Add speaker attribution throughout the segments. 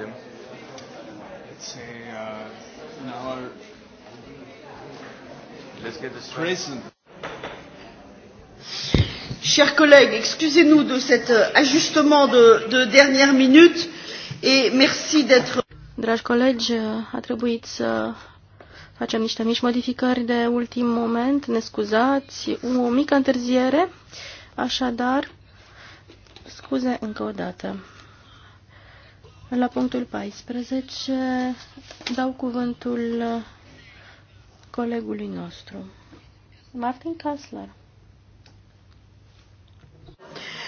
Speaker 1: him? Let's say
Speaker 2: uh, an hour.
Speaker 1: Let's get this prison. Chers collègues, excusez-nous de cet euh, ajustement de, de dernière minute et merci d'être. Dragi colegi, uh, a trebuit să facem niște mici modificări de ultim moment, ne scuzați, o mică întârziere, așadar, scuze încă o dată. La punctul 14 dau cuvântul colegului nostru, Martin Kassler.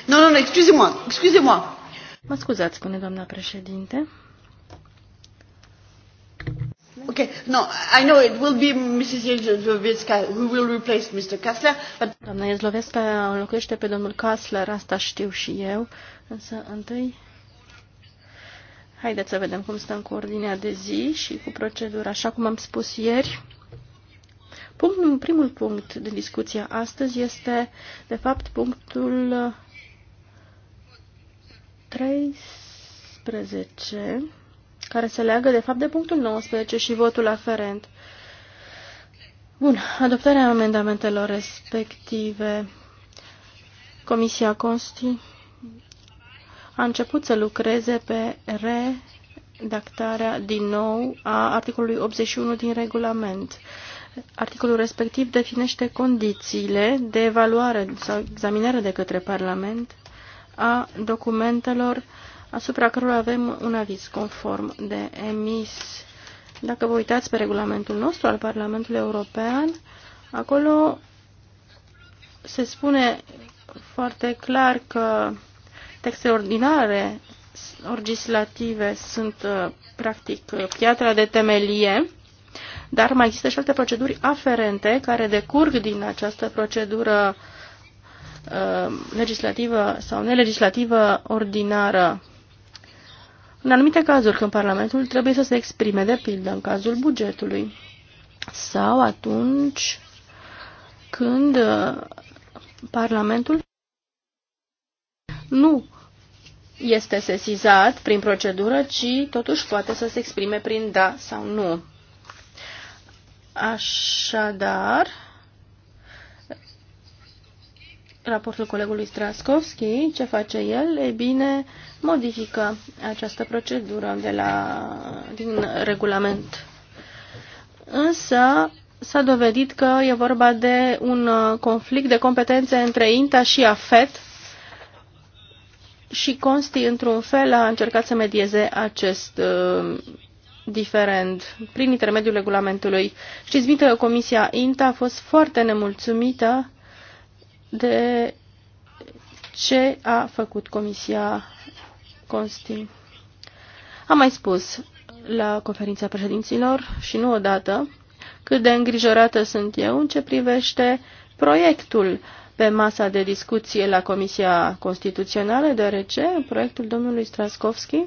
Speaker 1: Nu, nu, nu, excuse-mă, excuse-mă. Mă scuzați, spune doamna președinte. Okay, no, I know it will be Mrs. Jezlovetska who will replace Mr. Kassler, but... Doamna Jezlovetska înlocuiește pe domnul Kassler, asta știu și eu, însă întâi Haideți să vedem cum stăm cu ordinea de zi și cu procedura. Așa cum am spus ieri, punctul, primul punct de discuție astăzi este, de fapt, punctul 13, care se leagă, de fapt, de punctul 19 și votul aferent. Bun, adoptarea amendamentelor respective. Comisia Consti a început să lucreze pe redactarea din nou a articolului 81 din regulament. Articolul respectiv definește condițiile de evaluare sau examinare de către Parlament a documentelor asupra cărora avem un aviz conform de emis. Dacă vă uitați pe regulamentul nostru al Parlamentului European, acolo se spune foarte clar că Texte ordinare legislative sunt uh, practic uh, piatra de temelie, dar mai există și alte proceduri aferente care decurg din această procedură uh, legislativă sau nelegislativă ordinară. În anumite cazuri când Parlamentul trebuie să se exprime, de pildă în cazul bugetului, sau atunci când Parlamentul nu este sesizat prin procedură, ci totuși poate să se exprime prin da sau nu. Așadar, raportul colegului Straskovski, ce face el? E bine, modifică această procedură de la, din regulament. Însă s-a dovedit că e vorba de un conflict de competențe între INTA și AFET, și Consti, într-un fel, a încercat să medieze acest uh, diferent prin intermediul regulamentului. Știți bine că Comisia INTA a fost foarte nemulțumită de ce a făcut Comisia Consti. Am mai spus la conferința președinților și nu odată cât de îngrijorată sunt eu în ce privește proiectul uh, pe masa de discuție la Comisia Constituțională, deoarece proiectul domnului Straskovski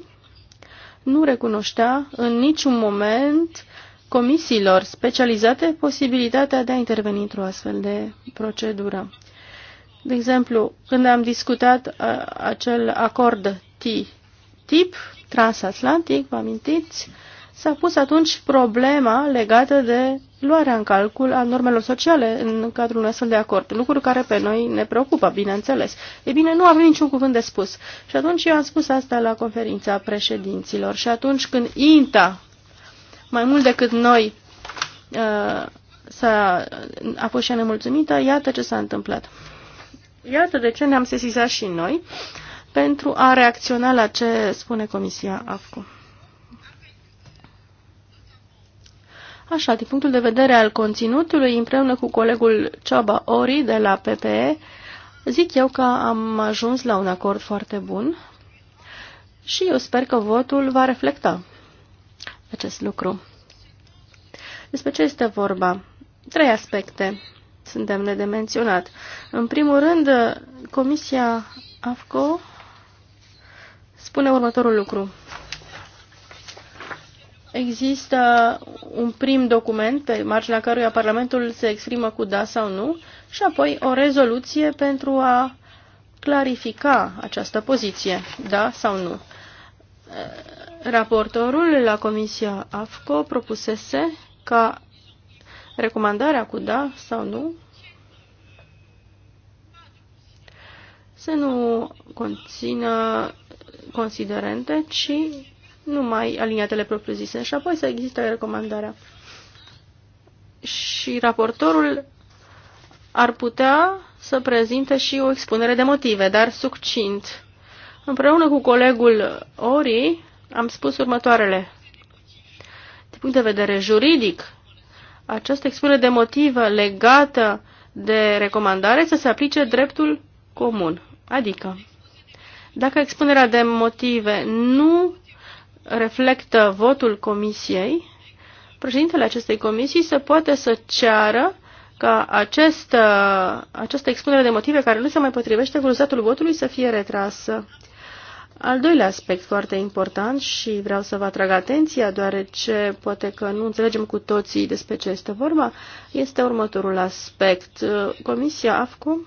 Speaker 1: nu recunoștea în niciun moment comisiilor specializate posibilitatea de a interveni într-o astfel de procedură. De exemplu, când am discutat uh, acel acord T-tip transatlantic, vă amintiți, s-a pus atunci problema legată de luarea în calcul a normelor sociale în cadrul unui astfel de acord, lucruri care pe noi ne preocupă, bineînțeles. E bine, nu avem niciun cuvânt de spus. Și atunci eu am spus asta la conferința președinților. Și atunci când INTA, mai mult decât noi, uh, s-a, a fost și ea nemulțumită, iată ce s-a întâmplat. Iată de ce ne-am sesizat și noi pentru a reacționa la ce spune Comisia AFCO. Așa, din punctul de vedere al conținutului, împreună cu colegul Ceaba Ori de la PPE, zic eu că am ajuns la un acord foarte bun și eu sper că votul va reflecta acest lucru. Despre ce este vorba? Trei aspecte sunt demne de menționat. În primul rând, Comisia AFCO spune următorul lucru există un prim document pe marginea căruia Parlamentul se exprimă cu da sau nu și apoi o rezoluție pentru a clarifica această poziție, da sau nu. Raportorul la Comisia AFCO propusese ca recomandarea cu da sau nu să nu conțină considerente, ci numai aliniatele propriu-zise și apoi să există recomandarea. Și raportorul ar putea să prezinte și o expunere de motive, dar succint. Împreună cu colegul Ori am spus următoarele. Din punct de vedere juridic, această expunere de motive legată de recomandare să se aplice dreptul comun. Adică, dacă expunerea de motive nu reflectă votul comisiei, președintele acestei comisii se poate să ceară ca acest, această expunere de motive care nu se mai potrivește cu rezultatul votului să fie retrasă. Al doilea aspect foarte important și vreau să vă atrag atenția, deoarece poate că nu înțelegem cu toții despre ce este vorba, este următorul aspect. Comisia AFCO,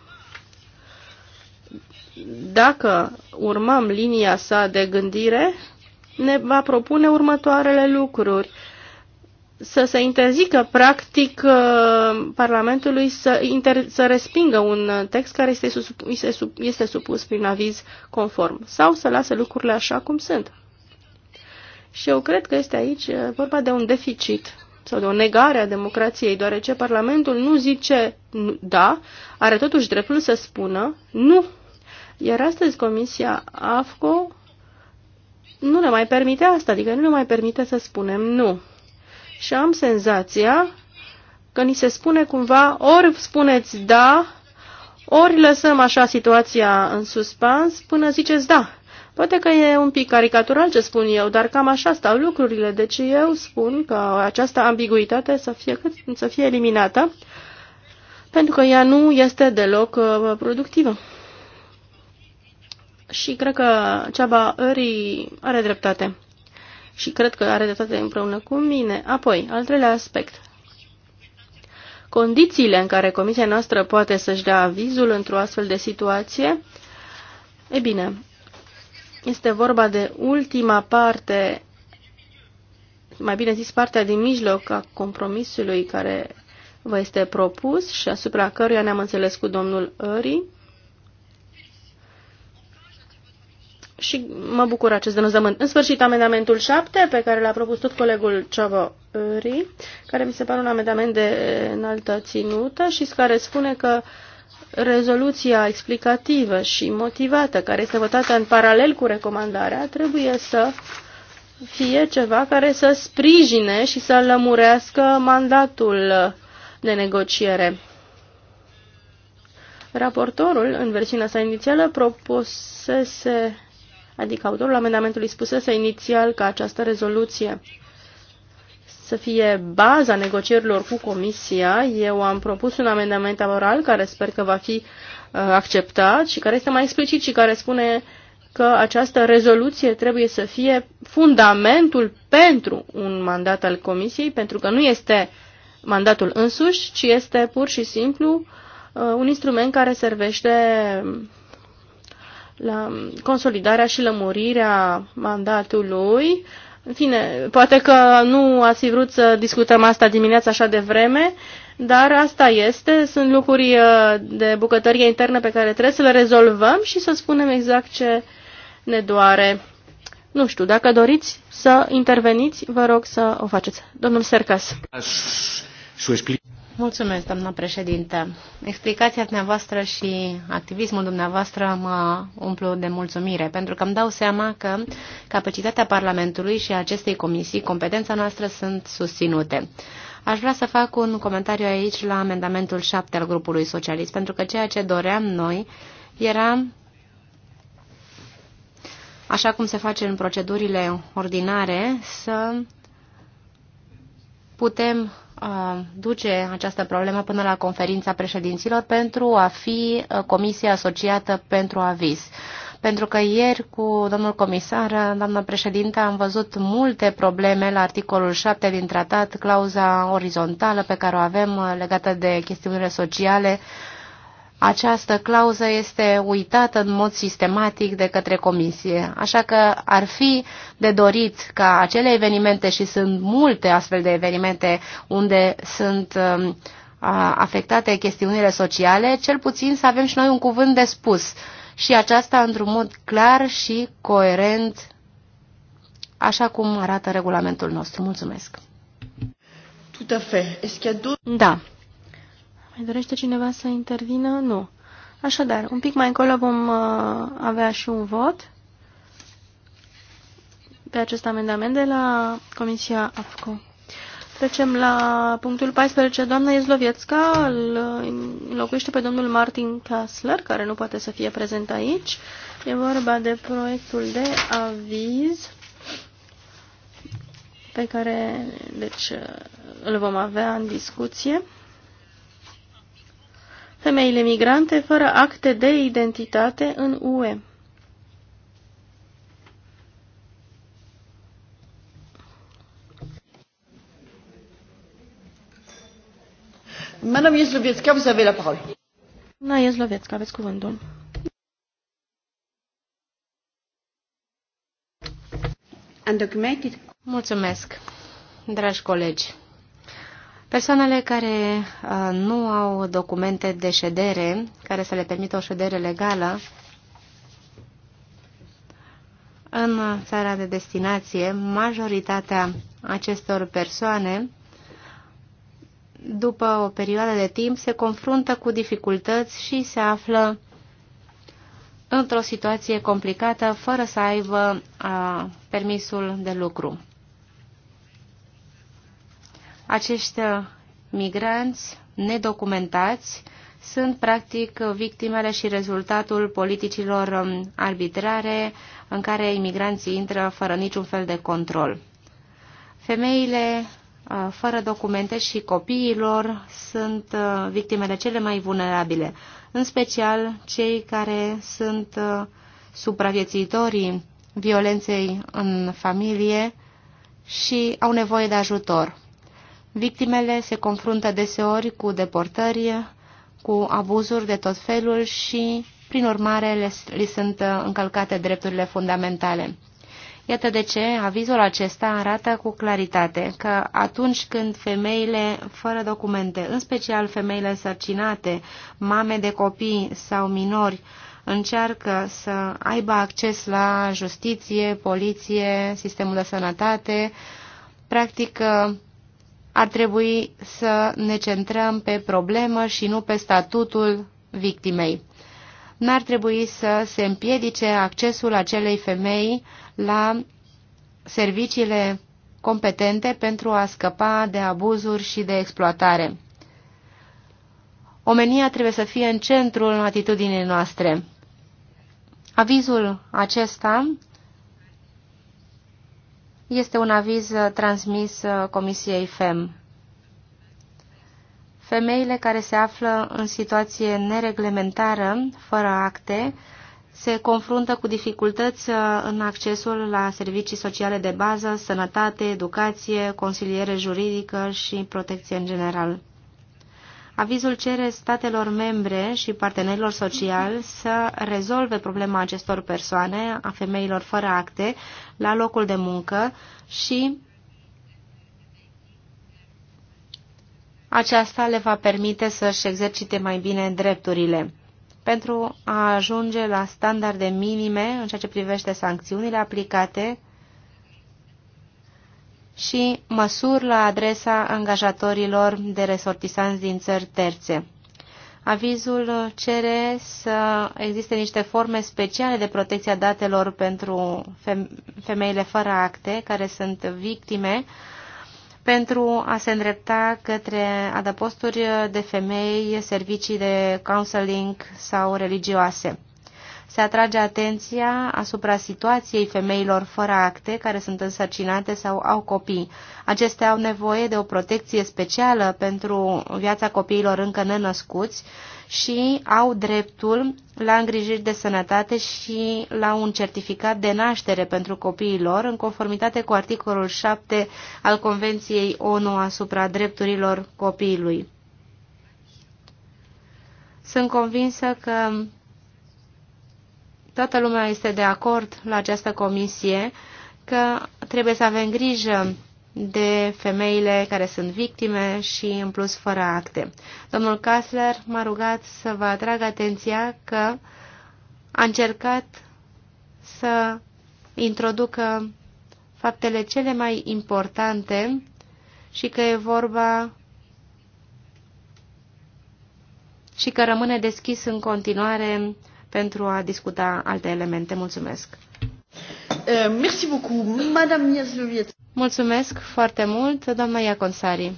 Speaker 1: dacă urmăm linia sa de gândire, ne va propune următoarele lucruri. Să se interzică, practic, uh, Parlamentului să, inter- să respingă un text care este, sub, este supus prin aviz conform sau să lasă lucrurile așa cum sunt. Și eu cred că este aici uh, vorba de un deficit sau de o negare a democrației, deoarece Parlamentul nu zice da, are totuși dreptul să spună nu. Iar astăzi Comisia AFCO nu ne mai permite asta, adică nu ne mai permite să spunem nu. Și am senzația că ni se spune cumva, ori spuneți da, ori lăsăm așa situația în suspans până ziceți da. Poate că e un pic caricatural ce spun eu, dar cam așa stau lucrurile, deci eu spun că această ambiguitate să fie, cât, să fie eliminată, pentru că ea nu este deloc uh, productivă și cred că Ceaba Ării are dreptate. Și cred că are dreptate împreună cu mine. Apoi, al treilea aspect. Condițiile în care comisia noastră poate să-și dea avizul într-o astfel de situație, e bine, este vorba de ultima parte, mai bine zis partea din mijloc a compromisului care vă este propus și asupra căruia ne-am înțeles cu domnul Ării. și mă bucur acest denunțământ. În sfârșit, amendamentul 7, pe care l-a propus tot colegul Uri, care mi se pare un amendament de înaltă ținută și care spune că rezoluția explicativă și motivată, care este votată în paralel cu recomandarea, trebuie să fie ceva care să sprijine și să lămurească mandatul de negociere. Raportorul, în versiunea sa inițială, proposese adică autorul amendamentului spusese inițial că această rezoluție să fie baza negocierilor cu Comisia, eu am propus un amendament oral care sper că va fi uh, acceptat și care este mai explicit și care spune că această rezoluție trebuie să fie fundamentul pentru un mandat al Comisiei, pentru că nu este mandatul însuși, ci este pur și simplu uh, un instrument care servește la consolidarea și lămurirea mandatului. În fine, poate că nu ați fi vrut să discutăm asta dimineața așa de vreme, dar asta este, sunt lucruri uh, de bucătărie internă pe care trebuie să le rezolvăm și să spunem exact ce ne doare. Nu știu, dacă doriți să interveniți, vă rog să o faceți. Domnul Sercas. Mulțumesc, doamna președinte. Explicația
Speaker 3: dumneavoastră și activismul dumneavoastră mă umplu de mulțumire, pentru că îmi dau seama că capacitatea Parlamentului și acestei comisii, competența noastră, sunt susținute. Aș vrea să fac un comentariu aici la amendamentul 7 al grupului socialist, pentru că ceea ce doream noi era așa cum se face în procedurile ordinare, să putem uh, duce această problemă până la conferința președinților pentru a fi uh, comisia asociată pentru aviz. Pentru că ieri cu domnul comisar, doamna președinte am văzut multe probleme la articolul 7 din tratat, clauza orizontală pe care o avem uh, legată de chestiunile sociale, această clauză este uitată în mod sistematic de către comisie, așa că ar fi de dorit ca acele evenimente, și sunt multe astfel de evenimente unde sunt um, afectate chestiunile sociale, cel puțin să avem și noi un cuvânt de spus și aceasta într-un mod clar și coerent, așa cum arată regulamentul nostru. Mulțumesc!
Speaker 1: Da. Mai dorește cineva să intervină? Nu. Așadar, un pic mai încolo vom uh, avea și un vot pe acest amendament de la Comisia AFCO. Trecem la punctul 14. Doamna Iezlovietska îl locuiește pe domnul Martin Kassler, care nu poate să fie prezent aici. E vorba de proiectul de aviz pe care deci, îl vom avea în discuție femeile migrante fără acte de identitate în UE. Madame Iezlovetska, vous avez la parole. Na Iezlovetska, aveți cuvântul.
Speaker 3: Mulțumesc, dragi colegi. Persoanele care uh, nu au documente de ședere, care să le permită o ședere legală, în țara de destinație, majoritatea acestor persoane, după o perioadă de timp, se confruntă cu dificultăți și se află într-o situație complicată, fără să aibă a, uh, permisul de lucru. Acești uh, migranți nedocumentați sunt practic victimele și rezultatul politicilor um, arbitrare în care imigranții intră fără niciun fel de control. Femeile uh, fără documente și copiilor sunt uh, victimele cele mai vulnerabile, în special cei care sunt supraviețuitorii violenței în familie și au nevoie de ajutor. Victimele se confruntă deseori cu deportări, cu abuzuri de tot felul și, prin urmare, le, li sunt încălcate drepturile fundamentale. Iată de ce avizul acesta arată cu claritate că atunci când femeile fără documente, în special femeile însărcinate, mame de copii sau minori, încearcă să aibă acces la justiție, poliție, sistemul de sănătate, practic ar trebui să ne centrăm pe problemă și nu pe statutul victimei. N-ar trebui să se împiedice accesul acelei femei la serviciile competente pentru a scăpa de abuzuri și de exploatare. Omenia trebuie să fie în centrul atitudinii noastre. Avizul acesta este un aviz uh, transmis uh, Comisiei FEM. Femeile care se află în situație nereglementară, fără acte, se confruntă cu dificultăți uh, în accesul la servicii sociale de bază, sănătate, educație, consiliere juridică și protecție în general. Avizul cere statelor membre și partenerilor sociali să rezolve problema acestor persoane, a femeilor fără acte, la locul de muncă și aceasta le va permite să-și exercite mai bine drepturile pentru a ajunge la standarde minime în ceea ce privește sancțiunile aplicate și măsuri la adresa angajatorilor de resortisanți din țări terțe. Avizul cere să existe niște forme speciale de protecție a datelor pentru femeile fără acte, care sunt victime, pentru a se îndrepta către adăposturi de femei, servicii de counseling sau religioase se atrage atenția asupra situației femeilor fără acte care sunt însărcinate sau au copii. Acestea au nevoie de o protecție specială pentru viața copiilor încă nenăscuți și au dreptul la îngrijiri de sănătate și la un certificat de naștere pentru copiilor, în conformitate cu articolul 7 al Convenției ONU asupra drepturilor copilului. Sunt convinsă că Toată lumea este de acord la această comisie că trebuie să avem grijă de femeile care sunt victime și, în plus, fără acte. Domnul Kassler m-a rugat să vă atrag atenția că a încercat să introducă faptele cele mai importante și că e vorba și că rămâne deschis în continuare pentru a discuta alte elemente. Mulțumesc! Eh, merci beaucoup, Madame Mulțumesc foarte mult, doamna Iaconsari.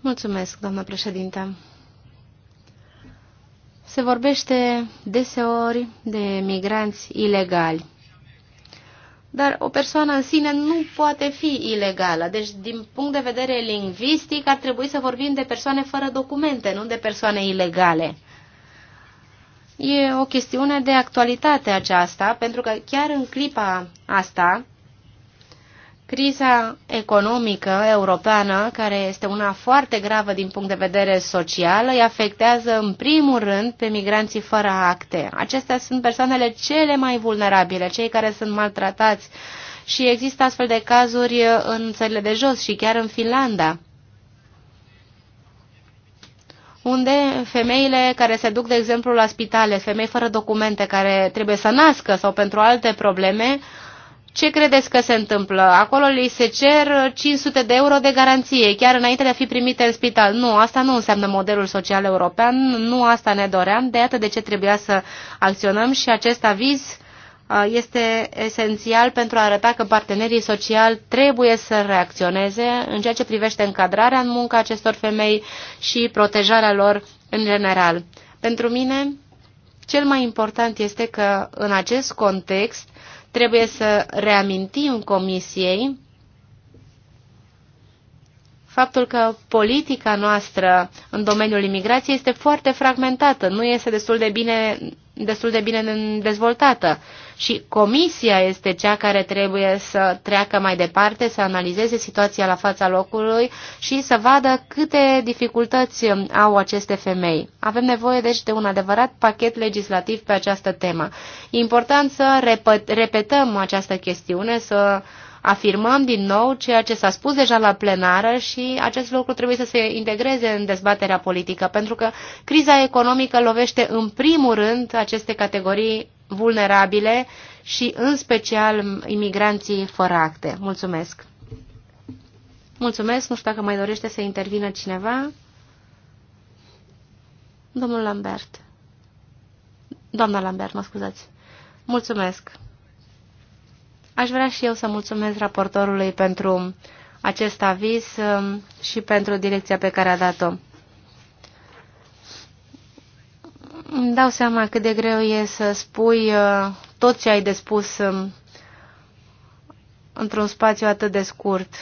Speaker 3: Mulțumesc, doamna președinte. Se vorbește deseori de migranți ilegali dar o persoană în sine nu poate fi ilegală. Deci, din punct de vedere lingvistic, ar trebui să vorbim de persoane fără documente, nu de persoane ilegale. E o chestiune de actualitate aceasta, pentru că chiar în clipa asta, Criza economică europeană, care este una foarte gravă din punct de vedere social, îi afectează în primul rând pe migranții fără acte. Acestea sunt persoanele cele mai vulnerabile, cei care sunt maltratați și există astfel de cazuri în țările de jos și chiar în Finlanda unde femeile care se duc, de exemplu, la spitale, femei fără documente care trebuie să nască sau pentru alte probleme, ce credeți că se întâmplă? Acolo li se cer 500 de euro de garanție, chiar înainte de a fi primite în spital. Nu, asta nu înseamnă modelul social european, nu asta ne doream, de atât de ce trebuia să acționăm și acest aviz uh, este esențial pentru a arăta că partenerii sociali trebuie să reacționeze în ceea ce privește încadrarea în munca acestor femei și protejarea lor în general. Pentru mine, cel mai important este că în acest context Trebuie să reamintim Comisiei faptul că politica noastră în domeniul imigrației este foarte fragmentată, nu este destul de bine, destul de bine dezvoltată și comisia este cea care trebuie să treacă mai departe, să analizeze situația la fața locului și să vadă câte dificultăți au aceste femei. Avem nevoie deci de un adevărat pachet legislativ pe această temă. E important să repetăm această chestiune, să afirmăm din nou ceea ce s-a spus deja la plenară și acest lucru trebuie să se integreze în dezbaterea politică, pentru că criza economică lovește în primul rând aceste categorii vulnerabile și în special imigranții fără acte. Mulțumesc! Mulțumesc, nu știu dacă mai dorește să intervină cineva. Domnul Lambert. Doamna Lambert, mă scuzați. Mulțumesc. Aș vrea și eu să mulțumesc raportorului pentru acest aviz um, și pentru direcția pe care a dat-o. Îmi dau seama cât de greu e să spui uh, tot ce ai de spus um, într-un spațiu atât de scurt.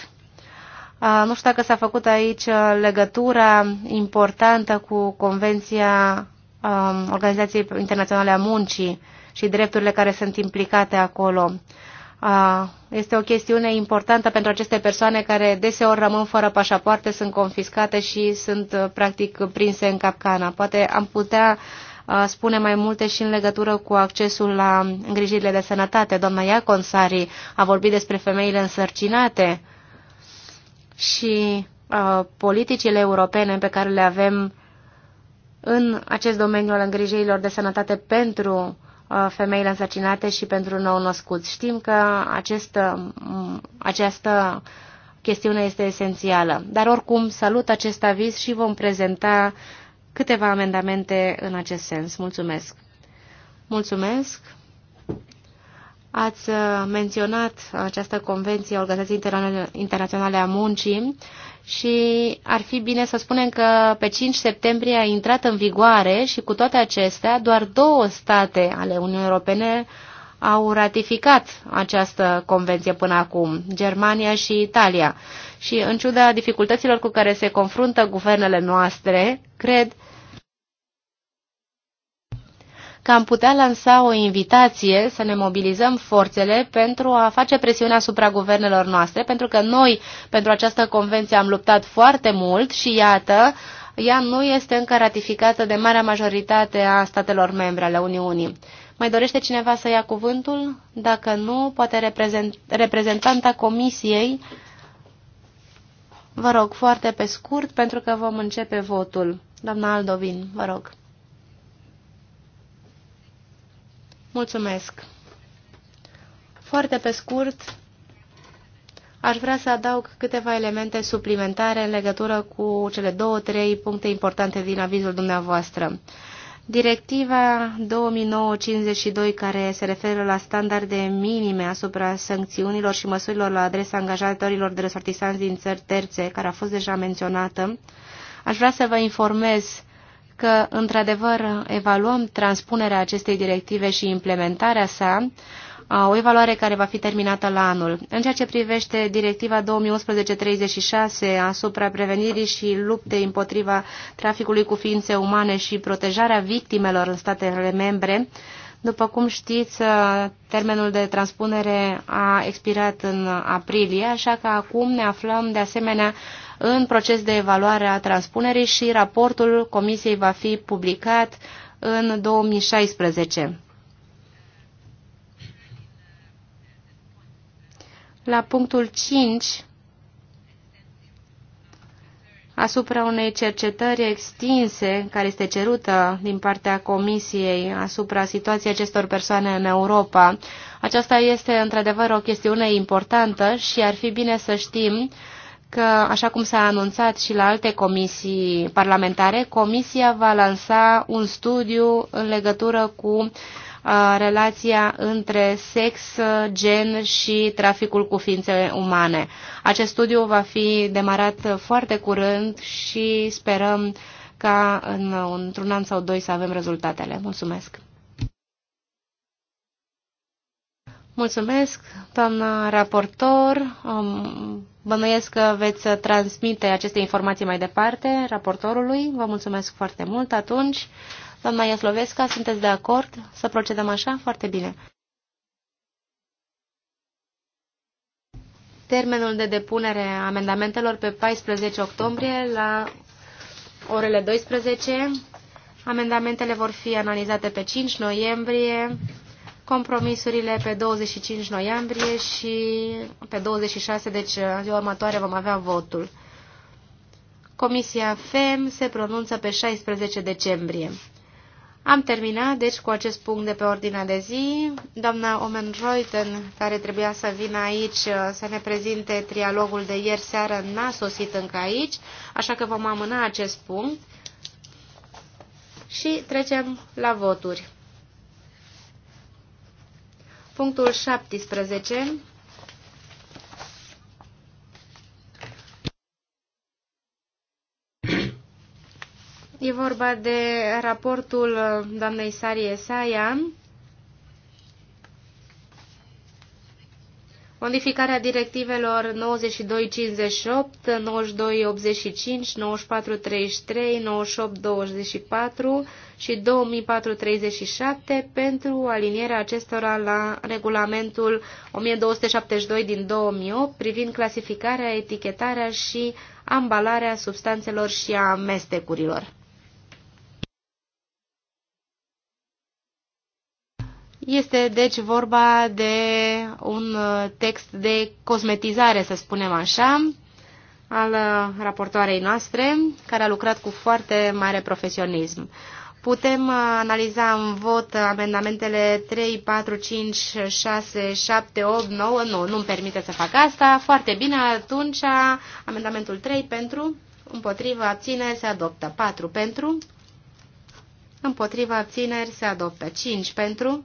Speaker 3: Uh, nu știu dacă s-a făcut aici uh, legătura importantă cu Convenția um, Organizației Internaționale a Muncii și drepturile care sunt implicate acolo. Este o chestiune importantă pentru aceste persoane care deseori rămân fără pașapoarte, sunt confiscate și sunt practic prinse în capcana. Poate am putea spune mai multe și în legătură cu accesul la îngrijirile de sănătate. Doamna Sari a vorbit despre femeile însărcinate și politicile europene pe care le avem în acest domeniu al îngrijirilor de sănătate pentru femeile însărcinate și pentru nou-născuți. Știm că această această chestiune este esențială. Dar oricum, salut acest aviz și vom prezenta câteva amendamente în acest sens. Mulțumesc! Mulțumesc! Ați uh, menționat această convenție a Organizației Internaționale a Muncii și ar fi bine să spunem că pe 5 septembrie a intrat în vigoare și cu toate acestea doar două state ale Uniunii Europene au ratificat această convenție până acum, Germania și Italia. Și în ciuda dificultăților cu care se confruntă guvernele noastre, cred că am putea lansa o invitație să ne mobilizăm forțele pentru a face presiune asupra guvernelor noastre, pentru că noi pentru această convenție am luptat foarte mult și iată, ea nu este încă ratificată de marea majoritate a statelor membre ale Uniunii. Mai dorește cineva să ia cuvântul? Dacă nu, poate reprezent, reprezentanta comisiei. Vă rog, foarte pe scurt, pentru că vom începe votul. Doamna Aldovin, vă rog. Mulțumesc. Foarte pe scurt, aș vrea să adaug câteva elemente suplimentare în legătură cu cele două, trei puncte importante din avizul dumneavoastră. Directiva 2009-52, care se referă la standarde minime asupra sancțiunilor și măsurilor la adresa angajatorilor de resortisanți din țări terțe, care a fost deja menționată, aș vrea să vă informez că, într-adevăr, evaluăm transpunerea acestei directive și implementarea sa, o evaluare care va fi terminată la anul. În ceea ce privește directiva 2011-36 asupra prevenirii și luptei împotriva traficului cu ființe umane și protejarea victimelor în statele membre, după cum știți, termenul de transpunere a expirat în aprilie, așa că acum ne aflăm de asemenea în proces de evaluare a transpunerii și raportul Comisiei va fi publicat în 2016. la punctul 5 asupra unei cercetări extinse care este cerută din partea Comisiei asupra situației acestor persoane în Europa. Aceasta este într-adevăr o chestiune importantă și ar fi bine să știm că, așa cum s-a anunțat și la alte comisii parlamentare, Comisia va lansa un studiu în legătură cu uh, relația între sex, gen și traficul cu ființe umane. Acest studiu va fi demarat foarte curând și sperăm ca în, într-un an sau doi să avem rezultatele. Mulțumesc! Mulțumesc, doamnă raportor. Bănuiesc că veți transmite aceste informații mai departe raportorului. Vă mulțumesc foarte mult atunci. Doamna Iaslovesca, sunteți de acord să procedăm așa? Foarte bine. Termenul de depunere a amendamentelor pe 14 octombrie la orele 12. Amendamentele vor fi analizate pe 5 noiembrie, compromisurile pe 25 noiembrie și pe 26, deci în ziua următoare vom avea votul. Comisia FEM se pronunță pe 16 decembrie. Am terminat, deci, cu acest punct de pe ordinea de zi. Doamna Omen Reuten, care trebuia să vină aici uh, să ne prezinte trialogul de ieri seară, n-a sosit încă aici, așa că vom amâna acest punct și trecem la voturi. Punctul 17 E vorba de raportul uh, doamnei Sari Esaia, modificarea directivelor 9258, 9285, 9433, 9824 și 2437 pentru alinierea acestora la regulamentul 1272 din 2008 privind clasificarea, etichetarea și ambalarea substanțelor și a amestecurilor. Este deci vorba de un uh, text de cosmetizare, să spunem așa, al uh, raportoarei noastre, care a lucrat cu foarte mare profesionism. Putem uh, analiza în vot amendamentele 3, 4, 5, 6, 7, 8, 9. Nu, nu-mi permite să fac asta. Foarte bine, atunci amendamentul 3 pentru, împotrivă, abține, se adoptă. 4 pentru, împotrivă, abțineri, se adoptă. 5 pentru,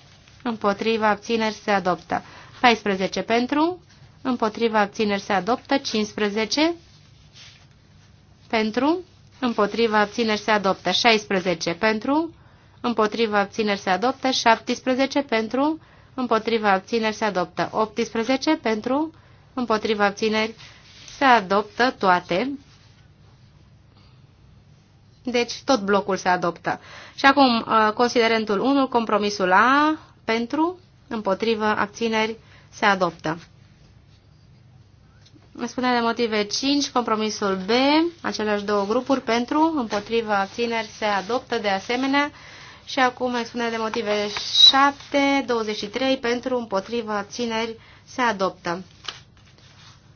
Speaker 3: împotriva abțineri se adoptă. 14 pentru, împotriva abțineri se adoptă. 15 pentru, împotriva abțineri se adoptă. 16 pentru, împotriva abțineri se adoptă. 17 pentru, împotriva abțineri se adoptă. 18 pentru, împotriva abțineri se adoptă toate. Deci tot blocul se adoptă. Și acum uh, considerentul 1, compromisul A, pentru, împotrivă, abțineri, se adoptă. Spune de motive 5, compromisul B, aceleași două grupuri, pentru, împotrivă, abțineri, se adoptă de asemenea. Și acum spune de motive 7, 23, pentru, împotrivă, abțineri, se adoptă.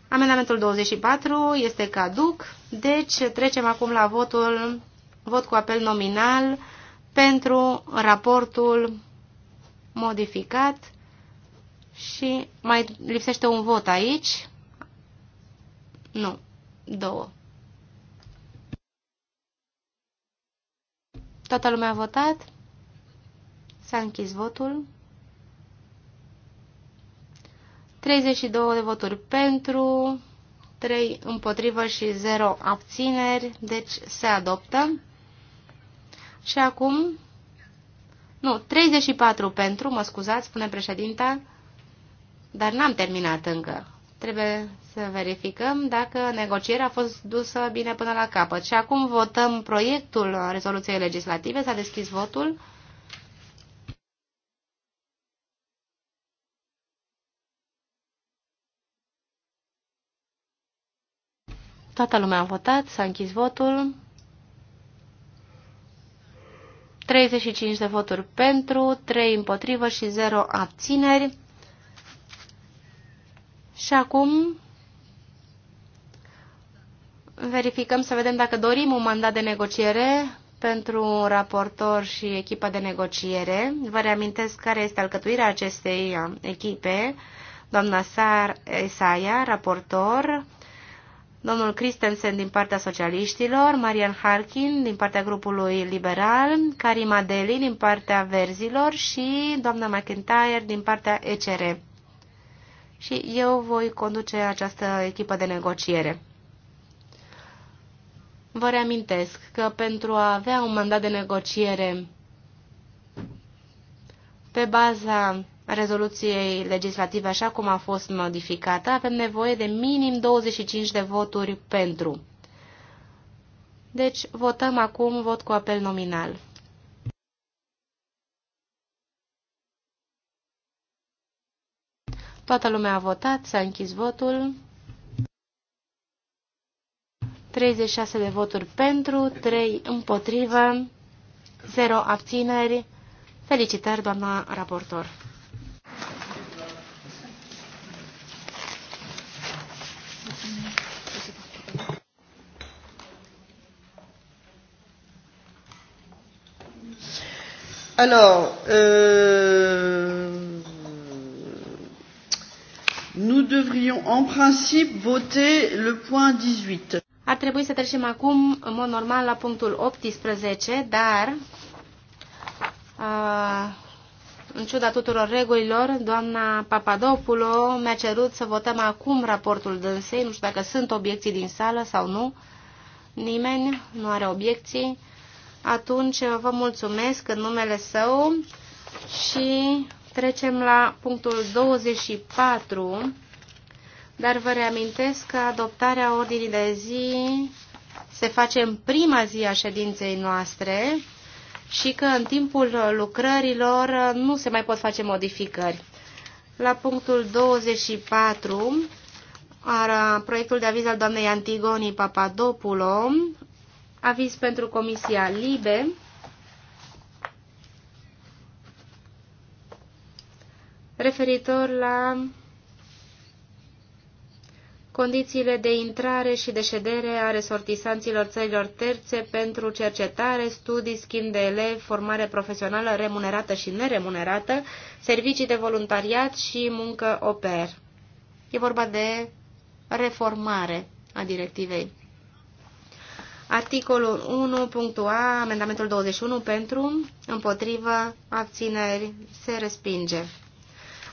Speaker 3: Amendamentul 24 este caduc, deci trecem acum la votul, vot cu apel nominal pentru raportul modificat și mai lipsește un vot aici. Nu, două. Toată lumea a votat. S-a închis votul. 32 de voturi pentru, 3 împotrivă și 0 abțineri, deci se adoptă. Și acum nu, 34 pentru, mă scuzați, spune președinta, dar n-am terminat încă. Trebuie să verificăm dacă negocierea a fost dusă bine până la capăt. Și acum votăm proiectul rezoluției legislative. S-a deschis votul. Toată lumea a votat, s-a închis votul. 35 de voturi pentru, 3 împotrivă și 0 abțineri. Și acum verificăm să vedem dacă dorim un mandat de negociere pentru raportor și echipa de negociere. Vă reamintesc care este alcătuirea acestei echipe. Doamna Sar Esaia, raportor, domnul Christensen din partea socialiștilor, Marian Harkin din partea grupului liberal, Karim Adeli din partea verzilor și doamna McIntyre din partea ECR. Și eu voi conduce această echipă de negociere. Vă reamintesc că pentru a avea un mandat de negociere pe baza rezoluției legislative așa cum a fost modificată, avem nevoie de minim 25 de voturi pentru. Deci votăm acum vot cu apel nominal. Toată lumea a votat, s-a închis votul. 36 de voturi pentru, 3 împotrivă, 0 abțineri. Felicitări, doamna raportor! Alors,
Speaker 1: euh, nous devrions en principe voter le point 18. Ar trebui să trecem acum,
Speaker 3: în mod normal, la punctul 18, dar, uh, în ciuda tuturor regulilor, doamna Papadopulo mi-a cerut să votăm acum raportul dânsei. Nu știu dacă sunt obiecții din sală sau nu. Nimeni nu are obiecții atunci vă mulțumesc în numele său și trecem la punctul 24, dar vă reamintesc că adoptarea ordinii de zi se face în prima zi a ședinței noastre și că în timpul lucrărilor nu se mai pot face modificări. La punctul 24, proiectul de aviz al doamnei Antigoni Papadopulo aviz pentru Comisia LIBE, referitor la condițiile de intrare și de ședere a resortisanților țărilor terțe pentru cercetare, studii, schimb de elevi, formare profesională remunerată și neremunerată, servicii de voluntariat și muncă oper. E vorba de reformare a directivei. Articolul 1, A, amendamentul 21 pentru, împotrivă, abțineri, se respinge.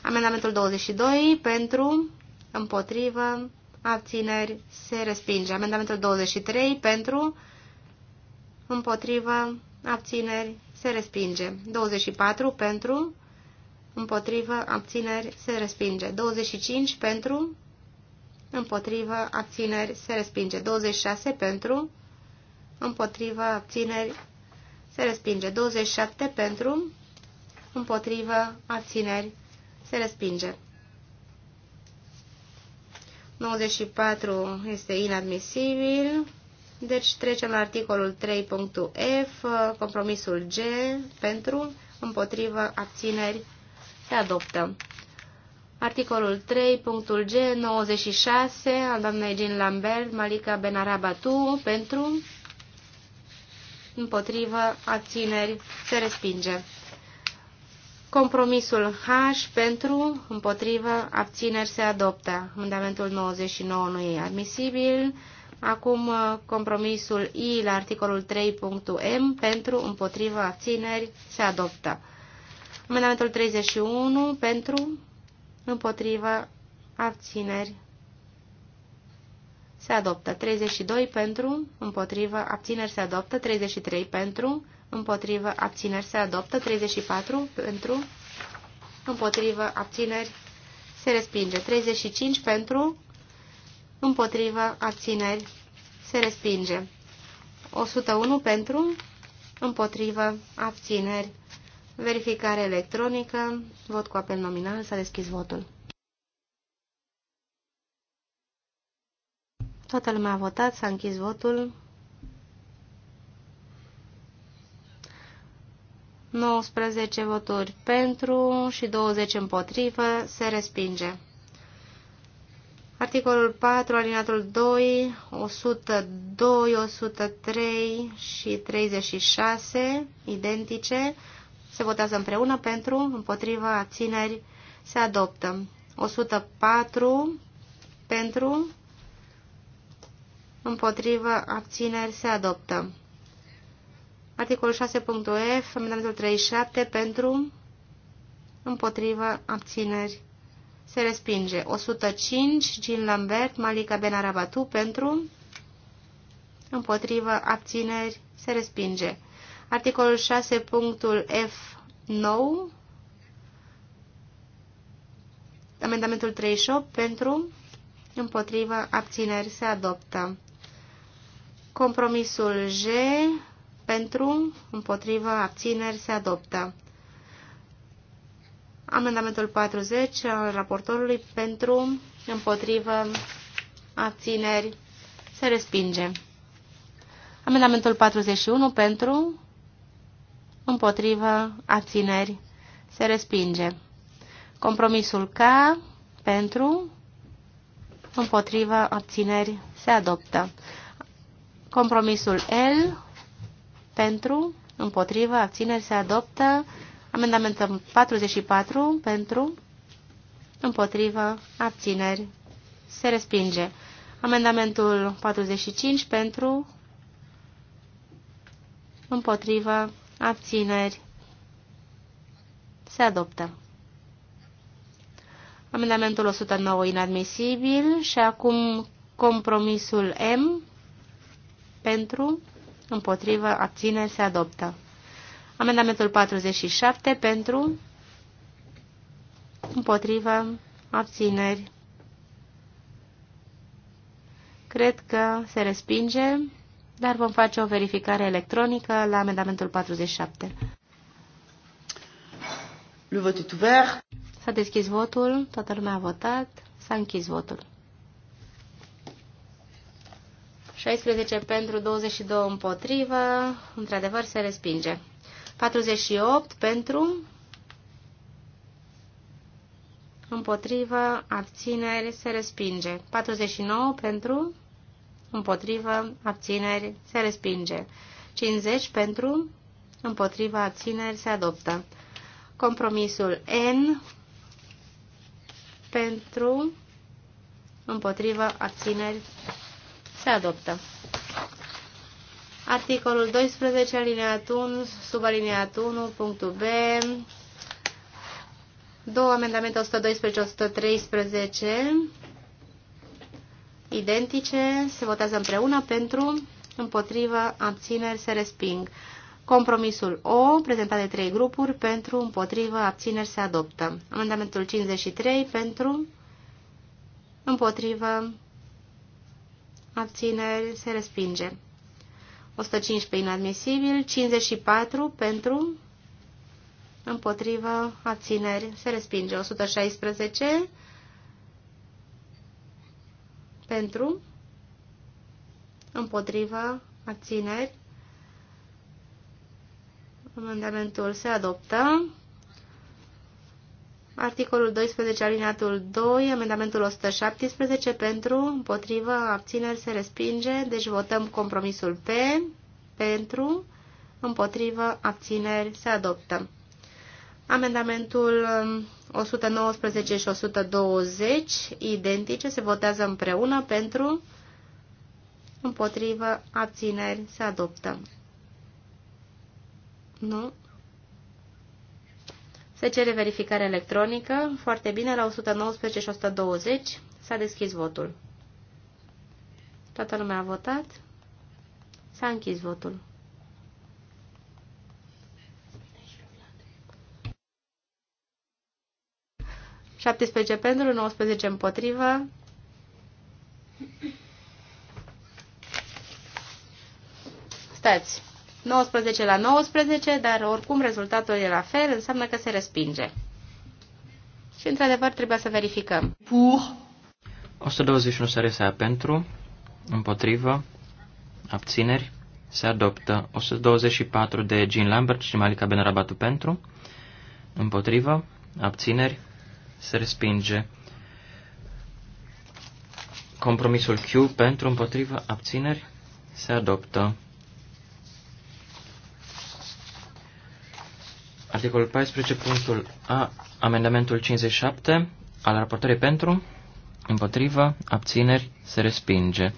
Speaker 3: Amendamentul 22 pentru, împotrivă, abțineri, se respinge. Amendamentul 23 pentru, împotrivă, abțineri, se respinge. 24 pentru, împotrivă, abțineri, se respinge. 25 pentru, împotrivă, abțineri, se respinge. 26 pentru, împotrivă, abțineri, se respinge. 27 pentru, împotrivă, abțineri, se respinge. 94 este inadmisibil, deci trecem la articolul 3.f, compromisul G, pentru, împotrivă, abțineri, se adoptă. Articolul 3, punctul G, 96, al doamnei Jean Lambert, Malika Benarabatu, pentru, împotrivă, abțineri, se respinge. Compromisul H pentru, împotrivă, abțineri se adoptă. Amendamentul 99 nu e admisibil. Acum uh, compromisul I la articolul 3.m pentru, împotrivă, abțineri se adoptă. Amendamentul 31 pentru, împotrivă, abțineri se adoptă. 32 pentru, împotrivă, abțineri se adoptă. 33 pentru, împotrivă, abțineri se adoptă. 34 pentru, împotrivă, abțineri se respinge. 35 pentru, împotrivă, abțineri se respinge. 101 pentru, împotrivă, abțineri. Verificare electronică, vot cu apel nominal, s-a deschis votul. Toată lumea a votat, s-a închis votul. 19 voturi pentru și 20 împotrivă, se respinge. Articolul 4, alineatul 2, 102, 103 și 36, identice, se votează împreună pentru, împotrivă, abțineri, se adoptă. 104 pentru, împotrivă, abțineri, se adoptă. Articolul 6.f, amendamentul 37, pentru, împotrivă, abțineri, se respinge. 105, Jean Lambert, Malika Benarabatu, pentru, împotrivă, abțineri, se respinge. Articolul 6.f9, amendamentul 38, pentru, împotrivă, abțineri, se adoptă. Compromisul G pentru, împotrivă, abțineri se adoptă. Amendamentul 40 al raportorului pentru, împotrivă, abțineri se respinge. Amendamentul 41 pentru, împotrivă, abțineri se respinge. Compromisul K pentru, împotrivă, abțineri se adoptă. Compromisul L pentru, împotrivă, abțineri se adoptă. Amendamentul 44 pentru, împotrivă, abțineri se respinge. Amendamentul 45 pentru, împotrivă, abțineri se adoptă. Amendamentul 109 inadmisibil și acum compromisul M pentru, împotrivă, abține, se adoptă. Amendamentul 47 pentru, împotrivă, abțineri. Cred că se respinge, dar vom face o verificare electronică la amendamentul 47. Le vot est ouvert. S-a deschis votul, toată lumea a votat, s-a închis votul. 16 pentru 22 împotrivă, într-adevăr se respinge. 48 pentru împotrivă, abțineri, se respinge. 49 pentru împotrivă, abțineri, se respinge. 50 pentru împotrivă, abțineri, se adoptă. Compromisul N pentru împotrivă, abțineri, se adoptă. Articolul 12, alineatul 1, subalineatul 1, punctul B, două amendamente 112-113, identice, se votează împreună pentru, împotrivă, abțineri, se resping. Compromisul O, prezentat de trei grupuri, pentru, împotrivă, abțineri, se adoptă. Amendamentul 53, pentru, împotrivă, abțineri, se respinge. 115 inadmisibil, 54 pentru, împotrivă, abțineri, se respinge. 116 pentru, împotrivă, abțineri, amendamentul se adoptă. Articolul 12, alineatul 2, amendamentul 117 pentru, împotrivă, abțineri se respinge, deci votăm compromisul P, pentru, împotrivă, abțineri se adoptă. Amendamentul 119 um, și 120, identice, se votează împreună pentru, împotrivă, abțineri se adoptă. Nu? Se cere verificare electronică. Foarte bine, la 119 și 120 s-a deschis votul. Toată lumea a votat. S-a închis votul. Șaptesprezece pentru, 19 împotrivă. Stați. 19 la 19, dar oricum rezultatul e la fel, înseamnă că se respinge. Și într-adevăr trebuie să verificăm. Pur.
Speaker 4: 121 se resea pentru, împotrivă, abțineri, se adoptă 124 de Jean Lambert și Malika Benarabatu pentru, împotrivă, abțineri, se respinge. Compromisul Q pentru, împotrivă, abțineri, se adoptă. Articolul 14, punctul A, amendamentul 57 al raportării pentru, împotriva, abțineri, se respinge.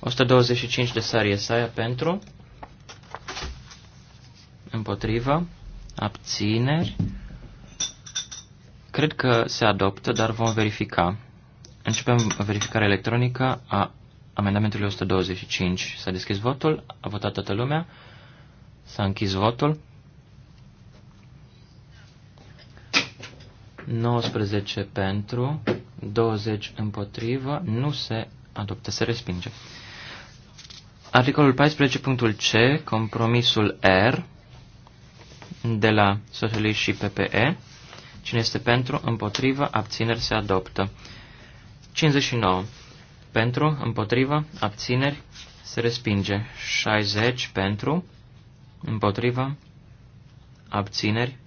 Speaker 4: 125 de Sari Esaia pentru, împotriva, abțineri, cred că se adoptă, dar vom verifica. Începem verificarea electronică a amendamentului 125. S-a deschis votul, a votat toată lumea, s-a închis votul. 19 pentru, 20 împotrivă, nu se adoptă, se respinge. Articolul 14.c, compromisul R de la Socialist și PPE. Cine este pentru, împotrivă, abțineri se adoptă. 59. Pentru, împotrivă, abțineri se respinge. 60 pentru, împotrivă, abțineri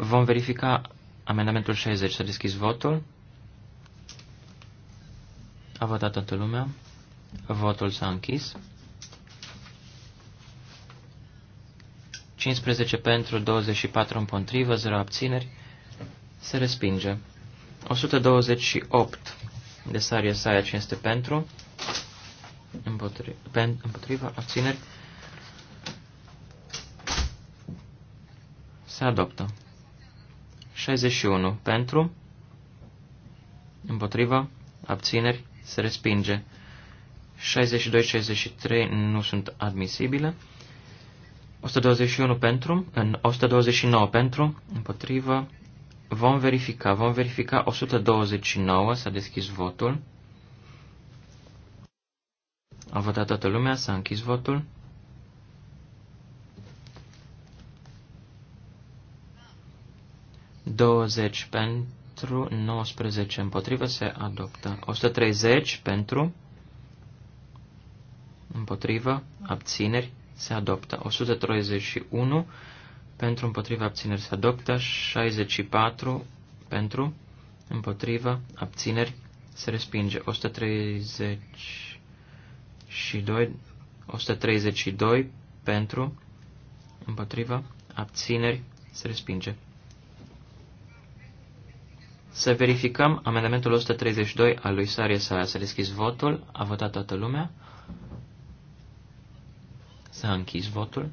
Speaker 4: Vom verifica amendamentul 60. S-a deschis votul. A votat toată lumea. Votul s-a închis. 15 pentru, 24 împotrivă, 0 abțineri. Se respinge. 128 de sarie Saia, 500 pentru, împotri, pen, împotriva, abțineri. Se adoptă. 61. Pentru, împotriva, abțineri, se respinge. 62-63 nu sunt admisibile. 121 pentru, în 129 pentru, împotriva, vom verifica, vom verifica 129, s-a deschis votul. A votat toată lumea, s-a închis votul. 20 pentru, 19 împotrivă, se adoptă. 130 pentru, împotrivă, abțineri, se adoptă. 131 pentru, împotrivă, abțineri, se adoptă. 64 pentru, împotrivă, abțineri, se respinge. 132, 132 pentru, împotrivă, abțineri, se respinge. Să verificăm amendamentul 132 al lui Sarie Saia. S-a deschis votul. A votat toată lumea. S-a închis votul.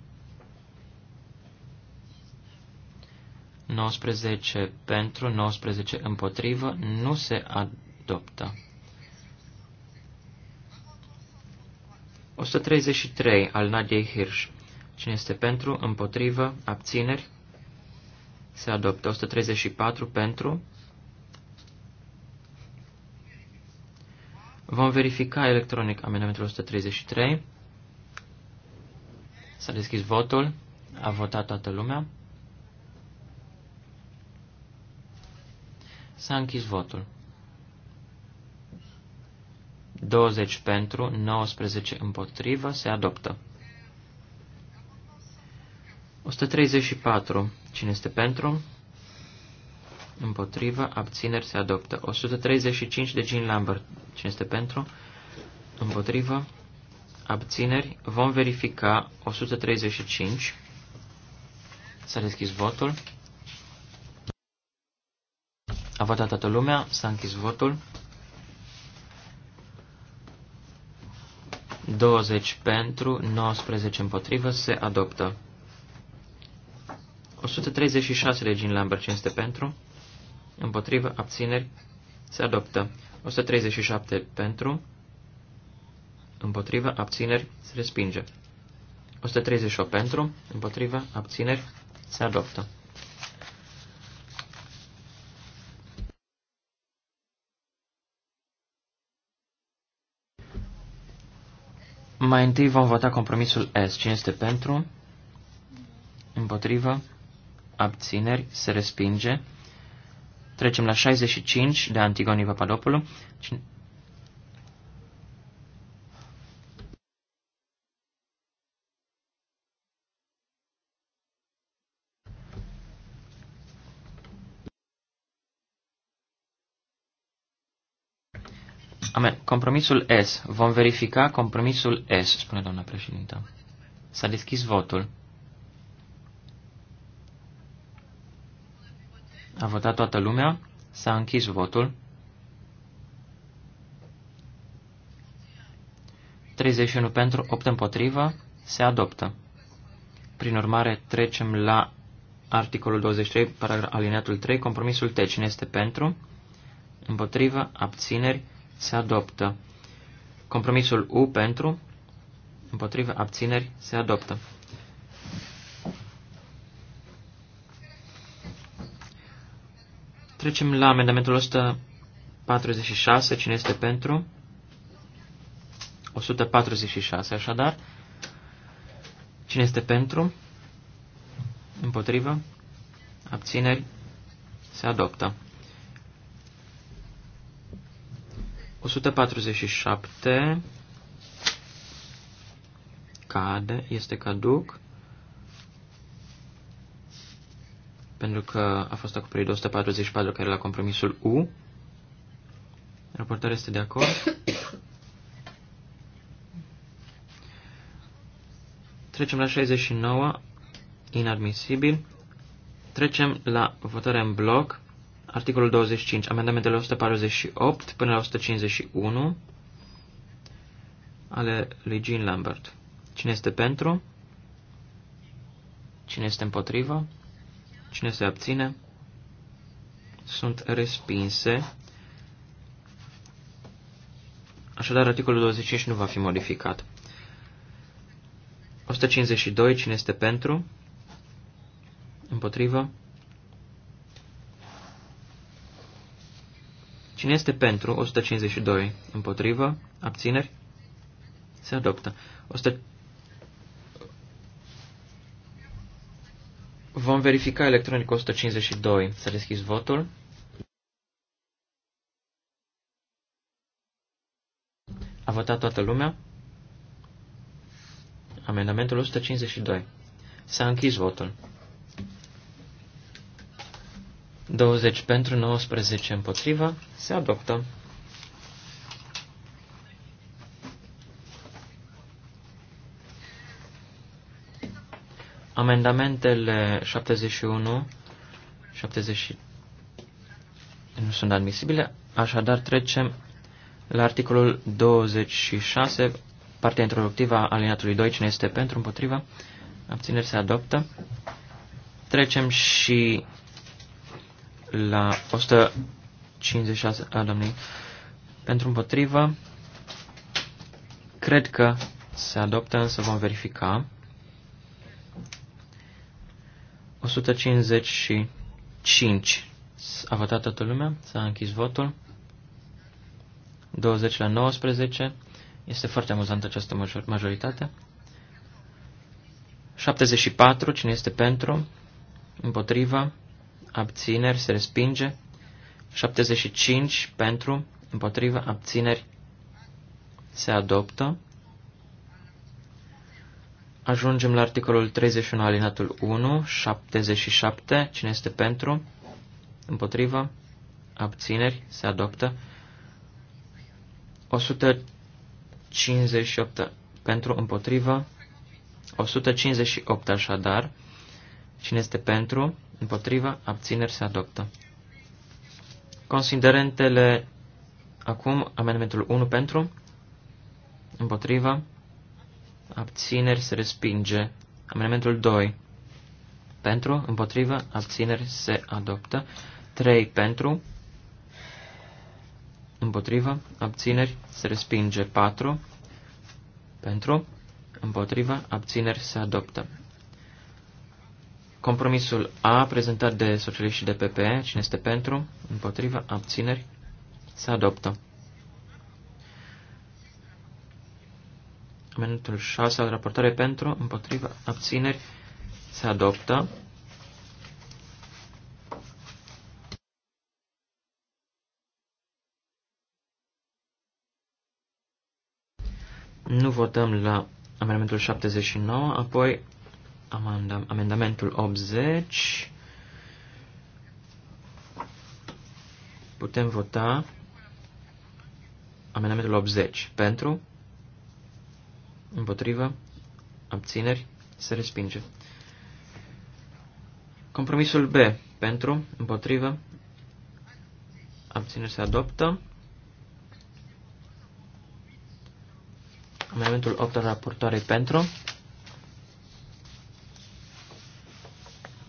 Speaker 4: 19 pentru, 19 împotrivă, nu se adoptă. 133 al Nadiei Hirsch. Cine este pentru, împotrivă, abțineri, se adoptă. 134 pentru, Vom verifica electronic amendamentul 133. S-a deschis votul. A votat toată lumea. S-a închis votul. 20 pentru, 19 împotrivă, se adoptă. 134. Cine este pentru? împotriva, abțineri se adoptă. 135 de Jean Lambert, cine este pentru, împotriva, abțineri, vom verifica 135. S-a deschis votul. A votat toată lumea, s-a închis votul. 20 pentru, 19 împotrivă, se adoptă. 136 de Jean Lambert, Cine este pentru, împotrivă, abțineri, se adoptă. 137 pentru, împotrivă, abțineri, se respinge. 138 pentru, împotrivă, abțineri, se adoptă. Mai întâi vom vota compromisul S. Cine este pentru? Împotrivă? Abțineri? Se respinge? Trecem la 65 de Antigoni Papadopoulou. Amen. Compromisul S. Vom verifica compromisul S, spune doamna președintă. S-a deschis votul. A votat toată lumea. S-a închis votul. 31 pentru, 8 împotrivă, se adoptă. Prin urmare, trecem la articolul 23, alineatul 3, compromisul T. Cine este pentru? Împotrivă, abțineri, se adoptă. Compromisul U pentru, împotrivă, abțineri, se adoptă. Trecem la amendamentul 146. Cine este pentru? 146, așadar. Cine este pentru? Împotrivă? Abțineri? Se adoptă. 147 cade, este caduc. pentru că a fost acoperit 244 care la compromisul U. Raportarea este de acord. Trecem la 69, inadmisibil. Trecem la votarea în bloc, articolul 25, amendamentele 148 până la 151 ale lui Jean Lambert. Cine este pentru? Cine este împotrivă? Cine se abține? Sunt respinse. Așadar, articolul 25 nu va fi modificat. 152. Cine este pentru? Împotrivă? Cine este pentru? 152. Împotrivă? Abțineri? Se adoptă. 153. Vom verifica electronic 152. Să deschis votul. A votat toată lumea? Amendamentul 152. S-a închis votul. 20 pentru, 19 împotriva. Se adoptă. Amendamentele 71, 70 nu sunt admisibile, așadar trecem la articolul 26, partea introductivă a alineatului 2, cine este pentru, împotriva, abțineri se adoptă. Trecem și la 156 a domnului pentru împotriva. Cred că se adoptă, însă vom verifica. 155. A votat toată lumea? S-a închis votul. 20 la 19. Este foarte amuzantă această majoritate. 74. Cine este pentru? Împotriva? Abțineri? Se respinge. 75. Pentru? Împotriva? Abțineri? Se adoptă. Ajungem la articolul 31, alinatul 1, 77. Cine este pentru? Împotrivă? Abțineri? Se adoptă. 158 pentru, împotrivă. 158 așadar. Cine este pentru? Împotrivă? Abțineri? Se adoptă. Considerentele acum, amendamentul 1 pentru, împotrivă, abțineri se respinge. Amendamentul 2 pentru, împotrivă, abțineri se adoptă. 3 pentru, împotrivă, abțineri se respinge. 4 pentru, împotrivă, abțineri se adoptă. Compromisul A, prezentat de socialiști și de PPE, cine este pentru, împotrivă, abțineri, se adoptă. Amendamentul 6 al raportare pentru, împotriva, abțineri, se adoptă. Nu votăm la amendamentul 79, apoi amendamentul 80. Putem vota amendamentul 80 pentru împotrivă, abțineri, se respinge. Compromisul B, pentru, împotrivă, abțineri, se adoptă. Amendamentul 8 al raportoarei pentru,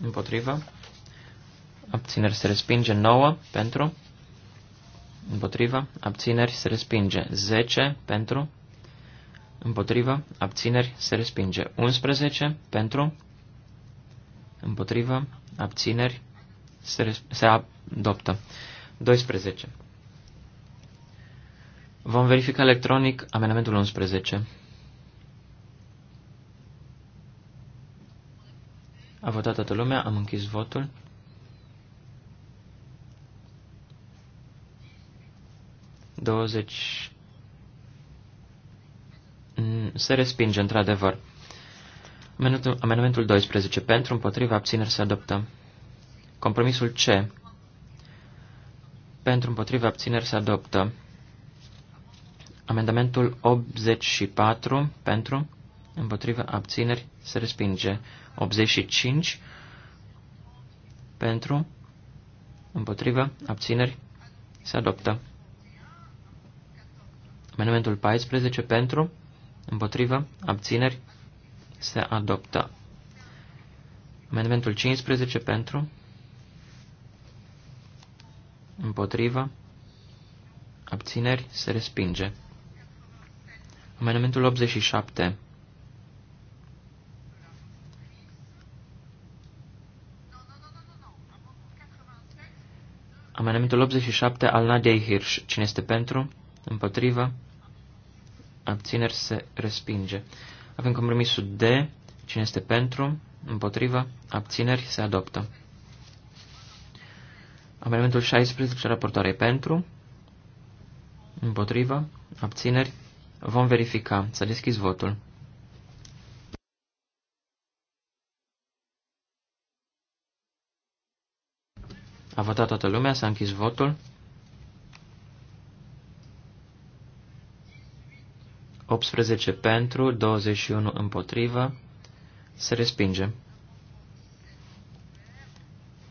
Speaker 4: împotrivă, abțineri, se respinge, 9, pentru, împotriva, abțineri, se respinge, 10, pentru, împotrivă, abțineri, se respinge. 11 pentru, împotrivă, abțineri, se, se adoptă. 12. Vom verifica electronic amendamentul 11. A votat toată lumea, am închis votul. Douăzeci Mm, se respinge într-adevăr. Amendamentul 12. Pentru, împotriva, abțineri se adoptă. Compromisul C. Pentru, împotriva, abțineri se adoptă. Amendamentul 84. Pentru, împotriva, abțineri se respinge. 85. Pentru, împotriva, abțineri se adoptă. Amendamentul 14. Pentru, Împotrivă. Abțineri. Se adoptă. Amendamentul 15 pentru. Împotrivă. Abțineri. Se respinge. Amendamentul 87. Amendamentul 87 al Nadiei Hirsch. Cine este pentru? Împotrivă? abțineri se respinge. Avem compromisul D, cine este pentru, împotriva, abțineri se adoptă. Amendamentul 16, raportare pentru, împotriva, abțineri, vom verifica. Să deschis votul. A votat toată lumea, s-a închis votul. 18 pentru, 21 împotrivă, se respinge.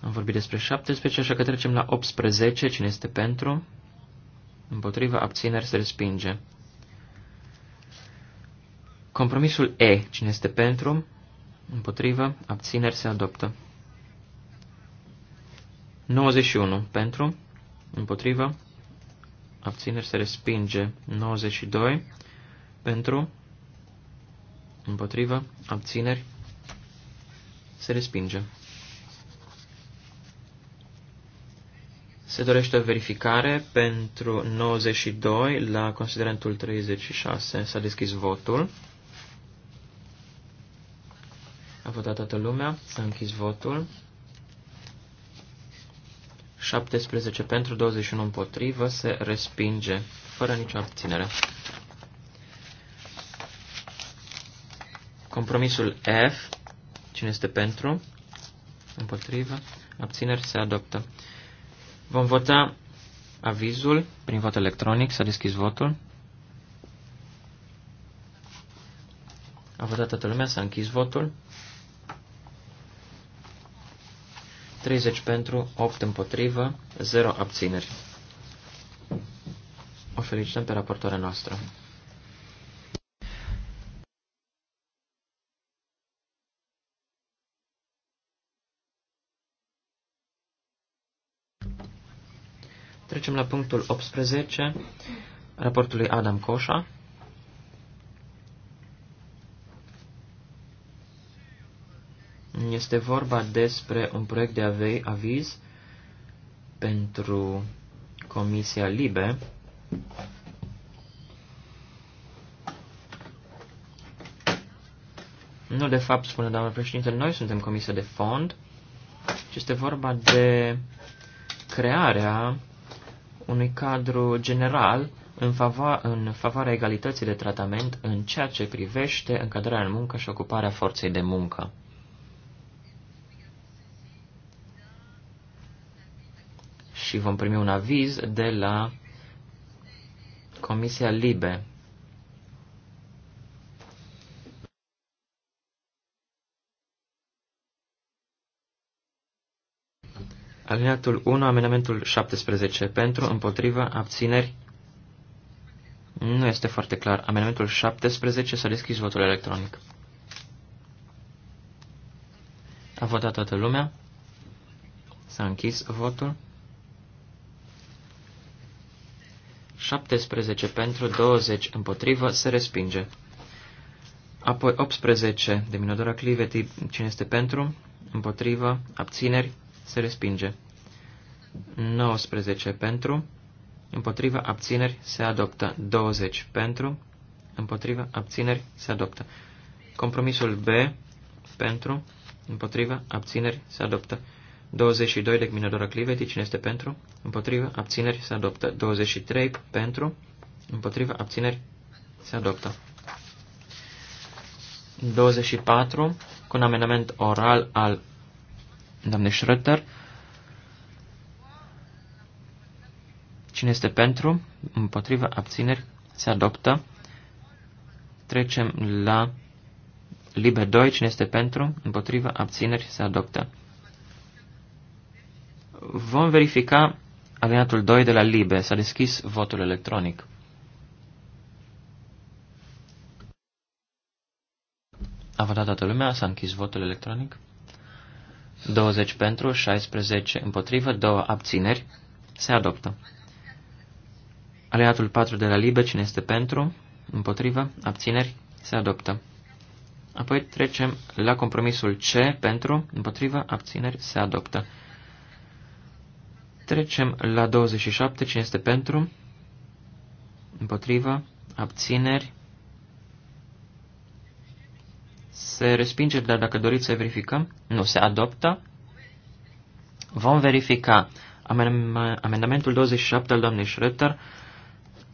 Speaker 4: Am vorbit despre 17, așa că trecem la 18, cine este pentru, împotrivă, abțineri, se respinge. Compromisul E, cine este pentru, împotrivă, abțineri, se adoptă. 91, pentru, împotrivă, abțineri, se respinge. 92, pentru, împotrivă, abțineri, se respinge. Se dorește o verificare pentru 92 la considerentul 36. S-a deschis votul. A votat toată lumea. S-a închis votul. 17 pentru, 21 împotrivă, se respinge, fără nicio abținere. Compromisul F, cine este pentru, împotrivă, abțineri, se adoptă. Vom vota avizul prin vot electronic, s-a deschis votul. A votat toată lumea, s-a închis votul. 30 pentru, 8 împotrivă, 0 abțineri. O felicităm pe raportoarea noastră. Trecem la punctul 18, raportului Adam Coșa. Este vorba despre un proiect de aviz pentru Comisia Libe. Nu, de fapt, spune doamna președinte, noi suntem Comisia de Fond ci este vorba de crearea unui cadru general în, favo- în favoarea egalității de tratament în ceea ce privește încadrarea în muncă și ocuparea forței de muncă. Și vom primi un aviz de la Comisia Libe Alineatul 1, amendamentul 17. Pentru, împotriva, abțineri. Nu este foarte clar. Amendamentul 17 s-a deschis votul electronic. A votat toată lumea. S-a închis votul. 17 pentru, 20 împotrivă, se respinge. Apoi 18 de Minodora Clive, cine este pentru, împotrivă, abțineri, se respinge. 19 pentru, împotriva abțineri se adoptă. 20 pentru, împotriva abțineri se adoptă. Compromisul B pentru, împotriva abțineri se adoptă. 22 de minadora cliveti, cine este pentru, împotriva abțineri se adoptă. 23 pentru, împotriva abțineri se adoptă. 24 cu un amendament oral al Doamne Schröter. Cine este pentru, împotriva, abțineri, se adoptă. Trecem la liber 2. Cine este pentru, împotriva, abțineri, se adoptă. Vom verifica alineatul 2 de la Libe. S-a deschis votul electronic. A votat toată lumea? S-a închis votul electronic? 20 pentru, 16 împotrivă, 2 abțineri. Se adoptă. Aleatul 4 de la Libe, cine este pentru, împotrivă, abțineri, se adoptă. Apoi trecem la compromisul C, pentru, împotrivă, abțineri, se adoptă. Trecem la 27, cine este pentru, împotrivă, abțineri, se respinge, dar dacă doriți să verificăm, nu se adoptă. Vom verifica amendamentul 27 al doamnei Schroeter.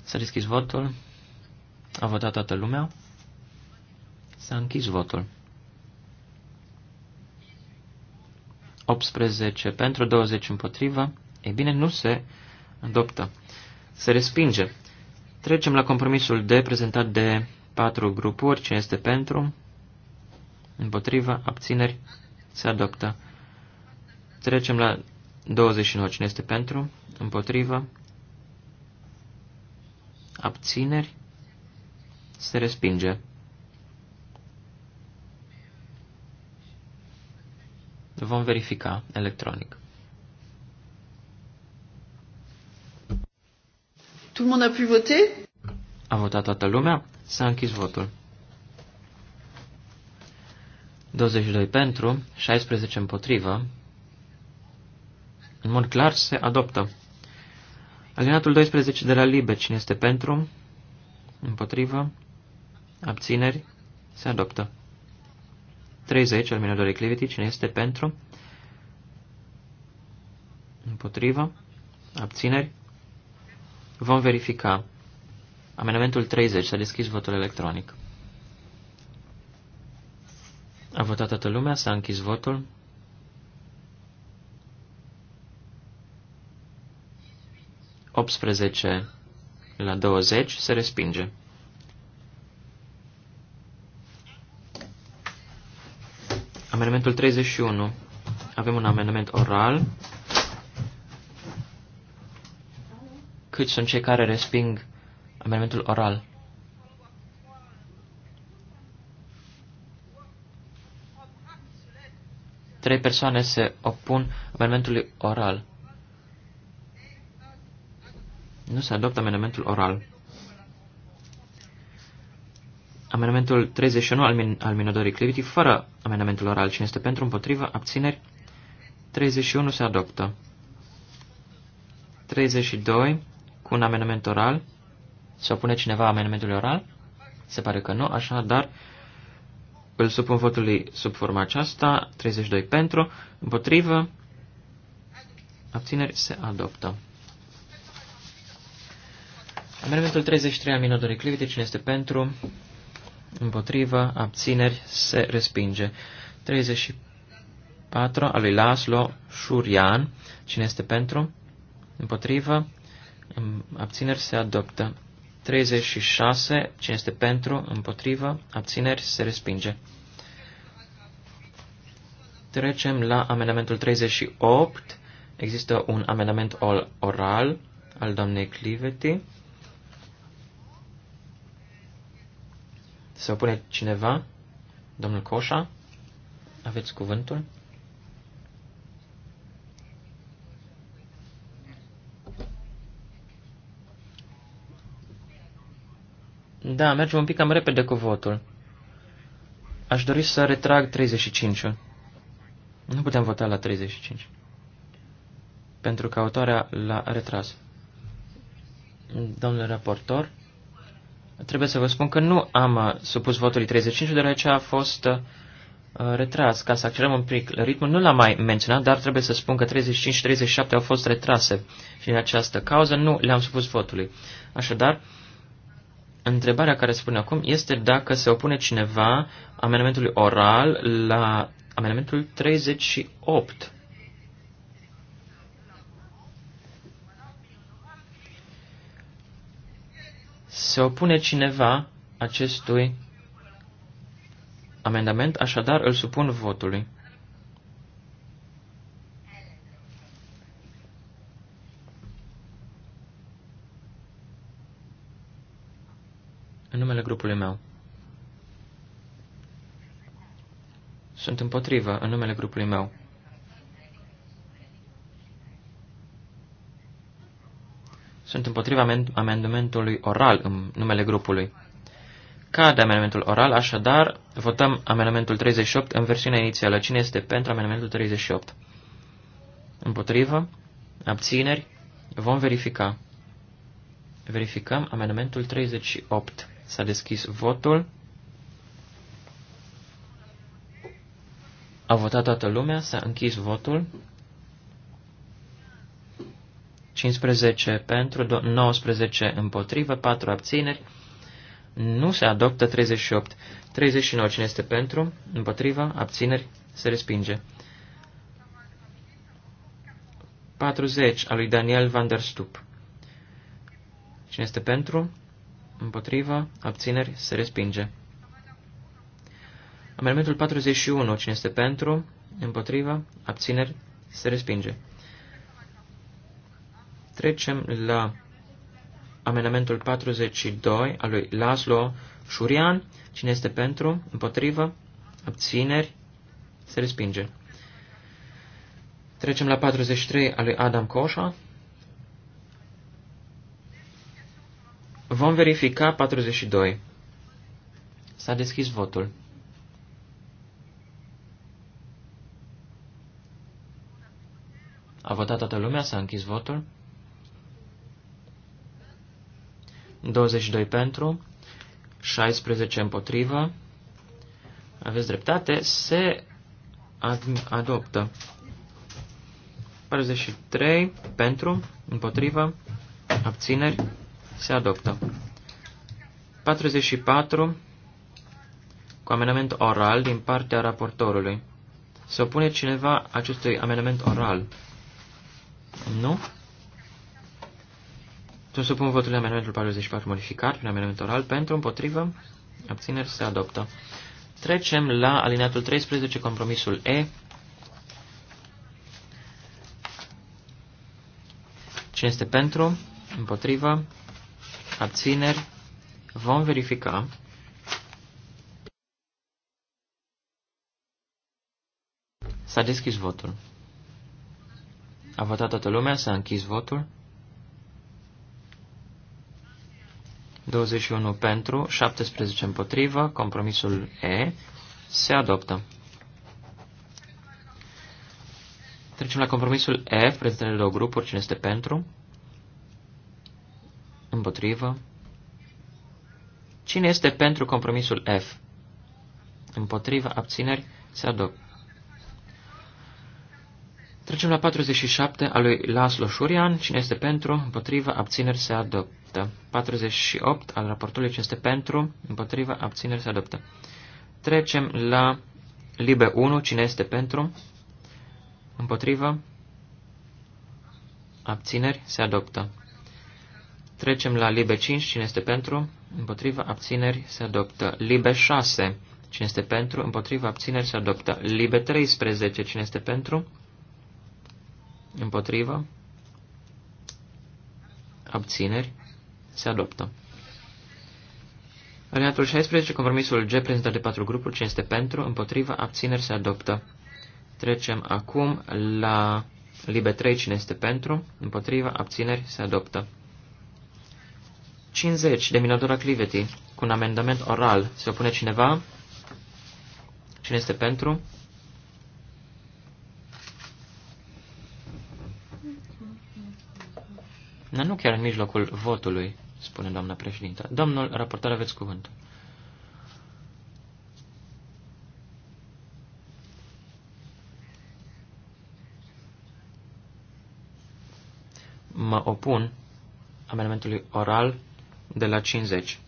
Speaker 4: Să deschis votul. A votat toată lumea. S-a închis votul. 18 pentru, 20 împotrivă. E bine, nu se adoptă. Se respinge. Trecem la compromisul D prezentat de patru grupuri. Cine este pentru? împotriva, abțineri, se adoptă. Trecem la 29. Cine este pentru? Împotriva, abțineri, se respinge. Vom verifica electronic.
Speaker 1: Tout le monde a pu voter?
Speaker 4: A votat toată lumea? S-a închis votul. 22 pentru, 16 împotrivă. În mod clar se adoptă. Alinatul 12 de la Libe, cine este pentru, împotrivă, abțineri, se adoptă. 30 al minodorei Clivity, cine este pentru, împotrivă, abțineri, vom verifica. Amendamentul 30, s-a deschis votul electronic. A votat toată lumea, s-a închis votul. 18 la 20 se respinge. Amendamentul 31. Avem un amendament oral. Cât sunt cei care resping amendamentul oral? Trei persoane se opun amendamentului oral. Nu se adoptă amendamentul oral. Amendamentul 31 al, min al minodorii Clivity, fără amendamentul oral. Cine este pentru, împotrivă, abțineri? 31 se adoptă. 32, cu un amendament oral. Se opune cineva amendamentului oral? Se pare că nu, așa dar. Îl supun votului sub forma aceasta. 32 pentru, împotrivă, abțineri, se adoptă. Amendamentul 33 al minutului Clivite, cine este pentru, împotrivă, abțineri, se respinge. 34 al lui Laslo Șurian, cine este pentru, împotrivă, abțineri, se adoptă. 36, cine este pentru, împotrivă, abțineri, se respinge. Trecem la amendamentul 38. Există un amendament oral al doamnei Cliveti. Se opune cineva? Domnul Coșa? Aveți cuvântul? Da, mergem un pic cam repede cu votul. Aș dori să retrag 35 -ul. Nu putem vota la 35. Pentru că autoarea l-a retras. Domnule raportor, trebuie să vă spun că nu am uh, supus votului 35, deoarece a fost uh, retras. Ca să accelerăm un pic ritmul, nu l-am mai menționat, dar trebuie să spun că 35 și 37 au fost retrase și din această cauză nu le-am supus votului. Așadar, Întrebarea care spune acum este dacă se opune cineva amendamentului oral la amendamentul 38. Se opune cineva acestui amendament, așadar îl supun votului. în numele grupului meu. Sunt împotrivă în numele grupului meu. Sunt împotriva amend- amendamentului oral în numele grupului. Cade amendamentul oral, așadar votăm amendamentul 38 în versiunea inițială. Cine este pentru amendamentul 38? Împotrivă? Abțineri? Vom verifica. Verificăm amendamentul 38. S-a deschis votul. A votat toată lumea, s-a închis votul. 15 pentru, 19 împotrivă, 4 abțineri. Nu se adoptă 38. 39 cine este pentru, împotrivă, abțineri, se respinge. 40 a lui Daniel van der Stup. Cine este pentru, împotrivă, abțineri, se respinge. Amendamentul 41, cine este pentru, împotrivă, abțineri, se respinge. Trecem la amendamentul 42 al lui Laszlo Șurian, cine este pentru, împotrivă, abțineri, se respinge. Trecem la 43 al lui Adam Coșa, Vom verifica 42. S-a deschis votul. A votat toată lumea? S-a închis votul? 22 pentru, 16 împotrivă. Aveți dreptate, se adoptă. 43 pentru, împotrivă, abțineri se adoptă. 44. Cu amendament oral din partea raportorului. Se opune cineva acestui amendament oral? Nu? Atunci supun votul amendamentul 44 modificat prin amendament oral pentru, împotrivă, abțineri se adoptă. Trecem la alineatul 13, compromisul E. Cine este pentru, împotrivă, abțineri, vom verifica. S-a deschis votul. A votat toată lumea, s-a închis votul. 21 pentru, 17 împotrivă, compromisul E se adoptă. Trecem la compromisul F, prezentările de două grupuri, cine este pentru, Împotrivă. Cine este pentru compromisul F? Împotrivă. Abțineri. Se adoptă. Trecem la 47 al lui Laslo Șurian. Cine este pentru? Împotrivă. Abțineri. Se adoptă. 48 al raportului. Cine este pentru? Împotrivă. Abțineri. Se adoptă. Trecem la Libe 1. Cine este pentru? Împotrivă. Abțineri. Se adoptă. Trecem la libe 5, cine este pentru, împotriva abțineri se adoptă. Libe 6, cine este pentru, împotriva abțineri se adoptă. Libe 13, cine este pentru, împotriva abțineri se adoptă. Alineatul 16, compromisul G prezentat de patru grupuri, cine este pentru, împotriva abțineri se adoptă. Trecem acum la libe 3, cine este pentru, împotriva abțineri se adoptă. 50 de Minodora Cliveti, cu un amendament oral. Se opune cineva? Cine este pentru? Dar nu chiar în mijlocul votului, spune doamna președintă. Domnul raportor, aveți cuvântul. Mă opun amendamentului oral de la 50.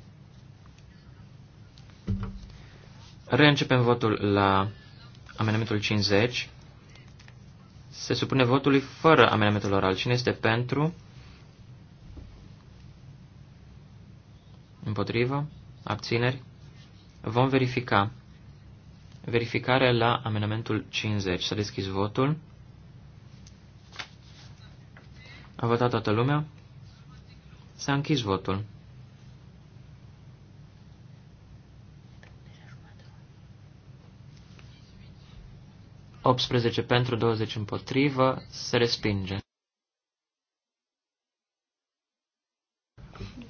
Speaker 4: Reîncepem votul la amendamentul 50. Se supune votului fără amendamentul oral. Cine este pentru? Împotrivă? Abțineri? Vom verifica. Verificare la amendamentul 50. Să deschizi votul. A votat toată lumea? S-a închis votul. 18 pentru, 20 împotrivă, se respinge. 3.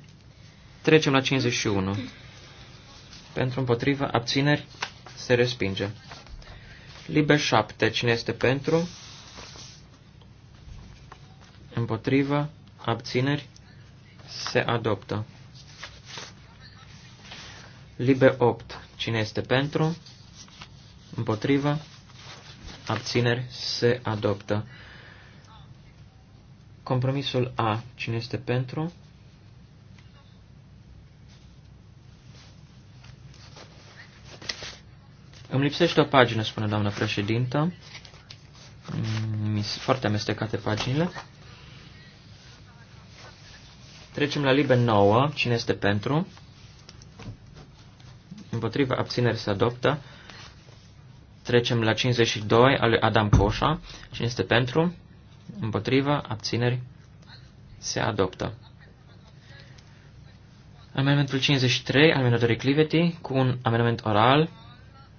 Speaker 4: Trecem la 51. Pentru împotrivă, abțineri, se respinge. Liber 7. Cine este pentru? Împotrivă, abțineri, se adoptă. Liber 8. Cine este pentru? Împotrivă, abțineri, se adoptă. Compromisul A. Cine este pentru? Îmi lipsește o pagină, spune doamna președintă. Mm, foarte amestecate paginile. Trecem la libe 9. Cine este pentru? Împotriva abțineri se adoptă. Trecem la 52 al lui Adam Coșa. Cine este pentru? Împotrivă? Abțineri? Se adoptă. Amendamentul 53 al menotării Clivety cu un amendament oral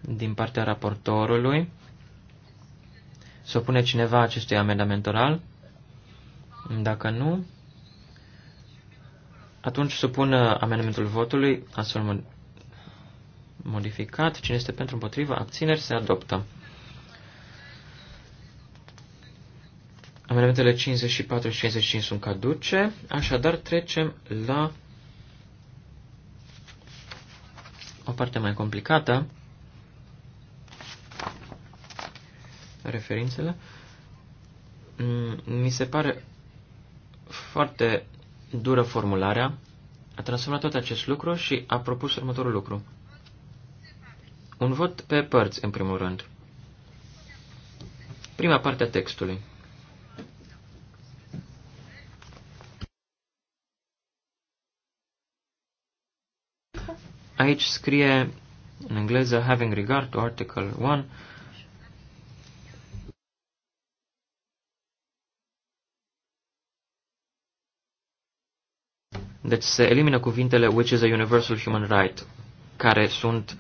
Speaker 4: din partea raportorului. Să opune cineva acestui amendament oral? Dacă nu, atunci supun amendamentul votului astfel modificat. Cine este pentru împotriva abțineri se adoptă. Amendamentele 54 și 55 sunt caduce, așadar trecem la o parte mai complicată, referințele. Mm, mi se pare foarte dură formularea. A transformat tot acest lucru și a propus următorul lucru. Un vot pe părți, în primul rând. Prima parte a textului. Aici scrie în engleză having regard to article 1 Deci se elimină cuvintele which is a universal human right, care sunt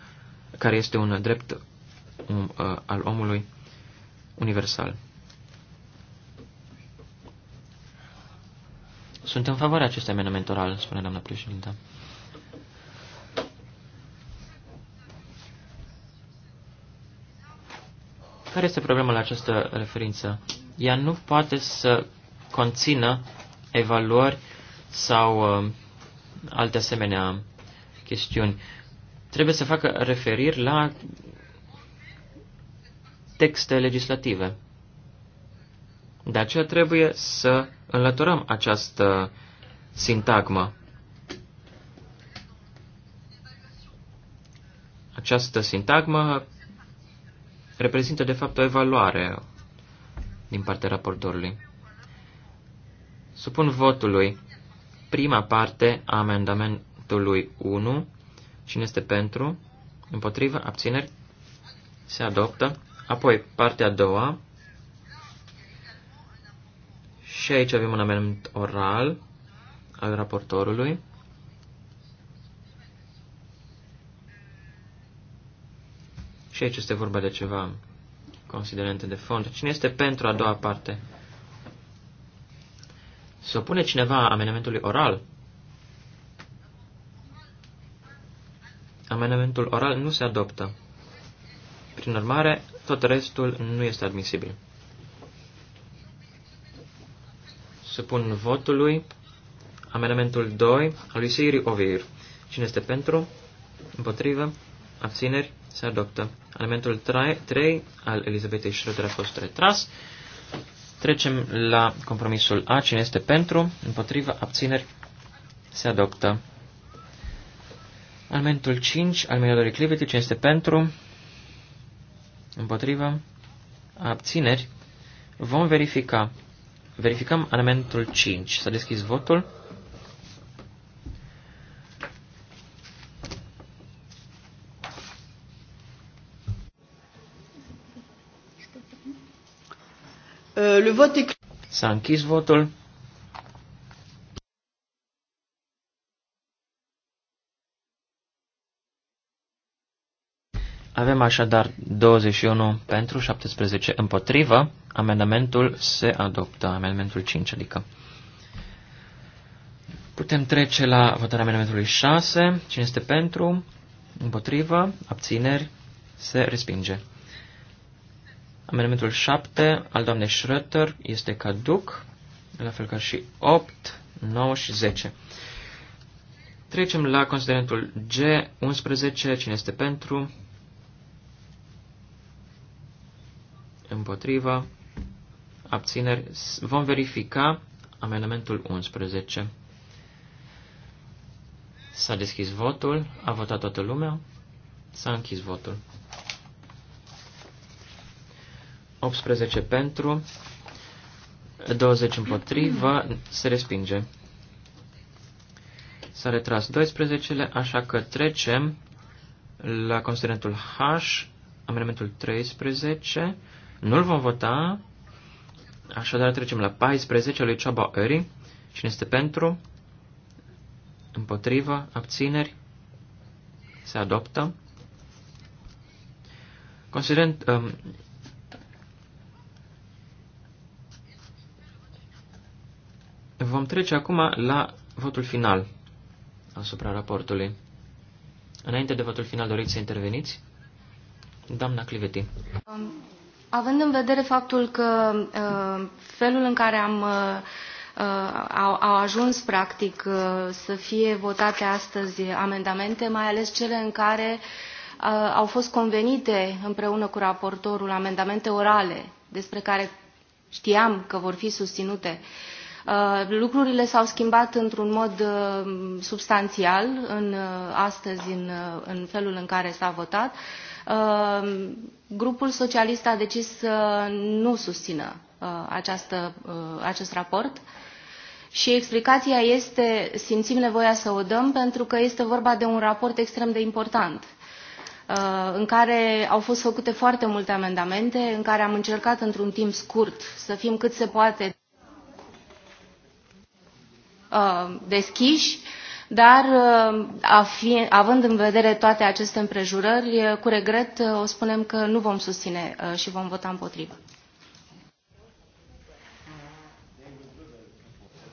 Speaker 4: care este un drept um, uh, al omului universal. Sunt în favoarea acestui amendament oral, spune doamna președintă. Care este problema la această referință? Ea nu poate să conțină evaluări sau uh, alte asemenea chestiuni trebuie să facă referiri la texte legislative. De aceea trebuie să înlăturăm această sintagmă. Această sintagmă reprezintă, de fapt, o evaluare din partea raportorului. Supun votului prima parte a amendamentului 1 Cine este pentru? Împotrivă? Abțineri? Se adoptă. Apoi, partea a doua. Și aici avem un amendament oral al raportorului. Și aici este vorba de ceva considerente de fond. Cine este pentru a doua parte? Să opune cineva amendamentului oral? Amendamentul oral nu se adoptă. Prin urmare, tot restul nu este admisibil. Supun votului amendamentul 2 al lui Siri Ovir. Cine este pentru? Împotrivă? Abțineri? Se adoptă. Amendamentul 3, al Elizabetei Schroeder a fost retras. Trecem la compromisul A. Cine este pentru? Împotrivă? Abțineri? Se adoptă. Almentul 5 al de Clivity, ce este pentru, împotrivă, abțineri, vom verifica. Verificăm elementul 5. S-a deschis votul.
Speaker 1: Euh,
Speaker 4: S-a închis votul. Avem așadar 21 pentru, 17 împotrivă. Amendamentul se adoptă, amendamentul 5 adică. Putem trece la votarea amendamentului 6. Cine este pentru? Împotrivă? Abțineri? Se respinge. Amendamentul 7 al doamnei Schröter este caduc, la fel ca și 8, 9 și 10. Trecem la considerentul G11. Cine este pentru? împotriva, abțineri. Vom verifica amendamentul 11. S-a deschis votul, a votat toată lumea, s-a închis votul. 18 pentru, 20 împotrivă, se respinge. S-a retras 12-le, așa că trecem la considerentul H, amendamentul 13, nu-l vom vota, așadar trecem la 14 lui Ceaba Eri. Cine este pentru? Împotrivă? Abțineri? Se adoptă. Considerăm, Um, vom trece acum la votul final asupra raportului. Înainte de votul final, doriți să interveniți? Doamna Cliveti.
Speaker 2: Um, Având în vedere faptul că uh, felul în care am uh, uh au, au ajuns practic uh, să fie votate astăzi amendamente, mai ales cele în care uh, au fost convenite împreună cu raportorul amendamente orale despre care știam că vor fi susținute. Uh, lucrurile s-au schimbat într-un mod uh, substanțial în, uh, astăzi în, în felul în care s-a votat. Uh, Ehm, grupul socialist a decis să nu susțină uh, această, uh, acest raport și explicația este, simțim nevoia să o dăm, pentru că este vorba de un raport extrem de important uh, în care au fost făcute foarte multe amendamente, în care am încercat într-un timp scurt să fim cât se poate deschiși dar uh, a fi, având în vedere toate aceste împrejurări, uh, cu regret uh, o spunem că nu vom susține și vom vota împotrivă.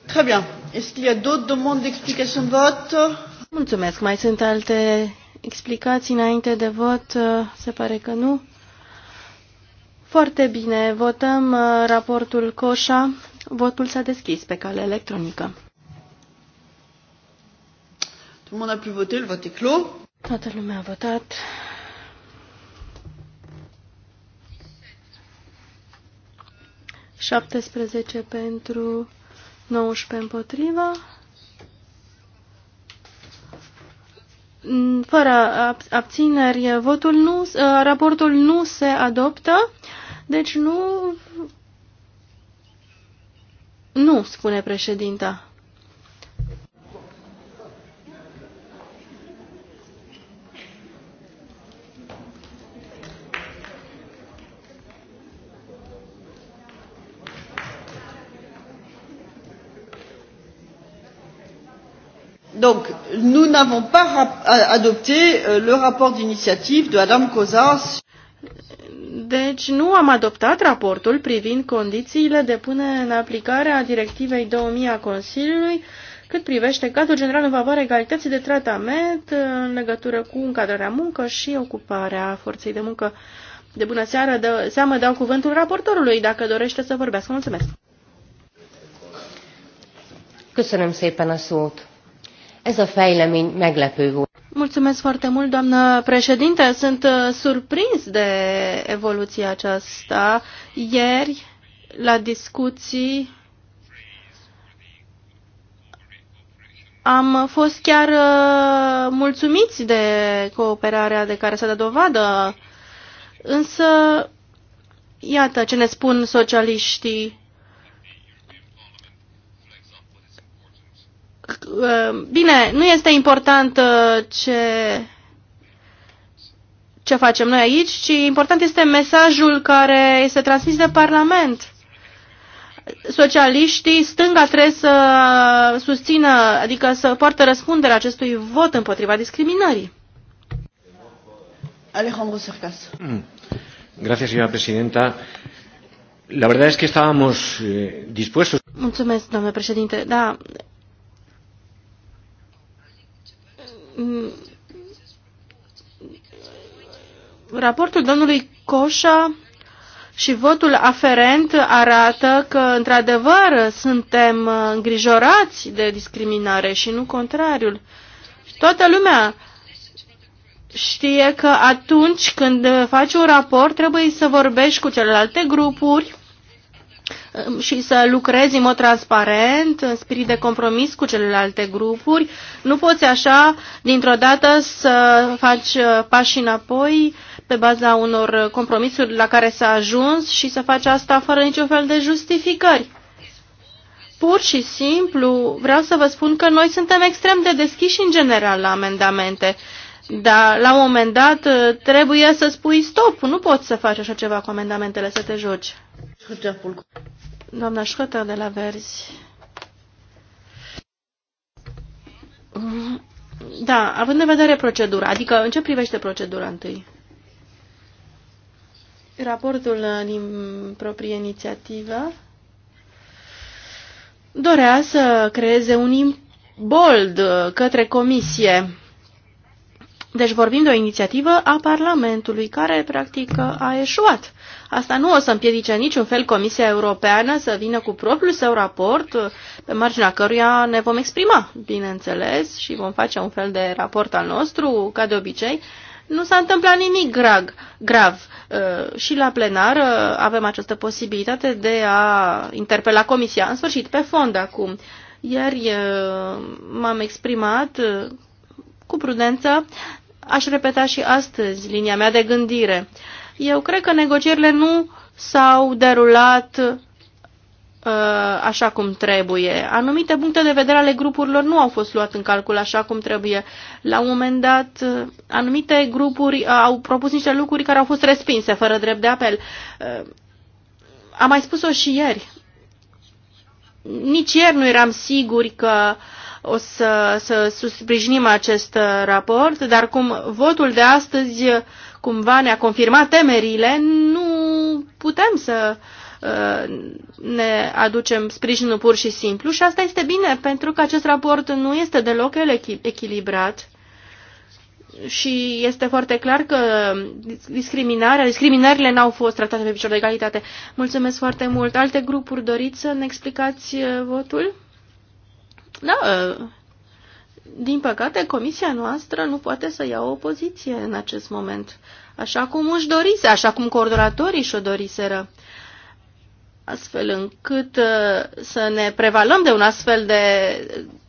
Speaker 1: Très bien. Est-ce
Speaker 2: qu'il y a d'autres demandes d'explication de vote
Speaker 1: Mulțumesc. Mai sunt alte explicații înainte de vot? Se pare că nu. Foarte bine. Votăm raportul Coșa. Votul s-a deschis pe cale electronică. Tout le monde a pu voter, le vote est clos. Toată lumea a votat. 17 pentru, 19 împotriva. Mm, fără abțineri, votul nu, uh, raportul nu se adoptă, deci nu... Nu, spune președinta. donc nous n'avons pas euh, adopté euh, le rapport d'initiative de Adam Cosa. Deci nu am adoptat raportul privind condițiile de punere în aplicare a directivei 2000 a Consiliului cât privește cadrul general în favoarea egalității de tratament uh, în legătură cu încadrarea muncă și ocuparea forței de muncă. De bună seară, de, seamă dau cuvântul raportorului dacă dorește să vorbească. Mulțumesc!
Speaker 2: Köszönöm szépen a szót! Ez a fejlemény meglepő volt.
Speaker 1: Mulțumesc foarte mult, doamnă președinte. Sunt uh, surprins de evoluția aceasta. Ieri, la discuții, am fost chiar uh, mulțumiți de cooperarea de care s-a dat dovadă. Însă, iată ce ne spun socialiștii Uh, bine, nu este important uh, ce, ce facem noi aici, ci important este mesajul care este transmis de Parlament. Socialiștii, stânga trebuie să susțină, adică să poartă răspunderea acestui vot împotriva discriminării. Alejandro Cercas.
Speaker 4: Mm. Gracias, señora presidenta. La verdad es que estábamos eh, dispuestos.
Speaker 1: Mulțumesc, domnule președinte. Da, Mm. raportul domnului Coșa și votul aferent arată că, într-adevăr, suntem îngrijorați de discriminare și nu contrariul. toată lumea știe că atunci când faci un raport trebuie să vorbești cu celelalte grupuri Ehm, și să lucrezi în mod transparent, în spirit de compromis cu celelalte grupuri. Nu poți așa, dintr-o dată, să faci uh, pași înapoi pe baza unor compromisuri la care s-a ajuns și să faci asta fără niciun fel de justificări. Pur și simplu vreau să vă spun că noi suntem extrem de deschiși în general la amendamente, dar la un moment dat uh, trebuie să spui stop, nu poți să faci așa ceva cu amendamentele, să te joci. Doamna Schröter de la Verzi. Da, având în vedere procedura, adică în ce privește procedura întâi? Raportul din proprie inițiativă dorea să creeze un bold către comisie. Deci vorbim de o inițiativă a Parlamentului care, practic, a eșuat. Asta nu o să împiedice niciun fel Comisia Europeană să vină cu propriul său raport, pe marginea căruia ne vom exprima, bineînțeles, și vom face un fel de raport al nostru, ca de obicei. Nu s-a întâmplat nimic grag, grav uh, și la plenar uh, avem această posibilitate de a interpela Comisia, în sfârșit, pe fond acum. Ieri uh, m-am exprimat cu prudență, aș repeta și astăzi linia mea de gândire. Uh, eu cred că negocierile nu s-au derulat uh, așa cum trebuie. Anumite puncte de vedere ale grupurilor nu au fost luate în calcul așa cum trebuie. La un moment dat, uh, anumite grupuri uh, au propus niște lucruri care au fost respinse fără drept de apel. am mai spus-o și ieri. Nici ieri nu eram siguri că o să, să susprijinim acest raport, dar cum votul de astăzi cumva ne-a confirmat temerile, nu putem să uh, ne aducem sprijinul pur și simplu și asta este bine pentru că acest raport nu este deloc el echilibrat și este foarte clar că discriminarea, discriminările n-au fost tratate pe picior de egalitate. Mulțumesc foarte mult. Alte grupuri doriți să ne explicați uh, votul? Da, uh, din păcate, comisia noastră nu poate să ia o poziție în acest moment, așa cum își dorise, așa cum coordonatorii și-o doriseră, astfel încât uh, să ne prevalăm de un astfel de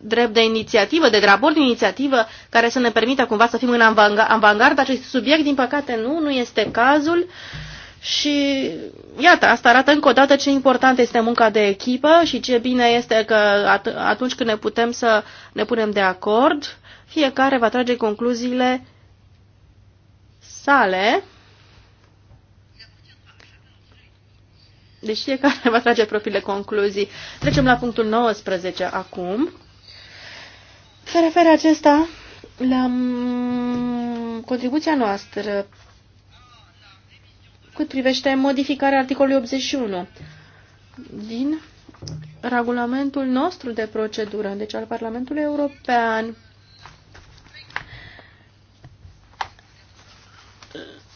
Speaker 1: drept de inițiativă, de grabord de inițiativă, care să ne permită cumva să fim în avangarda Acest subiect. Din păcate, nu, nu este cazul. Uh, și iată, asta arată încă o dată ce important este munca de echipă și ce bine este că atunci când ne putem să ne punem de acord, fiecare va trage concluziile sale. Deci fiecare va trage propriile concluzii. Trecem la punctul 19 acum. Se referă acesta la contribuția noastră cât privește modificarea articolului 81 din regulamentul nostru de procedură, deci al Parlamentului European.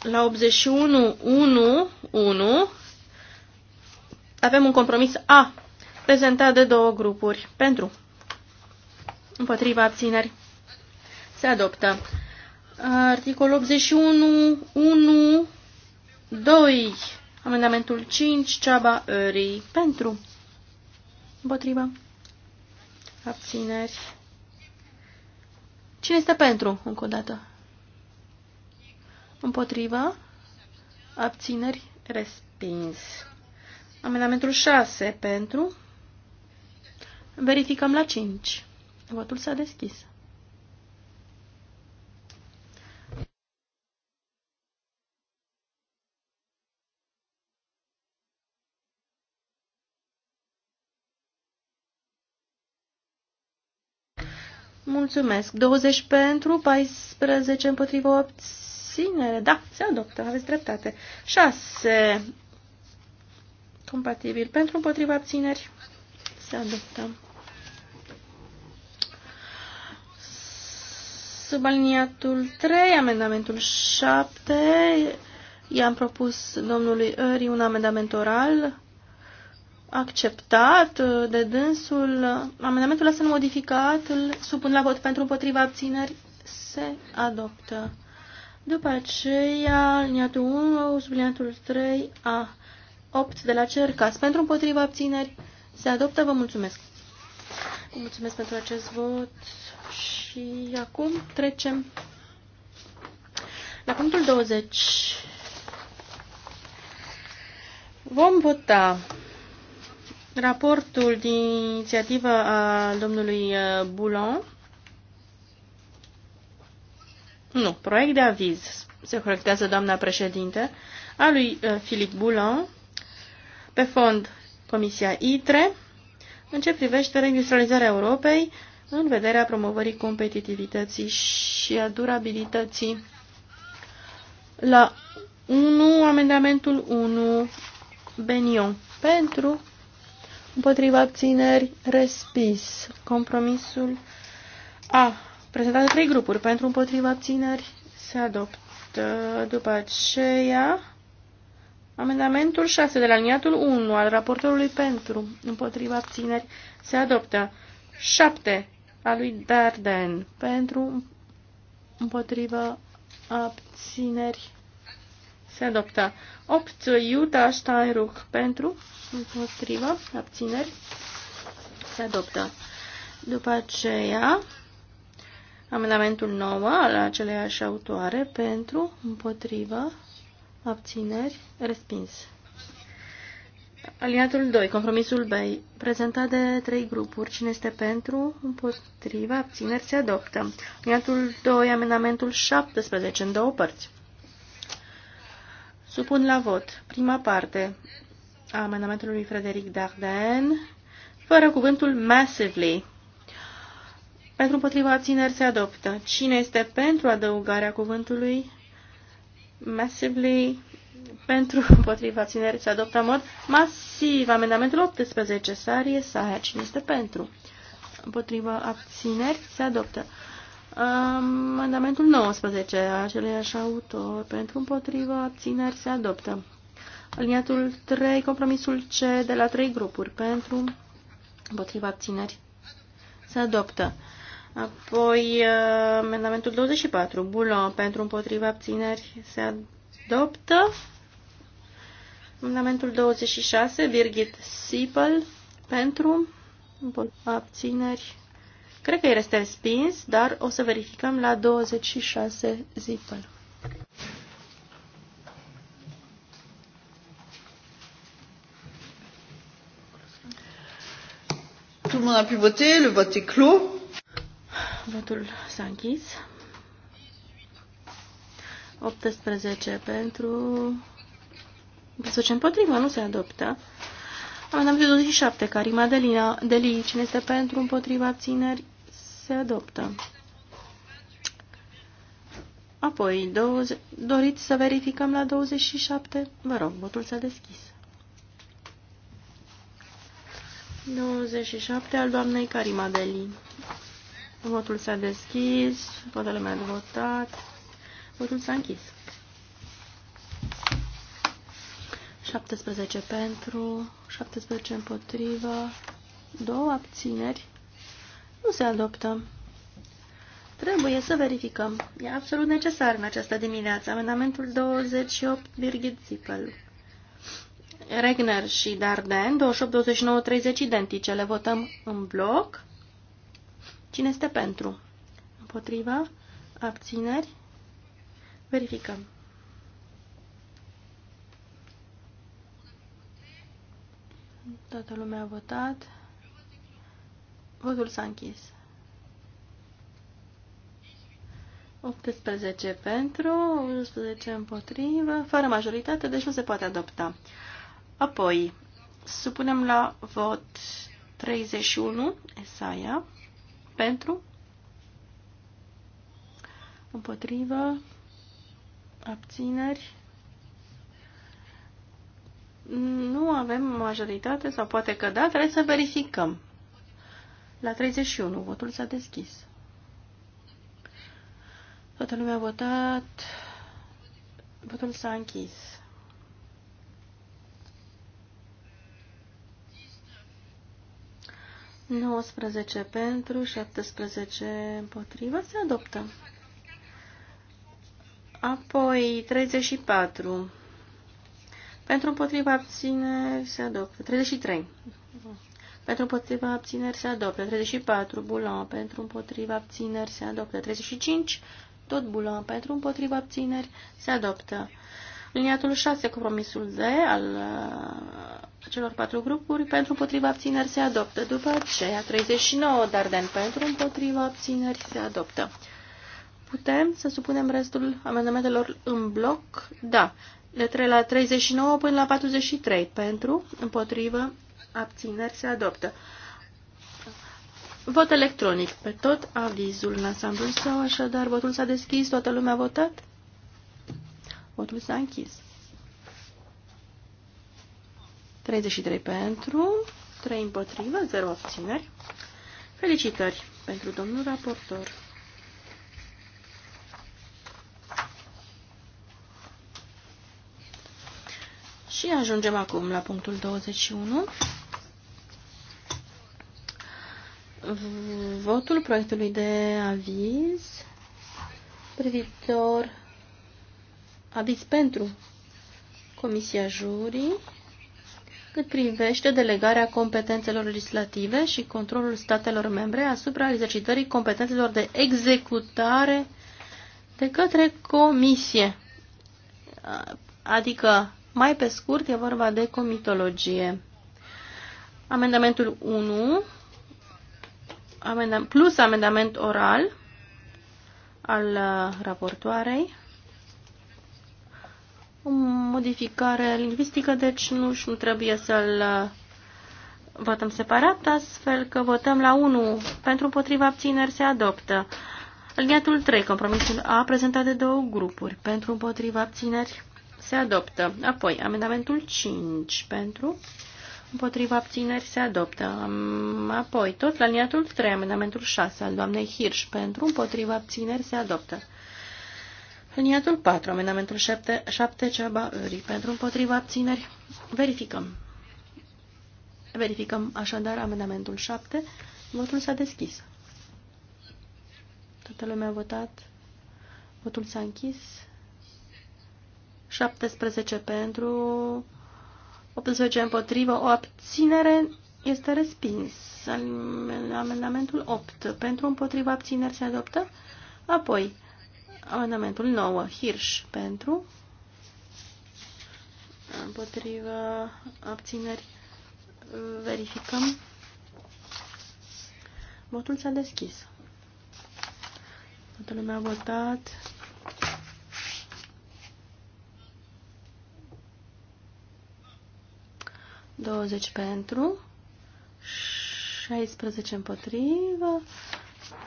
Speaker 1: La 81.1.1 avem un compromis A, prezentat de două grupuri. Pentru. Împotriva abțineri. Se adoptă. Articolul 81.1 2. Amendamentul 5, Ceaba Ării, pentru, împotriva, abțineri. Cine este pentru, încă o dată? Împotriva, abțineri, respins. Amendamentul 6, pentru, verificăm la 5. Votul s-a deschis. Mulțumesc. 20 pentru, 14 împotriva 8 Da, se adoptă, aveți dreptate. 6 compatibil pentru împotriva abțineri. Se adoptă. Subaliniatul 3, amendamentul 7. I-am propus domnului Ări un amendament oral acceptat uh, de dânsul. Uh, amendamentul ăsta modificat îl supun la vot pentru împotriva abțineri. Se adoptă. După aceea, liniatul 1, subliniatul 3, a 8 de la Cercas. Pentru împotriva abțineri se adoptă. Vă mulțumesc. Vă mulțumesc pentru acest vot și acum trecem la punctul 20. Vom vota Raportul din inițiativă a domnului uh, Boulon. Nu, proiect de aviz, se corectează doamna președinte, a lui Filip uh, Boulon, pe fond Comisia ITRE, în ce privește reindustrializarea Europei în vederea promovării competitivității și a durabilității. La 1, amendamentul 1, Benion, pentru împotriva abțineri, respins. Compromisul A, prezentat de trei grupuri, pentru împotriva abțineri, se adoptă. După aceea, amendamentul 6 de la liniatul 1 al raportorului pentru împotriva abțineri, se adoptă. 7 a lui Darden pentru împotriva abțineri se adoptă. 8. Iuda Steinruck pentru, împotriva, abțineri. Se adoptă. După aceea, amendamentul 9 al aceleiași autoare pentru, împotriva, abțineri, respins. Aliatul 2, compromisul B, prezentat de trei grupuri. Cine este pentru, împotriva, abțineri, se adoptă. Aliatul 2, amendamentul 17, în două părți. Supun la vot prima parte a amendamentului Frederic Darden, fără cuvântul massively. Pentru împotriva abțineri se adoptă. Cine este pentru adăugarea cuvântului massively? Pentru împotriva abțineri se adoptă în mod masiv. Amendamentul 18, Sarie Saia. Cine este pentru? Împotriva abțineri se adoptă. Amendamentul 19 a aceleiași autor pentru împotriva abțineri se adoptă. Aliniatul 3, compromisul C de la 3 grupuri pentru împotriva abțineri se adoptă. Apoi uh, amendamentul 24, Bulon pentru împotriva abțineri se adoptă. Amendamentul 26, Birgit Sipel pentru abțineri Cred că e este respins, dar o să verificăm la 26 zile. Tout le monde a pu voter, le vote est clos. Votul s-a închis. 18 pentru... ce împotrivă, nu se adoptă. Amendamentul 27, Carima Delina, Deli, cine este pentru, împotriva, abțineri, se adoptă. Apoi, 20, doriți să verificăm la 27? Vă rog, votul s-a deschis. 27 al doamnei Carima Deli. Votul s-a deschis, toată lumea a votat, votul s-a închis. 17 pentru, 17 împotrivă, două abțineri. Nu se adoptă. Trebuie să verificăm. E absolut necesar în această dimineață. Amendamentul 28, Birgit Zippel. Regner și Darden, 28, 29, 30 identice. Le votăm în bloc. Cine este pentru? Împotriva? Abțineri? Verificăm. Toată lumea a votat. Votul s-a închis. 18 pentru, 11 împotrivă, fără majoritate, deci nu se poate adopta. Apoi, supunem la vot 31, Esaia, pentru, împotrivă, abțineri, nu avem majoritate, sau poate că da, trebuie să verificăm. La 31, votul s-a deschis. Toată lumea a votat, votul s-a închis. Nouăsprezece pentru, 17 împotriva, se adoptă. Apoi 34 pentru împotriva abțineri se adoptă. 33. Pentru împotriva abțineri se adoptă. 34. Bulon. Pentru împotriva abțineri se adoptă. 35. Tot bulon. Pentru împotriva abțineri se adoptă. Liniatul 6, compromisul Z al uh, celor patru grupuri, pentru împotriva abțineri se adoptă. După aceea, 39 Darden pentru împotriva abțineri se adoptă. Putem să supunem restul amendamentelor în bloc? Da de la 39 până la 43 pentru, împotrivă, abțineri se adoptă. Vot electronic pe tot avizul în ansamblul său, așadar votul s-a deschis, toată lumea a votat? Votul s-a închis. 33 pentru, 3 împotrivă, 0 abțineri. Felicitări pentru domnul raportor. Și ajungem acum la punctul 21. Votul proiectului de aviz privitor aviz pentru Comisia Jurii cât privește delegarea competențelor legislative și controlul statelor membre asupra exercitării competențelor de executare de către Comisie, adică mai pe scurt, e vorba de comitologie. Amendamentul 1 plus amendament oral al uh, raportoarei. O modificare lingvistică, deci nu, nu trebuie să-l uh, votăm separat, astfel că votăm la 1 pentru împotriva abțineri se adoptă. Aliniatul 3, compromisul A, prezentat de două grupuri, pentru împotriva abțineri se adoptă. Apoi, amendamentul 5 pentru, împotriva abțineri se adoptă. Apoi, tot la liniatul 3, amendamentul 6 al doamnei Hirsch pentru, împotriva abțineri se adoptă. Liniatul 4, amendamentul 7, 7 ceaba îrii pentru, împotriva abțineri. Verificăm. Verificăm așadar amendamentul 7. Votul s-a deschis. Toată lumea a votat. Votul s-a închis. 17 pentru, 18 împotrivă, o abținere este respins. Amendamentul 8 pentru împotriva abțineri se adoptă. Apoi, amendamentul 9, Hirsch pentru împotriva abțineri. Verificăm. Votul s-a deschis. Toată lumea a votat. 20 pentru, 16 împotrivă.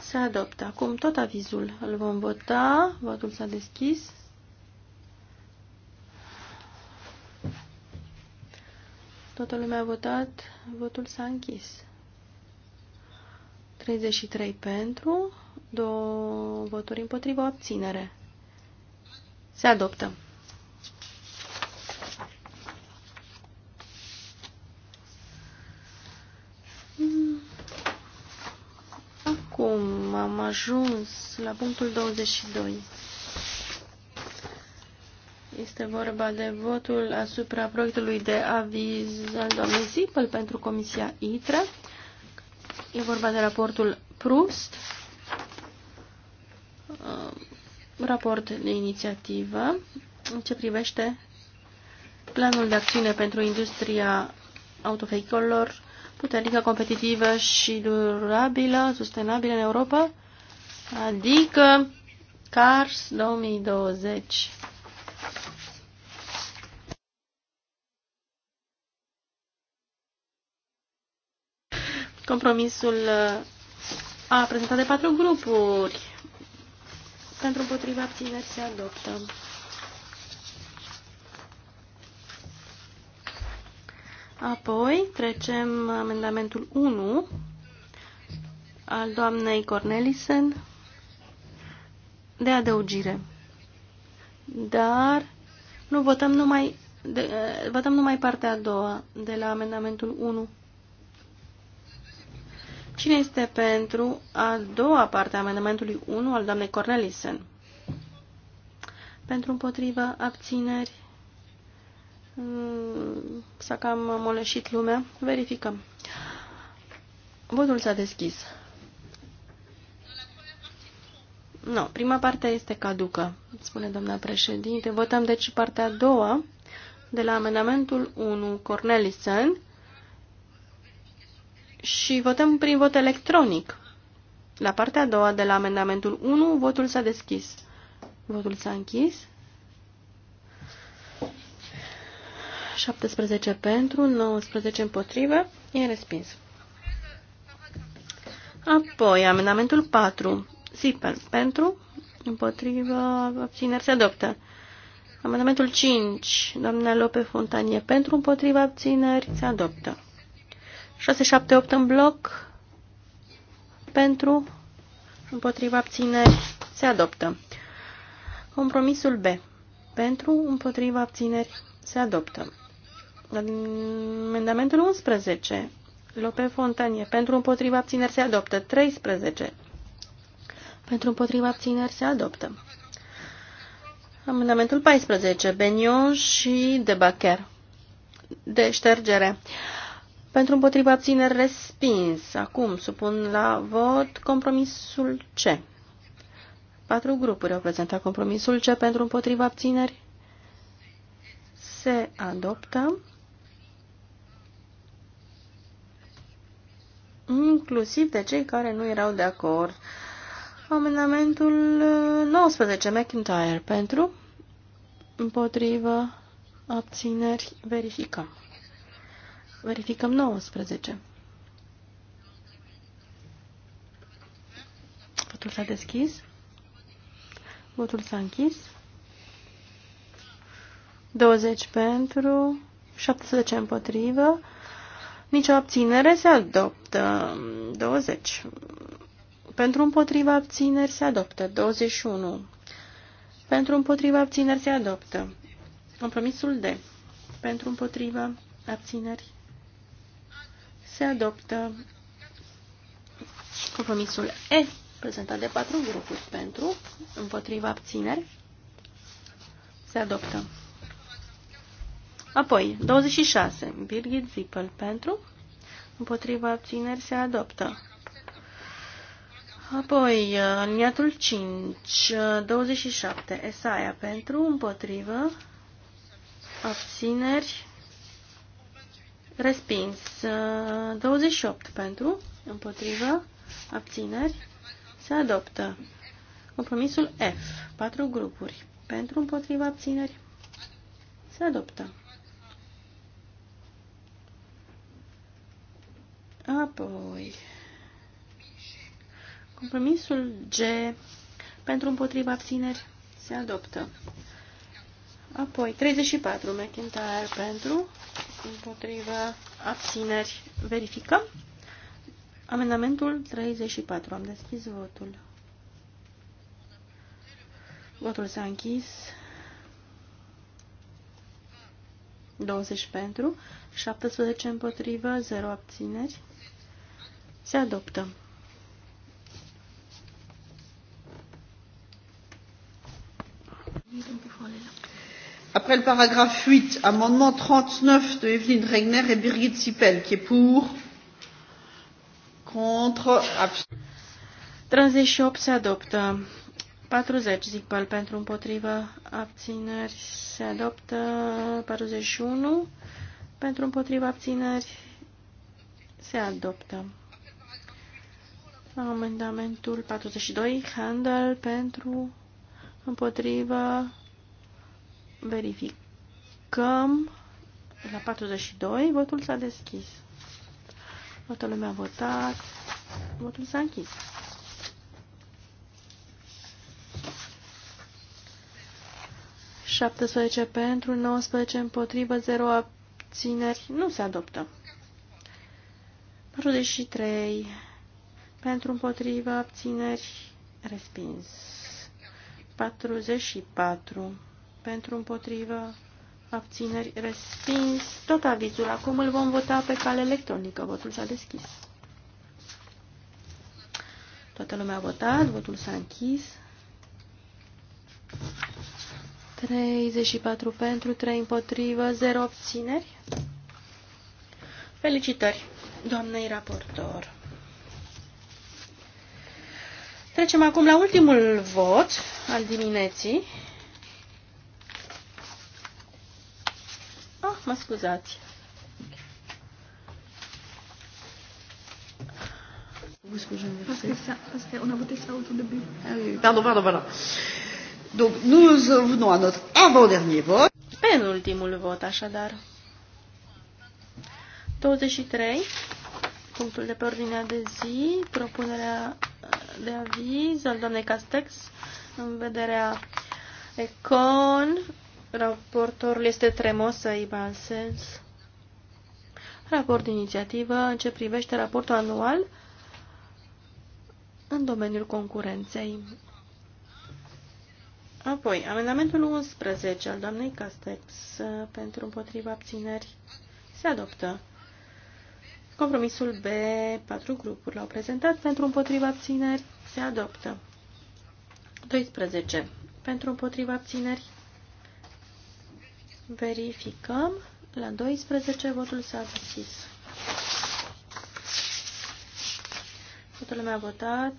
Speaker 1: Se adoptă. Acum tot avizul îl vom vota. Votul s-a deschis. Toată lumea a votat. Votul s-a închis. 33 pentru, două voturi împotrivă, abținere. Se adoptă. ajuns la punctul 22. Este vorba de votul asupra proiectului de aviz al doamnei Zipel pentru Comisia ITRE. E vorba de raportul Proust, um, raport de inițiativă în ce privește planul de acțiune pentru industria autofeicolor, puternică, competitivă și durabilă, sustenabilă în Europa Adică Cars 2020. Compromisul uh, a prezentat de patru grupuri. Pentru împotriva abțineri se adoptă. Apoi trecem amendamentul 1 al doamnei Cornelisen de adăugire. Dar nu votăm numai, de, eh, votăm numai partea a doua de la amendamentul 1. Cine este pentru a doua parte a amendamentului 1 al doamnei Cornelisen? Pentru împotriva abțineri hmm, s-a cam moleșit lumea. Verificăm. Votul s-a deschis. Nu, prima parte este caducă, spune doamna președinte. Votăm deci partea a doua de la amendamentul 1 Cornelison și votăm prin vot electronic. La partea a doua de la amendamentul 1, votul s-a deschis. Votul s-a închis. 17 pentru, 19 împotrivă, e respins. Apoi, amendamentul 4 Sipen. Pentru, împotrivă, abțineri se adoptă. Amendamentul 5, doamna Lope Fontanie. Pentru, împotrivă, abțineri se adoptă. 6, 7, 8 în bloc. Pentru, împotrivă, abțineri se adoptă. Compromisul B. Pentru, împotrivă, abțineri, se adoptă. Amendamentul 11. Lope Fontanie. Pentru, împotrivă, abțineri, se adoptă. 13. Pentru împotriva abțineri se adoptă. Amendamentul 14. Benion și Debacher. De ștergere. Pentru împotriva abțineri respins. Acum supun la vot compromisul C. Patru grupuri au prezentat compromisul C pentru împotriva abțineri. Se adoptă. Inclusiv de cei care nu erau de acord Amendamentul 19, uh, McIntyre, pentru, împotrivă, abțineri, verificăm. Verificăm 19. Votul s-a deschis. Votul s-a închis. 20 pentru, 17 împotrivă, nicio abținere se adoptă. 20. Pentru împotriva abțineri se adoptă. 21. Pentru împotriva abțineri se adoptă. Compromisul D. Pentru împotriva abțineri se adoptă. Compromisul E, prezentat de patru grupuri pentru, împotriva abțineri, se adoptă. Apoi, 26. Birgit Zippel pentru, împotriva abțineri se adoptă. Apoi, aliniatul 5, 27, Esaia pentru, împotrivă, abțineri, respins, 28 pentru, împotrivă, abțineri, se adoptă. Compromisul F, patru grupuri, pentru, împotrivă, abțineri, se adoptă. Apoi... Compromisul G pentru împotriva abțineri se adoptă. Apoi 34 McIntyre pentru împotriva abțineri. Verificăm. Amendamentul 34. Am deschis votul. Votul s-a închis. 20 pentru, 17 împotrivă, 0 abțineri. Se adoptă. Après le paragraphe 8, amendement 39 de Evelyne Regner et Birgit Sipel, qui est pour, contre, abstention. 38 se adoptă. 40, zic pal, pentru împotrivă, abțineri se adoptă. 41, pentru împotrivă, abțineri se adoptă. Amendamentul 42, handel pentru împotrivă, verificăm, la 42, votul s-a deschis. Toată lumea a votat, votul s-a închis. Șaptesprezece pentru, 19 împotrivă, 0 abțineri. Nu se adoptă. 43 pentru împotrivă, abțineri, respins. 44 pentru împotrivă, abțineri, respins. Tot avizul. Acum îl vom vota pe cale electronică. Votul s-a deschis. Toată lumea a votat, votul s-a închis. 34 pentru, 3 împotrivă, 0 abțineri. Felicitări, doamnei raportor! Trecem acum la ultimul vot al dimineții. Ah, mă scuzați. Pardon, pardon, pardon. Donc, nous venons à notre avant-dernier vote. Penultimul vot, așadar. 23. Punctul de pe ordinea de zi, propunerea de aviz al doamnei Castex în vederea Econ. Raportorul este Tremosa sens. Raport de inițiativă în ce privește raportul anual în domeniul concurenței. Apoi, amendamentul 11 al doamnei Castex pentru împotriva abțineri se adoptă. Compromisul B, patru grupuri l-au prezentat, pentru împotriva abțineri se adoptă. 12. Pentru împotriva abțineri verificăm. La 12 votul s-a deschis. Toată lumea a votat.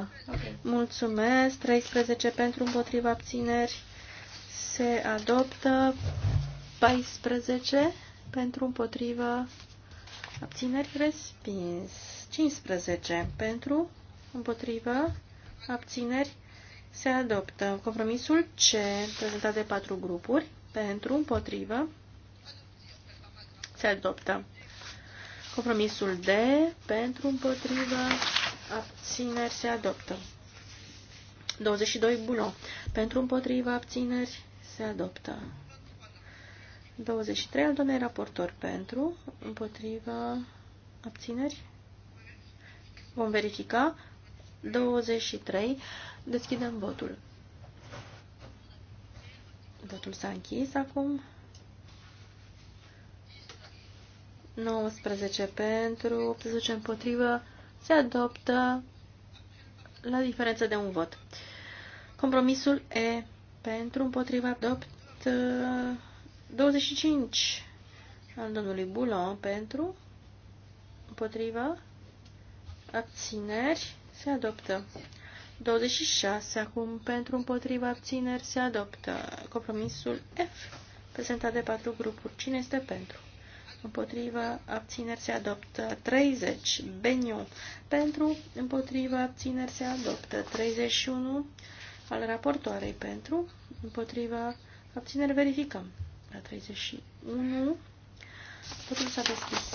Speaker 1: Okay. Mulțumesc. 13 pentru împotriva abțineri se adoptă. 14 pentru împotriva abțineri respins. 15 pentru împotriva abțineri se adoptă. Compromisul C, prezentat de patru grupuri, pentru împotrivă, se adoptă. Compromisul D, pentru împotrivă abțineri se adoptă. 22 bulon Pentru împotriva abțineri se adoptă. 23 al doilea raportor pentru împotriva abțineri. Vom verifica. 23. Deschidem votul. Votul s-a închis acum. 19 pentru, 18 împotrivă, se adoptă la diferență de un vot. Compromisul E pentru împotriva adopt 25 uh, al domnului Boulon pentru împotriva abțineri se adoptă. 26 acum pentru împotriva abțineri se adoptă. Compromisul F prezentat de patru grupuri. Cine este pentru? împotrivă, abțineri se adoptă 30, Beniu, pentru, împotrivă, abțineri se adoptă 31, al raportoarei pentru, împotrivă, abțineri verificăm la 31, totul s-a deschis,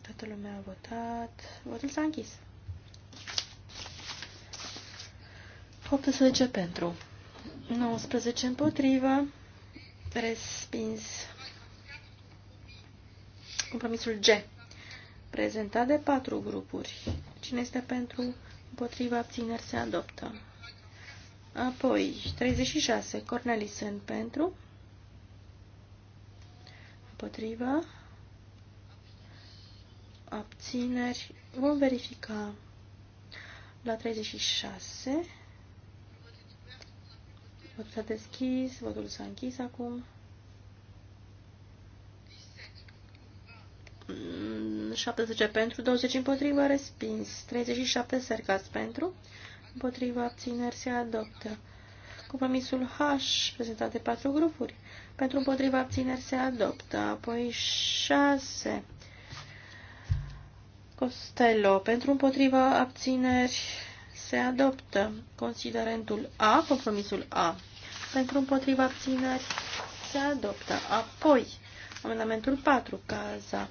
Speaker 1: toată lumea a votat, votul s-a închis. 18 pentru, 19 împotrivă, respins Compromisul G. Prezentat de patru grupuri. Cine este pentru? Împotriva abțineri se adoptă. Apoi, 36. Cornelisen pentru. Împotriva. Abțineri. Vom verifica la 36. Votul s-a deschis, votul s-a închis acum. 17 pentru, 20 împotriva, respins. 37 sercați pentru, împotriva abțineri se adoptă. Compromisul H, prezentat de patru grupuri, pentru împotriva abțineri se adoptă. Apoi 6. Costello, pentru împotriva abțineri se adoptă. Considerentul A, compromisul A, pentru împotriva abțineri se adoptă. Apoi, amendamentul 4, caza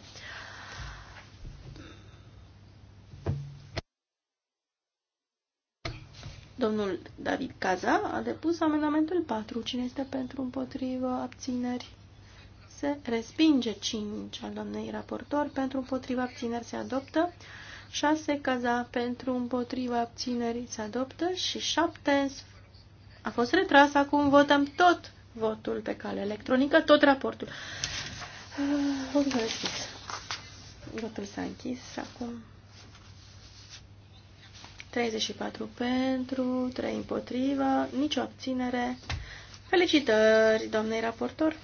Speaker 1: Domnul David Caza a depus amendamentul 4. Cine este pentru împotrivă abțineri? Se respinge 5 al doamnei raportor. Pentru împotrivă abțineri se adoptă. 6 Caza pentru împotrivă abțineri se adoptă. Și 7 a fost retras. Acum votăm tot votul pe cale electronică, tot raportul.
Speaker 2: Ah,
Speaker 1: votul s-a închis acum. 34 pentru, 3 împotrivă, nicio abținere. Felicitări, doamnei raportor!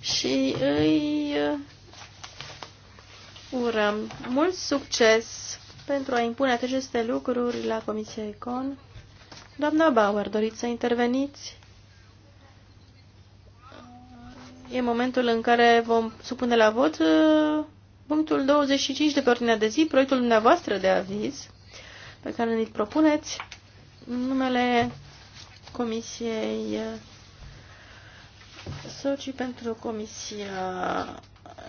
Speaker 1: Și îi urăm mult succes pentru a impune aceste lucruri la Comisia Econ. Doamna Bauer, doriți să interveniți? E momentul în care vom supune la vot Punctul 25 de pe ordinea de zi, proiectul dumneavoastră de aviz pe care ne-l propuneți în numele Comisiei uh, socii pentru Comisia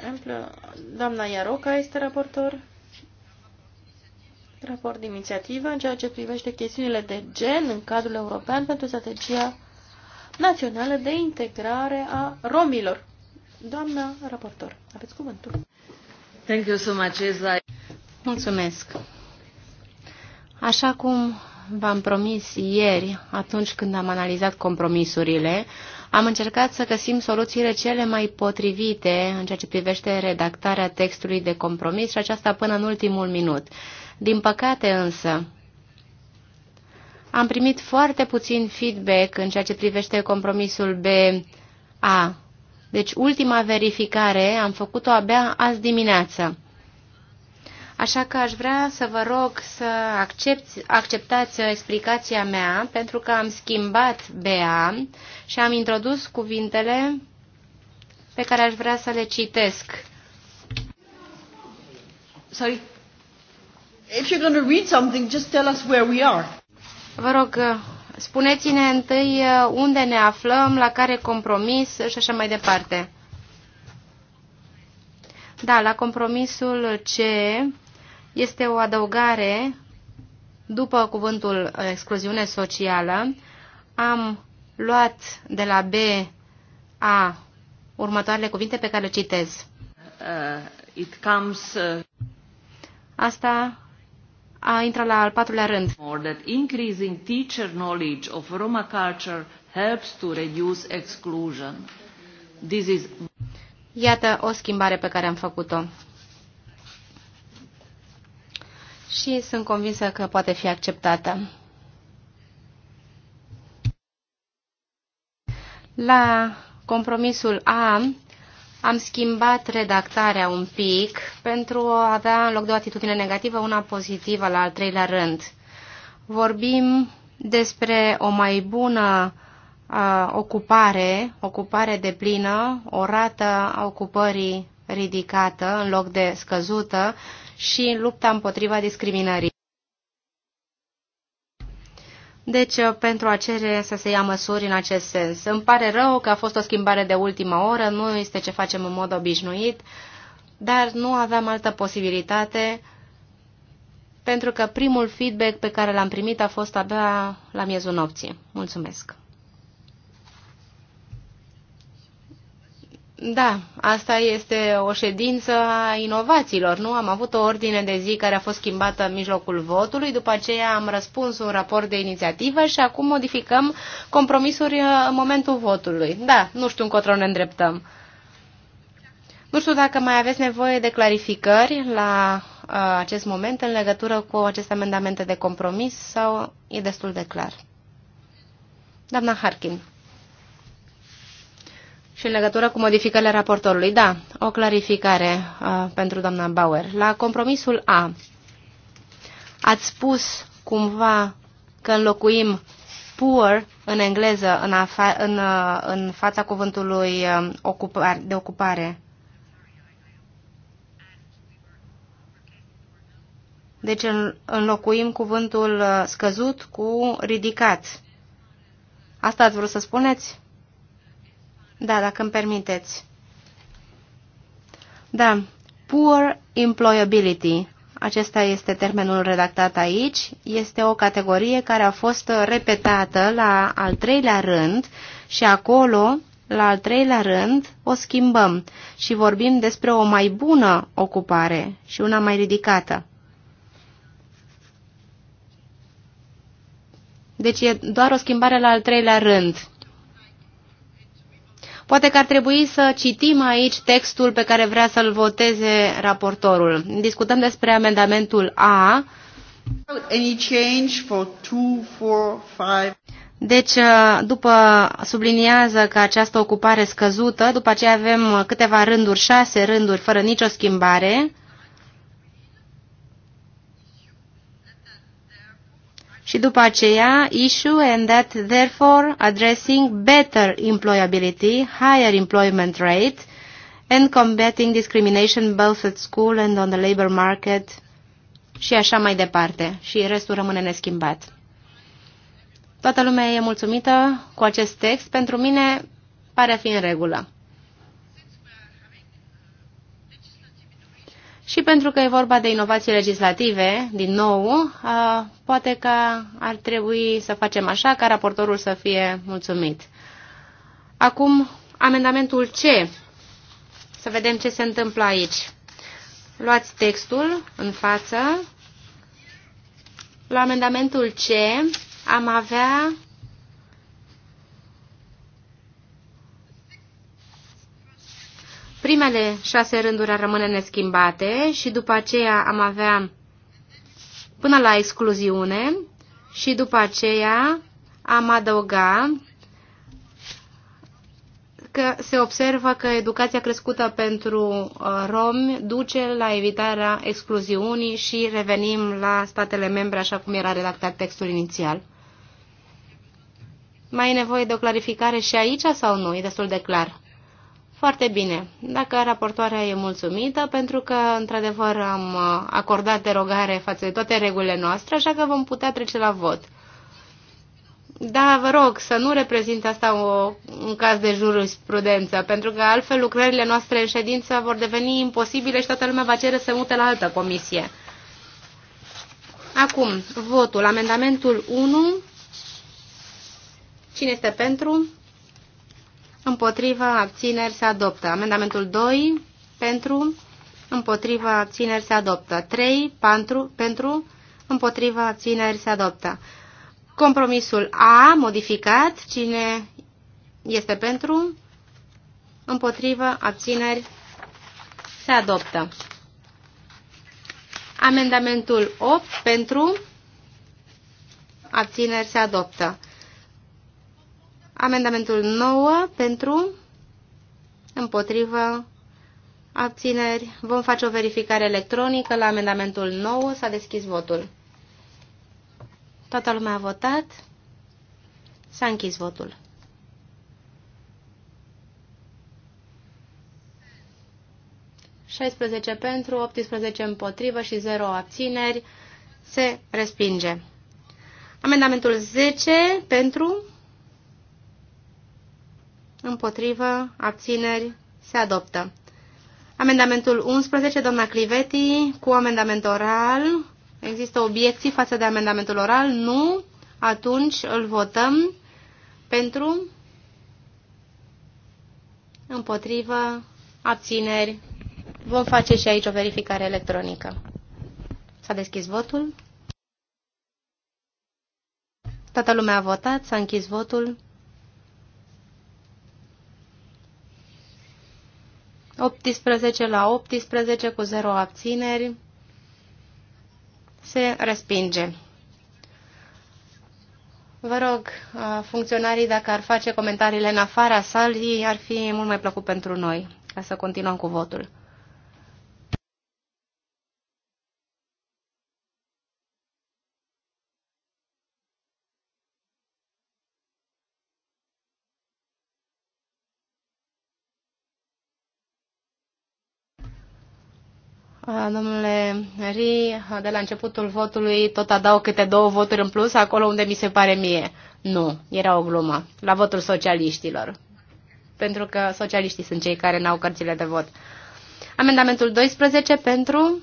Speaker 1: Emplă. Doamna Iaroca este raportor. Raport de inițiativă în ceea ce privește chestiunile de gen în cadrul european pentru strategia națională de integrare a romilor. Doamna raportor, aveți cuvântul.
Speaker 2: Thank you so much.
Speaker 3: Mulțumesc.
Speaker 1: Așa cum v-am promis
Speaker 3: ieri, atunci când am analizat compromisurile, am încercat să găsim soluțiile cele mai potrivite în ceea ce privește redactarea textului de compromis și aceasta până în ultimul minut. Din păcate însă, am primit foarte puțin feedback în ceea ce privește compromisul B, A deci ultima verificare am făcut-o abia azi dimineață. Așa că aș vrea să vă rog să accepti, acceptați explicația mea, pentru că am schimbat BA și am introdus cuvintele pe care aș vrea să le citesc. Sorry. If you're going to read something, just tell us where we are. Vă rog, Spuneți-ne întâi uh, unde ne aflăm, la care compromis și așa mai departe. Da, la compromisul C este o adăugare după cuvântul uh, excluziune socială. Am luat de la B a următoarele cuvinte pe care le citez. Uh, it comes, uh...
Speaker 2: Asta a intrat la al patrulea rând. That increasing teacher knowledge of Roma culture helps to reduce exclusion. This is...
Speaker 3: Iată o schimbare pe care am făcut-o. Și sunt convinsă că poate fi acceptată. La compromisul A am schimbat redactarea un pic pentru a avea în loc de o atitudine negativă una pozitivă la al treilea rând. Vorbim despre o mai bună uh, ocupare, ocupare de plină, o rată a ocupării ridicată în loc de scăzută și lupta împotriva discriminării. Deci, uh, pentru a cere să se ia măsuri în acest sens. Îmi pare rău că a fost o schimbare de ultima oră, nu este ce facem în mod obișnuit, dar nu aveam altă posibilitate pentru că primul feedback pe care l-am primit a fost abia la miezul nopții. Mulțumesc! Da, asta este o ședință a inovațiilor, nu? Am avut o ordine de zi care a fost schimbată în mijlocul votului, după aceea am răspuns un raport de inițiativă și acum modificăm compromisuri uh, în momentul votului. Da, nu știu încotro ne îndreptăm. Nu știu dacă mai aveți nevoie de clarificări la uh, acest moment în legătură cu aceste amendamente de compromis sau e destul de clar. Doamna Harkin. Și în legătură cu modificările raportorului, da, o clarificare uh, pentru doamna Bauer. La compromisul A, ați spus cumva că înlocuim poor în engleză în, afa, în, uh, în fața cuvântului um, ocupar, de ocupare. Deci înlocuim cuvântul uh, scăzut cu ridicat. Asta ați vrut să spuneți? Da, dacă îmi permiteți. Da, poor employability. Acesta este termenul redactat aici. Este o categorie care a fost repetată la al treilea rând și acolo, la al treilea rând, o schimbăm și vorbim despre o mai bună ocupare și una mai ridicată. Deci e doar o schimbare la al treilea rând. Poate că ar trebui să citim aici textul pe care vrea să-l voteze raportorul. Discutăm despre amendamentul A. Any change for two, four, five. Deci, uh, după subliniază că această ocupare scăzută, după aceea avem câteva rânduri, șase rânduri, fără nicio schimbare. Și după aceea, issue and that therefore addressing better employability, higher employment rate, and combating discrimination both at school and on the labor market și așa mai departe. Și restul rămâne neschimbat. Toată lumea e mulțumită cu acest text. Pentru mine pare a fi în regulă. Și pentru că e vorba de inovații legislative, din nou, uh, poate că ar trebui să facem așa ca raportorul să fie mulțumit. Acum, amendamentul C. Să vedem ce se întâmplă aici. Luați textul în față. La amendamentul C am avea Primele șase rânduri ar rămâne neschimbate și după aceea am avea până la excluziune și după aceea am adăuga că se observă că educația crescută pentru uh, romi duce la evitarea excluziunii și revenim la statele membre așa cum era redactat textul inițial. Mai e nevoie de o clarificare și aici sau nu? E destul de clar. Foarte bine. Dacă raportoarea e mulțumită, pentru că, într-adevăr, am uh, acordat derogare față de toate regulile noastre, așa că vom putea trece la vot. Da, vă rog, să nu reprezint asta o, un caz de jurisprudență, pentru că altfel lucrările noastre în ședință vor deveni imposibile și toată lumea va cere să mute la altă comisie. Acum, votul. Amendamentul 1. Cine este pentru? Împotrivă, abțineri, se adoptă. Amendamentul 2, pentru, împotrivă, abțineri, se adoptă. 3, pentru, pentru împotrivă, abțineri, se adoptă. Compromisul A, modificat, cine este pentru, împotrivă, abțineri, se adoptă. Amendamentul 8, pentru, abțineri, se adoptă. Amendamentul 9 pentru, împotrivă, abțineri. Vom face o verificare electronică la amendamentul 9. S-a deschis votul. Toată lumea a votat. S-a închis votul. pentru, 18 împotrivă și 0 abțineri. Se respinge. Amendamentul 10 pentru, împotrivă, abțineri, se adoptă. Amendamentul 11, doamna Cliveti, cu amendament oral. Există obiecții față de amendamentul oral? Nu. Atunci îl votăm pentru, împotrivă, abțineri. Vom face și aici o verificare electronică. S-a deschis votul. Toată lumea a votat, s-a închis votul. 18 la 18 cu 0 abțineri se respinge. Vă rog, uh, funcționarii, dacă ar face comentariile în afara salii, ar fi mult mai plăcut pentru noi, ca să continuăm cu votul. Domnule Ri, de la începutul votului tot adau câte două voturi în plus acolo unde mi se pare mie. Nu, era o glumă. La votul socialiștilor. Pentru că socialiștii sunt cei care n-au cărțile de vot. Amendamentul 12 pentru...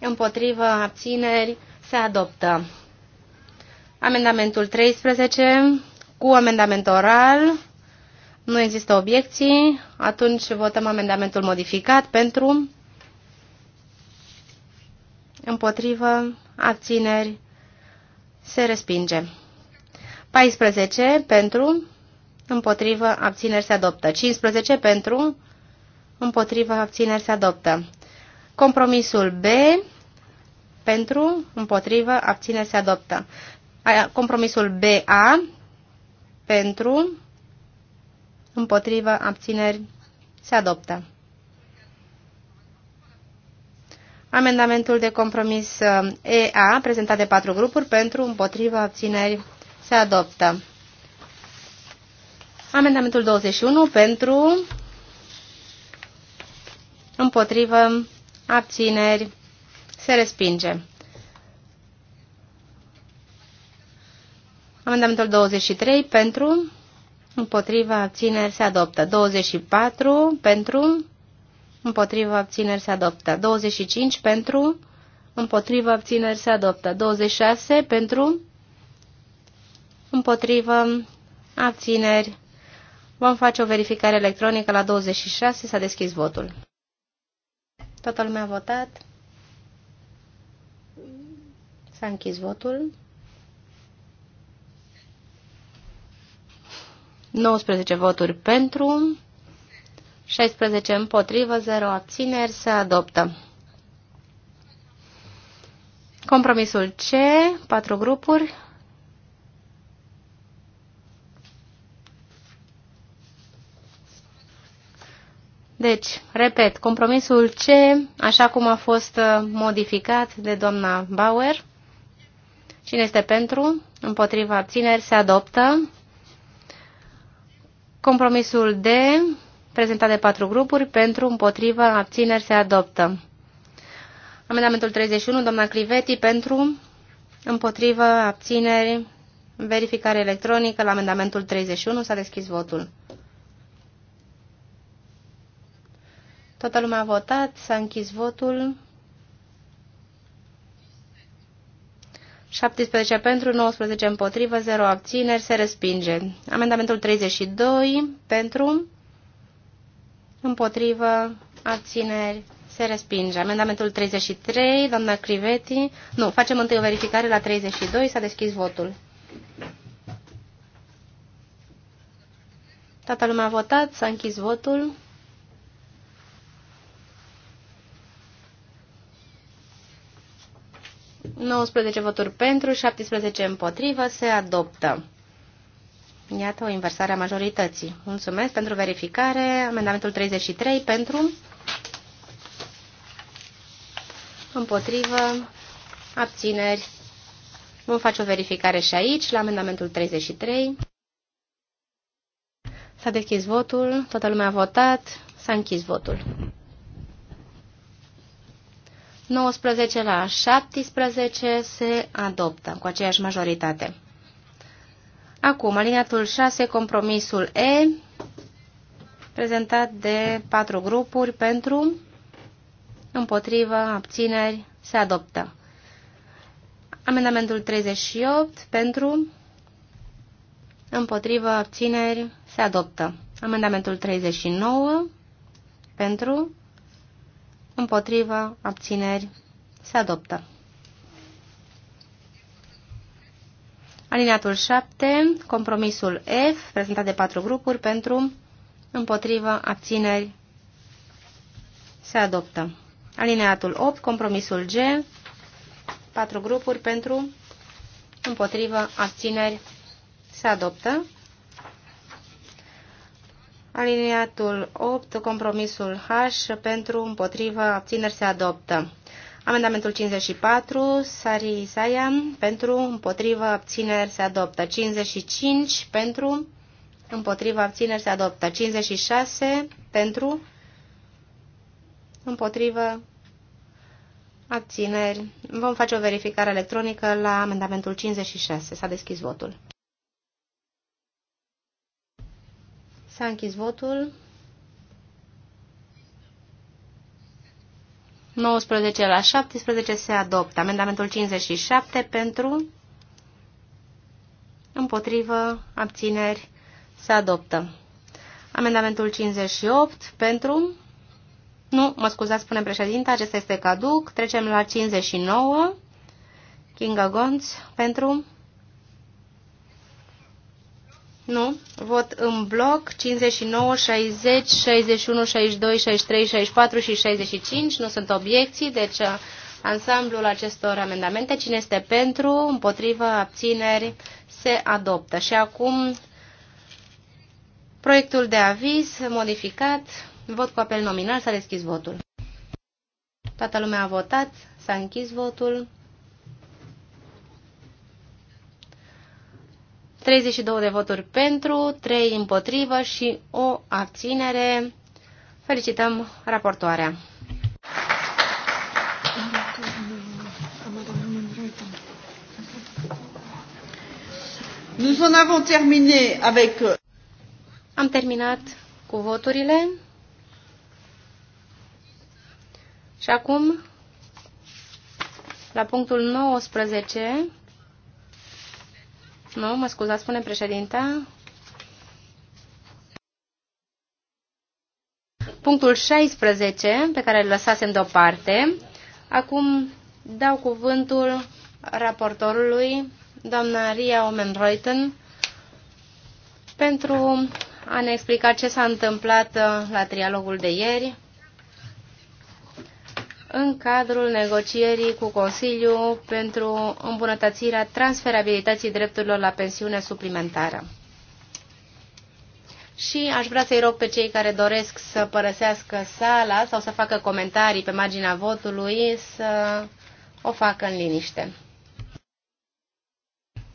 Speaker 3: Împotrivă, abțineri, se adoptă. Amendamentul 13 cu amendament oral nu există obiecții, atunci votăm amendamentul modificat pentru, împotrivă, abțineri, se respinge. 14 pentru, împotrivă, abțineri se adoptă. 15 pentru, împotrivă, abțineri se adoptă. Compromisul B pentru, împotrivă, abțineri se adoptă. Compromisul BA pentru, împotrivă, abțineri, se adoptă. Amendamentul de compromis uh, EA, prezentat de patru grupuri, pentru, împotrivă, abțineri, se adoptă. Amendamentul 21 pentru, împotrivă, abțineri, se respinge. Amendamentul 23 pentru, împotriva abțineri se adoptă. 24 pentru, împotriva abțineri se adoptă. 25 pentru, împotriva abțineri se adoptă. 26 pentru, împotriva abțineri. Vom face o verificare electronică la 26, s-a deschis votul. Toată lumea a votat. S-a închis votul. 19 voturi pentru, 16 împotrivă, 0 abțineri, se adoptă. Compromisul C, 4 grupuri. Deci, repet, compromisul C, așa cum a fost uh, modificat de doamna Bauer. Cine este pentru? Împotriva abțineri se adoptă. Compromisul D, prezentat de patru grupuri, pentru, împotrivă, abțineri, se adoptă. Amendamentul 31, doamna Cliveti, pentru, împotrivă, abțineri, verificare electronică la amendamentul 31, s-a deschis votul. Toată lumea a votat, s-a închis votul. 17 pentru, 19 împotrivă, 0 abțineri, se respinge. Amendamentul 32 pentru, împotrivă, abțineri, se respinge. Amendamentul 33, doamna Criveti. Nu, facem întâi o verificare la 32, s-a deschis votul. Toată lumea a votat, s-a închis votul. 19 voturi pentru, 17 împotrivă, se adoptă. Iată o inversare a majorității. Mulțumesc pentru verificare. Amendamentul 33 pentru, împotrivă, abțineri. Vom face o verificare și aici, la amendamentul 33. S-a deschis votul, toată lumea a votat, s-a închis votul. 19 la 17 se adoptă cu aceeași majoritate. Acum, aliniatul 6, compromisul E, prezentat de patru grupuri pentru, împotrivă, abțineri, se adoptă. Amendamentul 38 pentru, împotrivă, abțineri, se adoptă. Amendamentul 39 pentru, împotrivă, abțineri, se adoptă. Alineatul 7, compromisul F, prezentat de patru grupuri, pentru, împotrivă, abțineri, se adoptă. Alineatul 8, compromisul G, patru grupuri, pentru, împotrivă, abțineri, se adoptă. Aliniatul 8, compromisul H, pentru, împotrivă, abțineri se adoptă. Amendamentul 54, Sari Isaia, pentru, împotrivă, abțineri se adoptă. 55, pentru, împotrivă, abțineri se adoptă. 56, pentru, împotrivă, abțineri. Vom face o verificare electronică la amendamentul 56. S-a deschis votul. S-a închis votul. 19 la 17 se adoptă. Amendamentul 57 pentru, împotrivă, abțineri, se adoptă. Amendamentul 58 pentru, nu, mă scuzați, spune președinte, acesta este caduc. Trecem la 59, Kinga Gonț, pentru, nu. Vot în bloc 59, 60, 61, 62, 63, 64 și 65. Nu sunt obiecții, deci uh, ansamblul acestor amendamente. Cine este pentru, împotrivă, abțineri, se adoptă. Și acum proiectul de aviz modificat. Vot cu apel nominal. S-a deschis votul. Toată lumea a votat. S-a închis votul. 32 de voturi pentru, 3 împotrivă și o abținere. Felicităm raportoarea. Nous en avons terminé avec... Euh, Am terminat cu voturile. Și acum, la punctul 19, nu, mă scuzați, spune președinte. Punctul 16, pe care îl lăsasem deoparte, acum dau cuvântul raportorului, doamna Ria Omenreuten, pentru a ne explica ce s-a întâmplat uh, la trialogul de ieri în cadrul negocierii cu Consiliul pentru îmbunătățirea transferabilității drepturilor la pensiune suplimentară. Și aș vrea să-i rog pe cei care doresc să părăsească sala sau să facă comentarii pe marginea votului să o facă în liniște.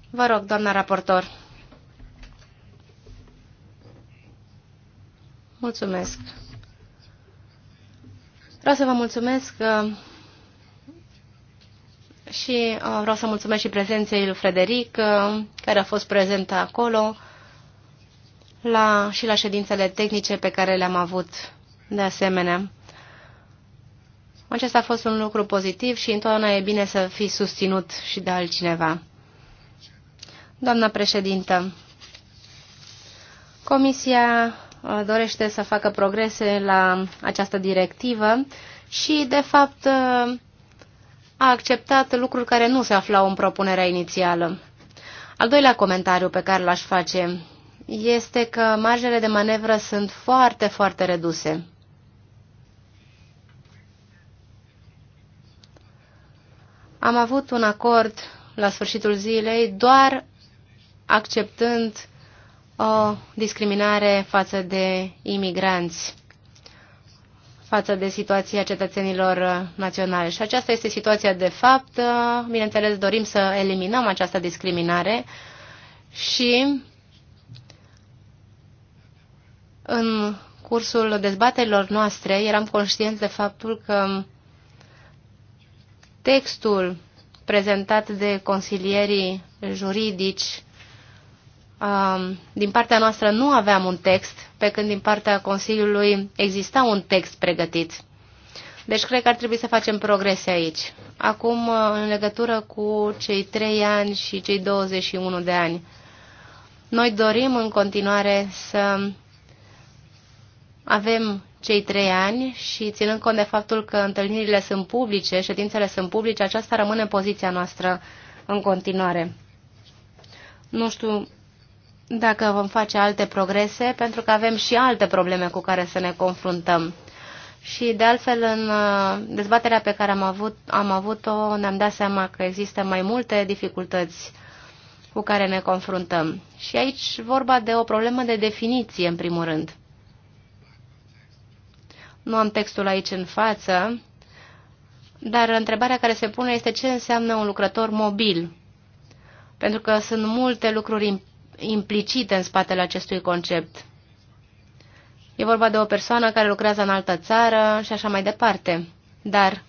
Speaker 3: Vă rog, doamna raportor. Mulțumesc. Vreau să vă mulțumesc uh, și uh, vreau să mulțumesc și prezenței lui Frederic, uh, care a fost prezent acolo la, și la ședințele tehnice pe care le-am avut de asemenea. Acesta a fost un lucru pozitiv și întotdeauna e bine să fii susținut și de altcineva. Doamna președintă, Comisia Uh, dorește să facă progrese la această directivă și, de fapt, uh, a acceptat lucruri care nu se aflau în propunerea inițială. Al doilea comentariu pe care l-aș face este că marjele de manevră sunt foarte, foarte reduse. Am avut un acord la sfârșitul zilei doar acceptând o discriminare față de imigranți, față de situația cetățenilor naționale. Și aceasta este situația de fapt. Bineînțeles, dorim să eliminăm această discriminare și în cursul dezbaterilor noastre eram conștienți de faptul că textul prezentat de consilierii juridici Um, din partea noastră nu aveam un text, pe când din partea Consiliului exista un text pregătit. Deci cred că ar trebui să facem progrese aici. Acum, uh, în legătură cu cei 3 ani și cei 21 de ani, noi dorim în continuare să avem cei trei ani și ținând cont de faptul că întâlnirile sunt publice, ședințele sunt publice, aceasta rămâne poziția noastră în continuare. Nu știu dacă vom face alte progrese, pentru că avem și alte probleme cu care să ne confruntăm. Și de altfel, în uh, dezbaterea pe care am avut-o, am avut -o, ne-am dat seama că există mai multe dificultăți cu care ne confruntăm. Și aici vorba de o problemă de definiție, în primul rând. Nu am textul aici în față, dar întrebarea care se pune este ce înseamnă un lucrător mobil. Pentru că sunt multe lucruri implicite în spatele acestui concept. E vorba de o persoană care lucrează în altă țară și așa mai departe. Dar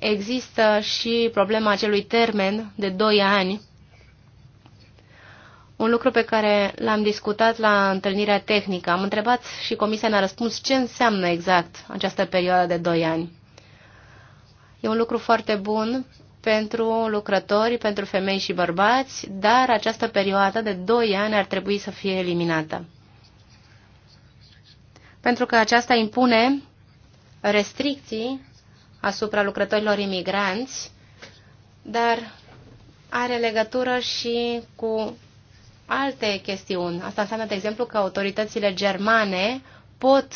Speaker 3: există și problema acelui termen de 2 ani. Un lucru pe care l-am discutat la întâlnirea tehnică. Am întrebat și comisia ne-a răspuns ce înseamnă exact această perioadă de 2 ani. E un lucru foarte bun pentru lucrători, pentru femei și bărbați, dar această perioadă de 2 ani ar trebui să fie eliminată. Pentru că aceasta impune restricții asupra lucrătorilor imigranți, dar are legătură și cu alte chestiuni. Asta înseamnă, de exemplu, că autoritățile germane pot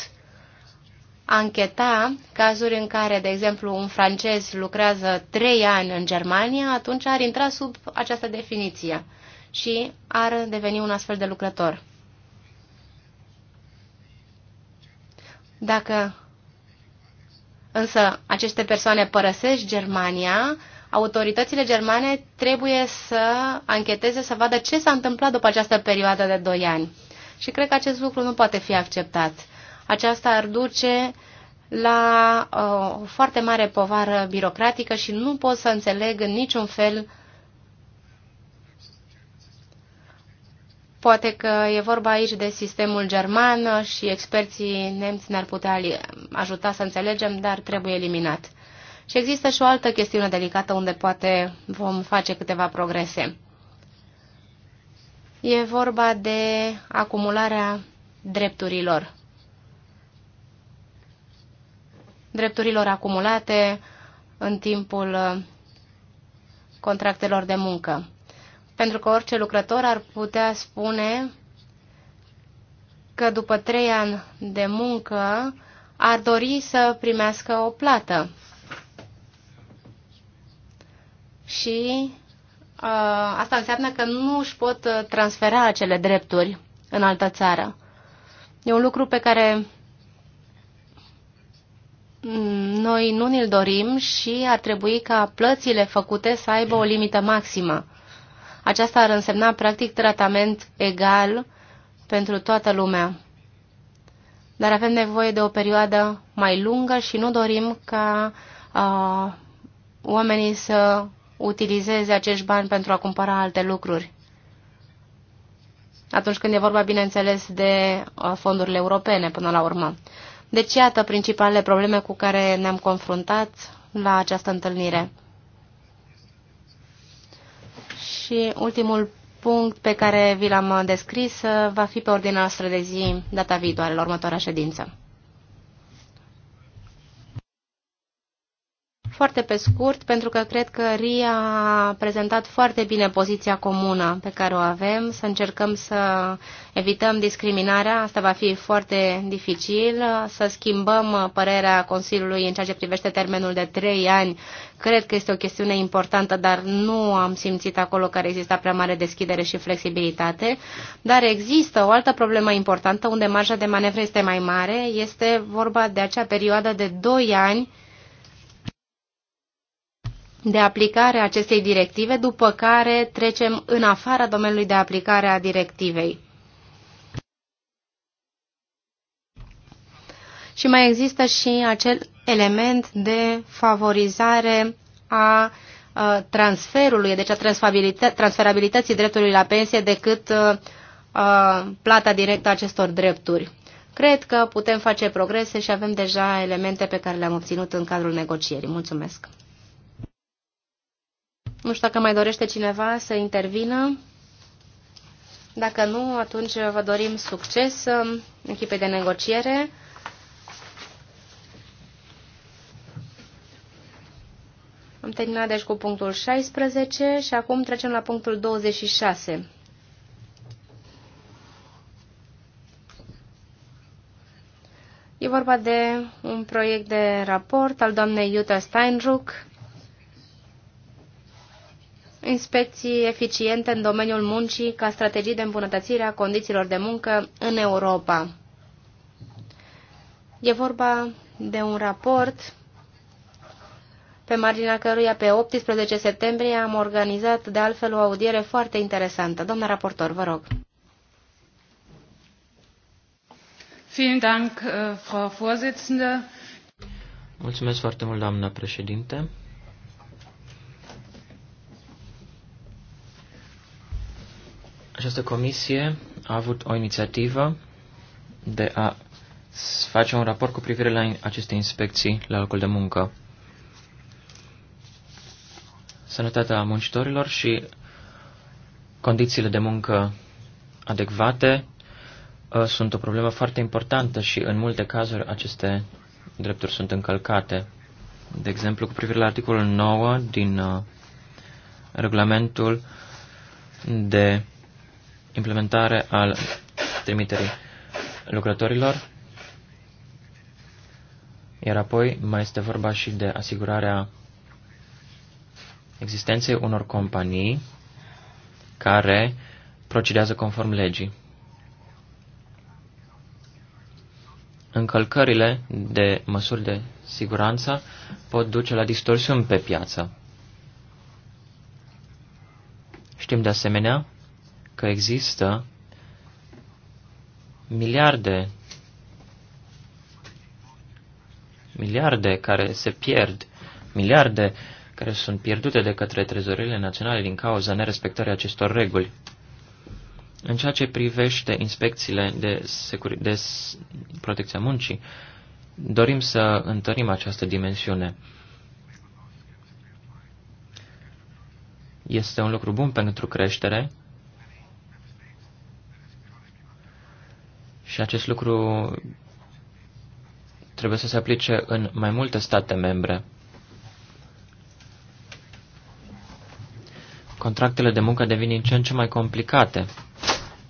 Speaker 3: ancheta cazuri în care, de exemplu, un francez lucrează trei ani în Germania, atunci ar intra sub această definiție și ar deveni un astfel de lucrător. Dacă însă aceste persoane părăsesc Germania, autoritățile germane trebuie să ancheteze, să vadă ce s-a întâmplat după această perioadă de doi ani. Și cred că acest lucru nu poate fi acceptat. Aceasta ar duce la uh, o foarte mare povară birocratică și nu pot să înțeleg în niciun fel Poate că e vorba aici de sistemul german și experții nemți ne-ar putea ajuta să înțelegem, dar trebuie eliminat. Și există și o altă chestiune delicată unde poate vom face câteva progrese. E vorba de acumularea drepturilor. drepturilor acumulate în timpul uh, contractelor de muncă. Pentru că orice lucrător ar putea spune că după trei ani de muncă ar dori să primească o plată. Și ă, asta înseamnă că nu își pot uh, transfera acele drepturi în altă țară. E un lucru pe care Mm, noi nu ne-l dorim și ar trebui ca plățile făcute să aibă o limită maximă. Aceasta ar însemna practic tratament egal pentru toată lumea. Dar avem nevoie de o perioadă mai lungă și nu dorim ca uh, oamenii să utilizeze acești bani pentru a cumpăra alte lucruri. Atunci când e vorba, bineînțeles, de uh, fondurile europene până la urmă. Deci, iată principalele probleme cu care ne-am confruntat la această întâlnire. Și ultimul punct pe care vi l-am descris uh, va fi pe ordinea noastră de zi data viitoare, la următoarea ședință. Foarte pe scurt, pentru că cred că RIA a prezentat foarte bine poziția comună pe care o avem, să încercăm să evităm discriminarea, asta va fi foarte dificil, să schimbăm părerea Consiliului în ceea ce privește termenul de trei ani. Cred că este o chestiune importantă, dar nu am simțit acolo care exista prea mare deschidere și flexibilitate. Dar există o altă problemă importantă, unde marja de manevră este mai mare, este vorba de acea perioadă de doi ani de aplicare a acestei directive, după care trecem în afara domeniului de aplicare a directivei. Și mai există și acel element de favorizare a transferului, deci a transferabilității dreptului la pensie decât plata directă a acestor drepturi. Cred că putem face progrese și avem deja elemente pe care le-am obținut în cadrul negocierii. Mulțumesc! Nu știu dacă mai dorește cineva să intervină. Dacă nu, atunci vă dorim succes um, echipei de negociere. Am terminat deci cu punctul 16 și acum trecem la punctul 26. E vorba de un proiect de raport al doamnei Jutta Steinruck inspecții eficiente în domeniul muncii ca strategii de îmbunătățire a condițiilor de muncă în Europa. E vorba de un raport pe marginea căruia pe 18 septembrie am organizat de altfel o audiere foarte interesantă. Doamna raportor, vă rog.
Speaker 2: Äh,
Speaker 4: Mulțumesc foarte mult, doamnă președinte. Această comisie a avut o inițiativă de a face un raport cu privire la aceste inspecții la locul de muncă. Sănătatea muncitorilor și condițiile de muncă adecvate ă, sunt o problemă foarte importantă și în multe cazuri aceste drepturi sunt încălcate. De exemplu, cu privire la articolul 9 din ă, regulamentul de implementare al trimiterii lucrătorilor, iar apoi mai este vorba și de asigurarea existenței unor companii care procedează conform legii. Încălcările de măsuri de siguranță pot duce la distorsiuni pe piață. Știm de asemenea că există miliarde miliarde care se pierd, miliarde care sunt pierdute de către trezorile naționale din cauza nerespectării acestor reguli. În ceea ce privește inspecțiile de, securi- de protecția muncii, dorim să întărim această dimensiune. Este un lucru bun pentru creștere Și acest lucru trebuie să se aplice în mai multe state membre. Contractele de muncă devin din ce în ce mai complicate.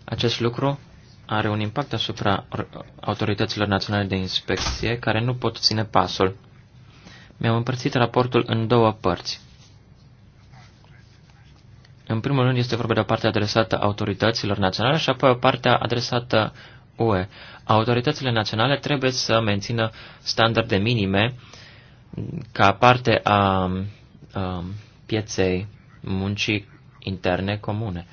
Speaker 4: Acest lucru are un impact asupra autorităților naționale de inspecție care nu pot ține pasul. Mi-am împărțit raportul în două părți. În primul rând este vorba de o parte adresată autorităților naționale și apoi o parte adresată UE. Autoritățile naționale trebuie să mențină standarde minime ca parte a, a pieței muncii interne comune.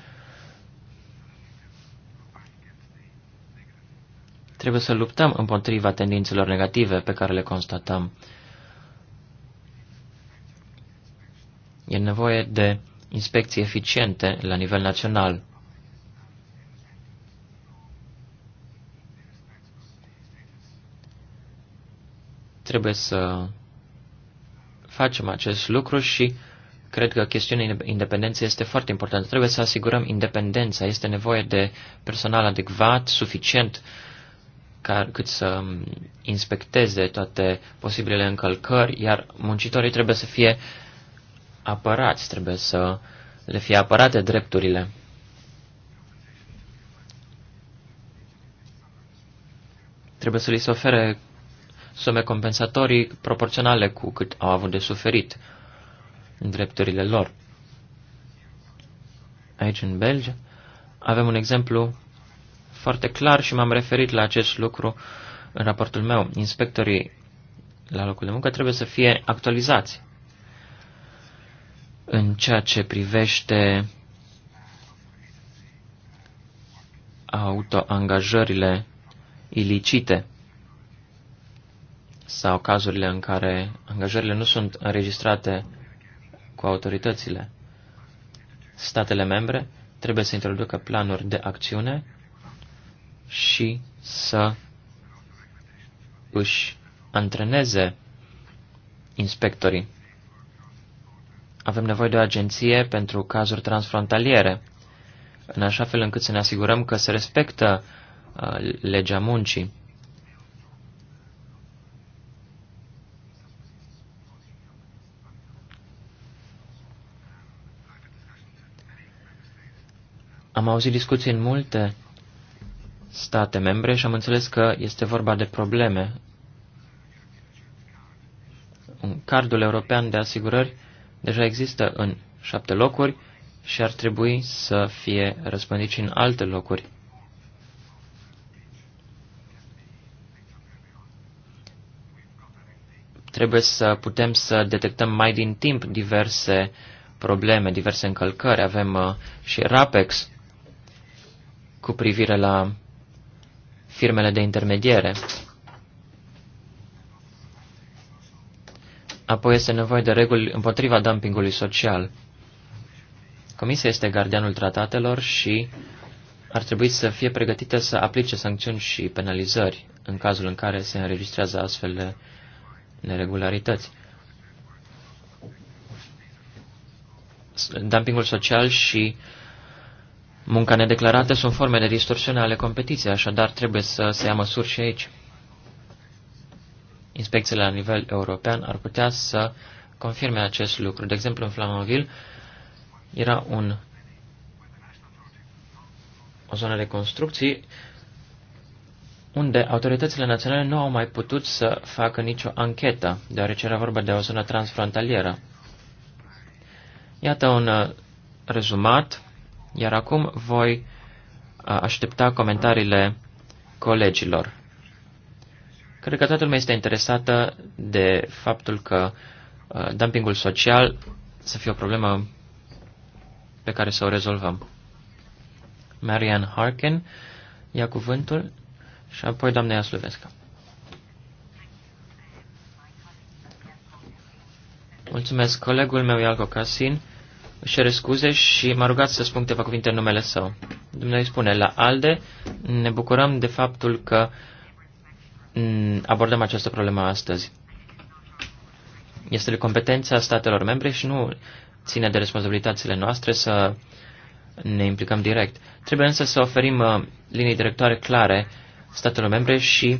Speaker 4: Trebuie să luptăm împotriva tendințelor negative pe care le constatăm. E nevoie de inspecții eficiente la nivel național, Trebuie să facem acest lucru și cred că chestiunea independenței este foarte importantă. Trebuie să asigurăm independența. Este nevoie de personal adecvat, suficient, ca, cât să inspecteze toate posibilele încălcări, iar muncitorii trebuie să fie apărați, trebuie să le fie apărate drepturile. Trebuie să li se ofere sume compensatorii proporționale cu cât au avut de suferit în drepturile lor. Aici, în Belgia, avem un exemplu foarte clar și m-am referit la acest lucru în raportul meu. Inspectorii la locul de muncă trebuie să fie actualizați în ceea ce privește autoangajările ilicite sau cazurile în care angajările nu sunt înregistrate cu autoritățile. Statele membre trebuie să introducă planuri de acțiune și să își antreneze inspectorii. Avem nevoie de o agenție pentru cazuri transfrontaliere, în așa fel încât să ne asigurăm că se respectă uh, legea muncii auzit discuții în multe state membre și am înțeles că este vorba de probleme. Un cardul european de asigurări deja există în șapte locuri și ar trebui să fie răspândit și în alte locuri. Trebuie să putem să detectăm mai din timp diverse probleme, diverse încălcări. Avem uh, și RAPEX, cu privire la firmele de intermediere. Apoi este nevoie de reguli împotriva dumpingului social. Comisia este gardianul tratatelor și ar trebui să fie pregătită să aplice sancțiuni și penalizări în cazul în care se înregistrează astfel de neregularități. Dumpingul social și uh, Munca nedeclarată sunt forme de distorsiune ale competiției, așadar trebuie să se ia măsuri și aici. Inspecțiile la nivel european ar putea să confirme acest lucru. De exemplu, în Flamanville era un, o zonă de construcții unde autoritățile naționale nu au mai putut să facă nicio anchetă, deoarece era vorba de o zonă transfrontalieră. Iată un uh, rezumat iar acum voi aștepta comentariile colegilor. Cred că toată lumea este interesată de faptul că dumpingul social să fie o problemă pe care să o rezolvăm. Marian Harkin ia cuvântul și apoi doamna Iasluvescu. Mulțumesc. Colegul meu, Ialco Casin, își cere scuze și m-a rugat să spun câteva cuvinte în numele său. Dumnezeu spune, la ALDE ne bucurăm de faptul că mm, abordăm această problemă astăzi. Este de competența statelor membre și nu ține de responsabilitățile noastre să ne implicăm direct. Trebuie însă să oferim uh, linii directoare clare statelor membre și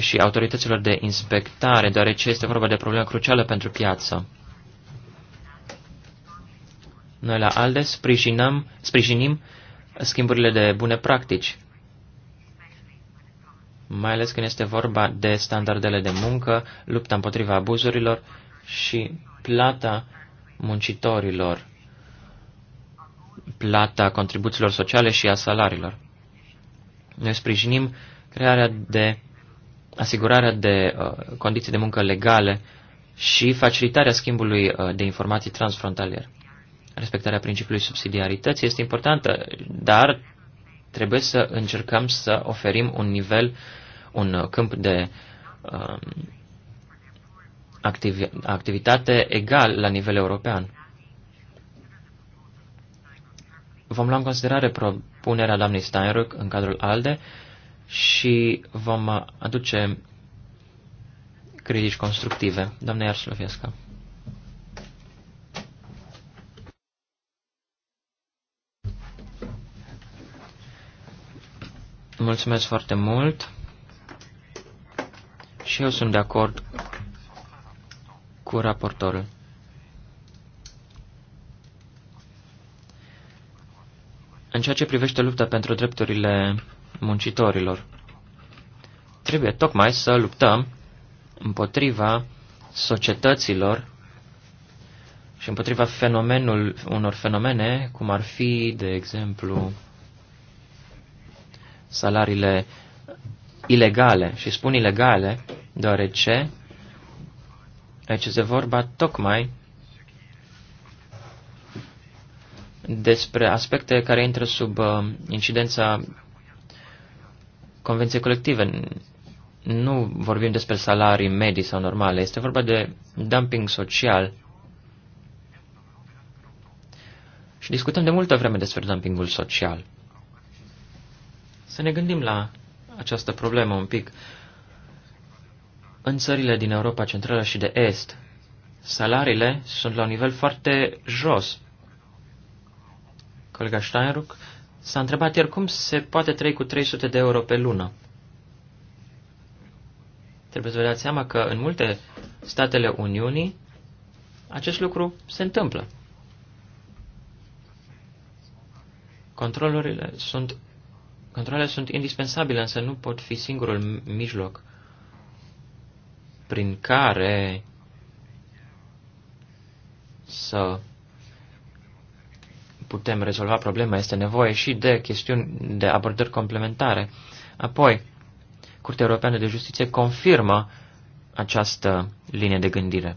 Speaker 4: și autorităților de inspectare, deoarece este vorba de problemă crucială pentru piață. Noi la ALDE sprijinăm, sprijinim schimburile de bune practici, mai ales când este vorba de standardele de muncă, lupta împotriva abuzurilor și plata muncitorilor, plata contribuțiilor sociale și a salariilor. Noi sprijinim crearea de asigurarea de uh, condiții de muncă legale și facilitarea schimbului uh, de informații transfrontalier respectarea principiului subsidiarității este importantă, dar trebuie să încercăm să oferim un nivel, un câmp de um, activitate egal la nivel european. Vom lua în considerare propunerea doamnei Steinruck în cadrul ALDE și vom aduce critici constructive. Doamne Iarsloviesca. Mulțumesc foarte mult. Și eu sunt de acord cu raportorul. În ceea ce privește lupta pentru drepturile muncitorilor, trebuie tocmai să luptăm împotriva societăților și împotriva fenomenul, unor fenomene, cum ar fi, de exemplu, salariile ilegale. Și spun ilegale deoarece aici se vorba tocmai despre aspecte care intră sub uh, incidența convenției colective. Nu vorbim despre salarii medii sau normale, este vorba de dumping social. Și discutăm de multă vreme despre dumpingul social să ne gândim la această problemă un pic. În țările din Europa Centrală și de Est, salariile sunt la un nivel foarte jos. Colega Steinruck s-a întrebat ieri cum se poate trăi cu 300 de euro pe lună. Trebuie să vă dați seama că în multe statele Uniunii acest lucru se întâmplă. Controlurile sunt Controlele sunt indispensabile, însă nu pot fi singurul mijloc prin care să putem rezolva problema. Este nevoie și de chestiuni, de abordări complementare. Apoi, Curtea Europeană de Justiție confirmă această linie de gândire.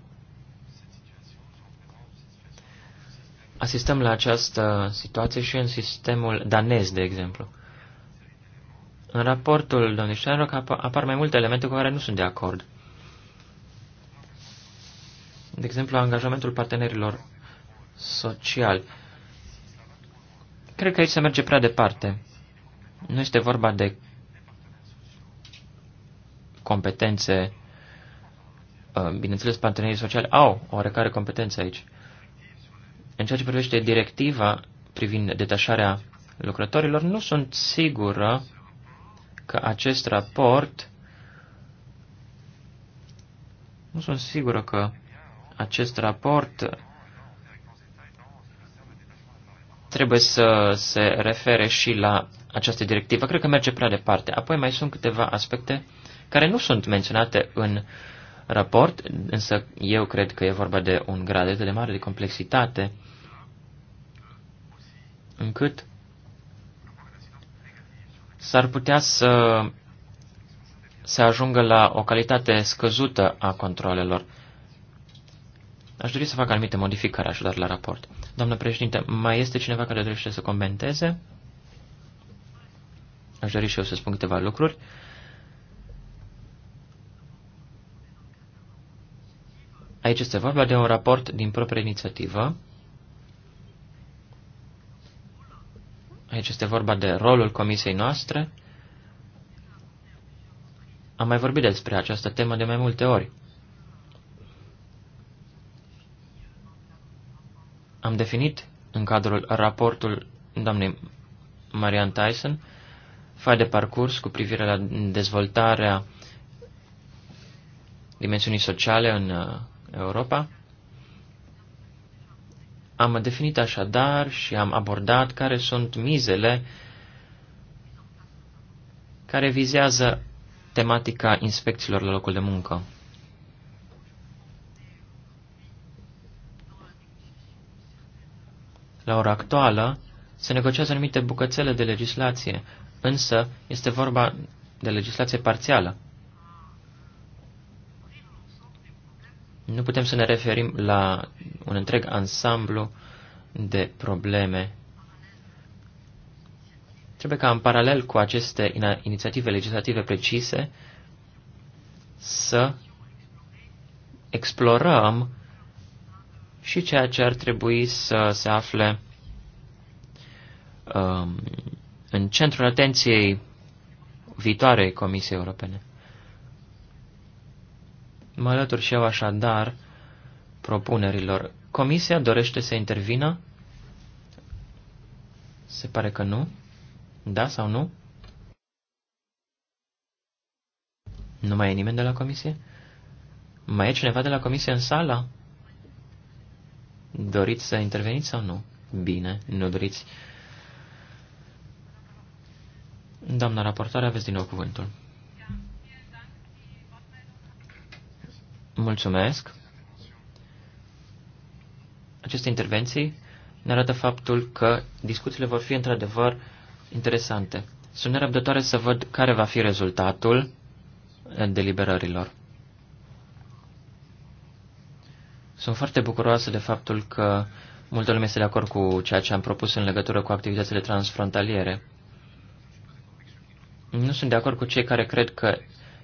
Speaker 4: Asistăm la această situație și în sistemul danez, de exemplu. În raportul domnului Steinrock apar mai multe elemente cu care nu sunt de acord. De exemplu, angajamentul partenerilor sociali. Cred că aici se merge prea departe. Nu este vorba de competențe. Uh, bineînțeles, partenerii sociali au oarecare competență aici. În ceea ce privește directiva privind detașarea lucrătorilor, nu sunt sigură că acest raport, nu sunt sigură că acest raport trebuie să se refere și la această directivă. Cred că merge prea departe. Apoi mai sunt câteva aspecte care nu sunt menționate în raport, însă eu cred că e vorba de un grad atât de mare de complexitate încât s-ar putea să se ajungă la o calitate scăzută a controlelor. Aș dori să fac anumite modificări așadar la raport. Doamnă președinte, mai este cineva care dorește să comenteze? Aș dori și eu să spun câteva lucruri. Aici este vorba de un raport din proprie inițiativă Aici este vorba de rolul comisiei noastre. Am mai vorbit despre această temă de mai multe ori. Am definit în cadrul raportul doamnei Marian Tyson fai de parcurs cu privire la dezvoltarea dimensiunii sociale în uh, Europa. Am definit așadar și am abordat care sunt mizele care vizează tematica inspecțiilor la locul de muncă. La ora actuală se negociază anumite bucățele de legislație, însă este vorba de legislație parțială. Nu putem să ne referim la un întreg ansamblu de probleme. Trebuie ca în paralel cu aceste inițiative legislative precise să explorăm și ceea ce ar trebui să se afle um, în centrul atenției viitoarei Comisiei Europene. Mă alătur și eu așadar propunerilor. Comisia dorește să intervină? Se pare că nu. Da sau nu? Nu mai e nimeni de la comisie? Mai e cineva de la comisie în sală? Doriți să interveniți sau nu? Bine, nu doriți. Doamna raportoare, aveți din nou cuvântul. Mulțumesc. Aceste intervenții ne arată faptul că discuțiile vor fi într-adevăr interesante. Sunt nerăbdătoare să văd care va fi rezultatul deliberărilor. Sunt foarte bucuroasă de faptul că multă lume este de acord cu ceea ce am propus în legătură cu activitățile transfrontaliere. Nu sunt de acord cu cei care cred că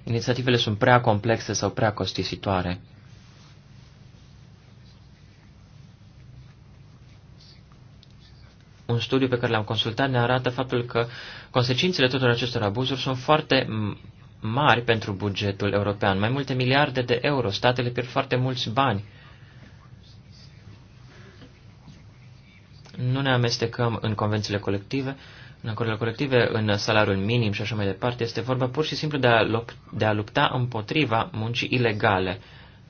Speaker 4: inițiativele sunt prea complexe sau prea costisitoare. Un studiu pe care l-am consultat ne arată faptul că consecințele tuturor acestor abuzuri sunt foarte mari pentru bugetul european, mai multe miliarde de euro. Statele pierd foarte mulți bani. Nu ne amestecăm în convențiile colective, în acordurile colective, în salariul minim și așa mai departe, este vorba pur și simplu de a, lup- de a lupta împotriva muncii ilegale,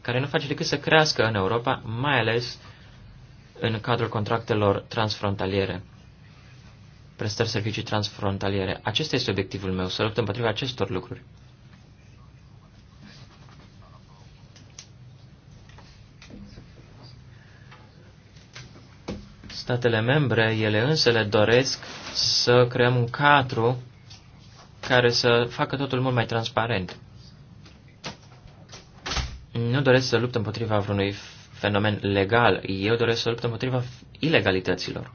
Speaker 4: care nu face decât să crească în Europa, mai ales în cadrul contractelor transfrontaliere, prestări servicii transfrontaliere. Acesta este obiectivul meu, să lupt împotriva acestor lucruri. Statele membre, ele însele doresc să creăm un cadru care să facă totul mult mai transparent. Nu doresc să lupt împotriva vreunui fenomen legal, eu doresc să lupt împotriva ilegalităților.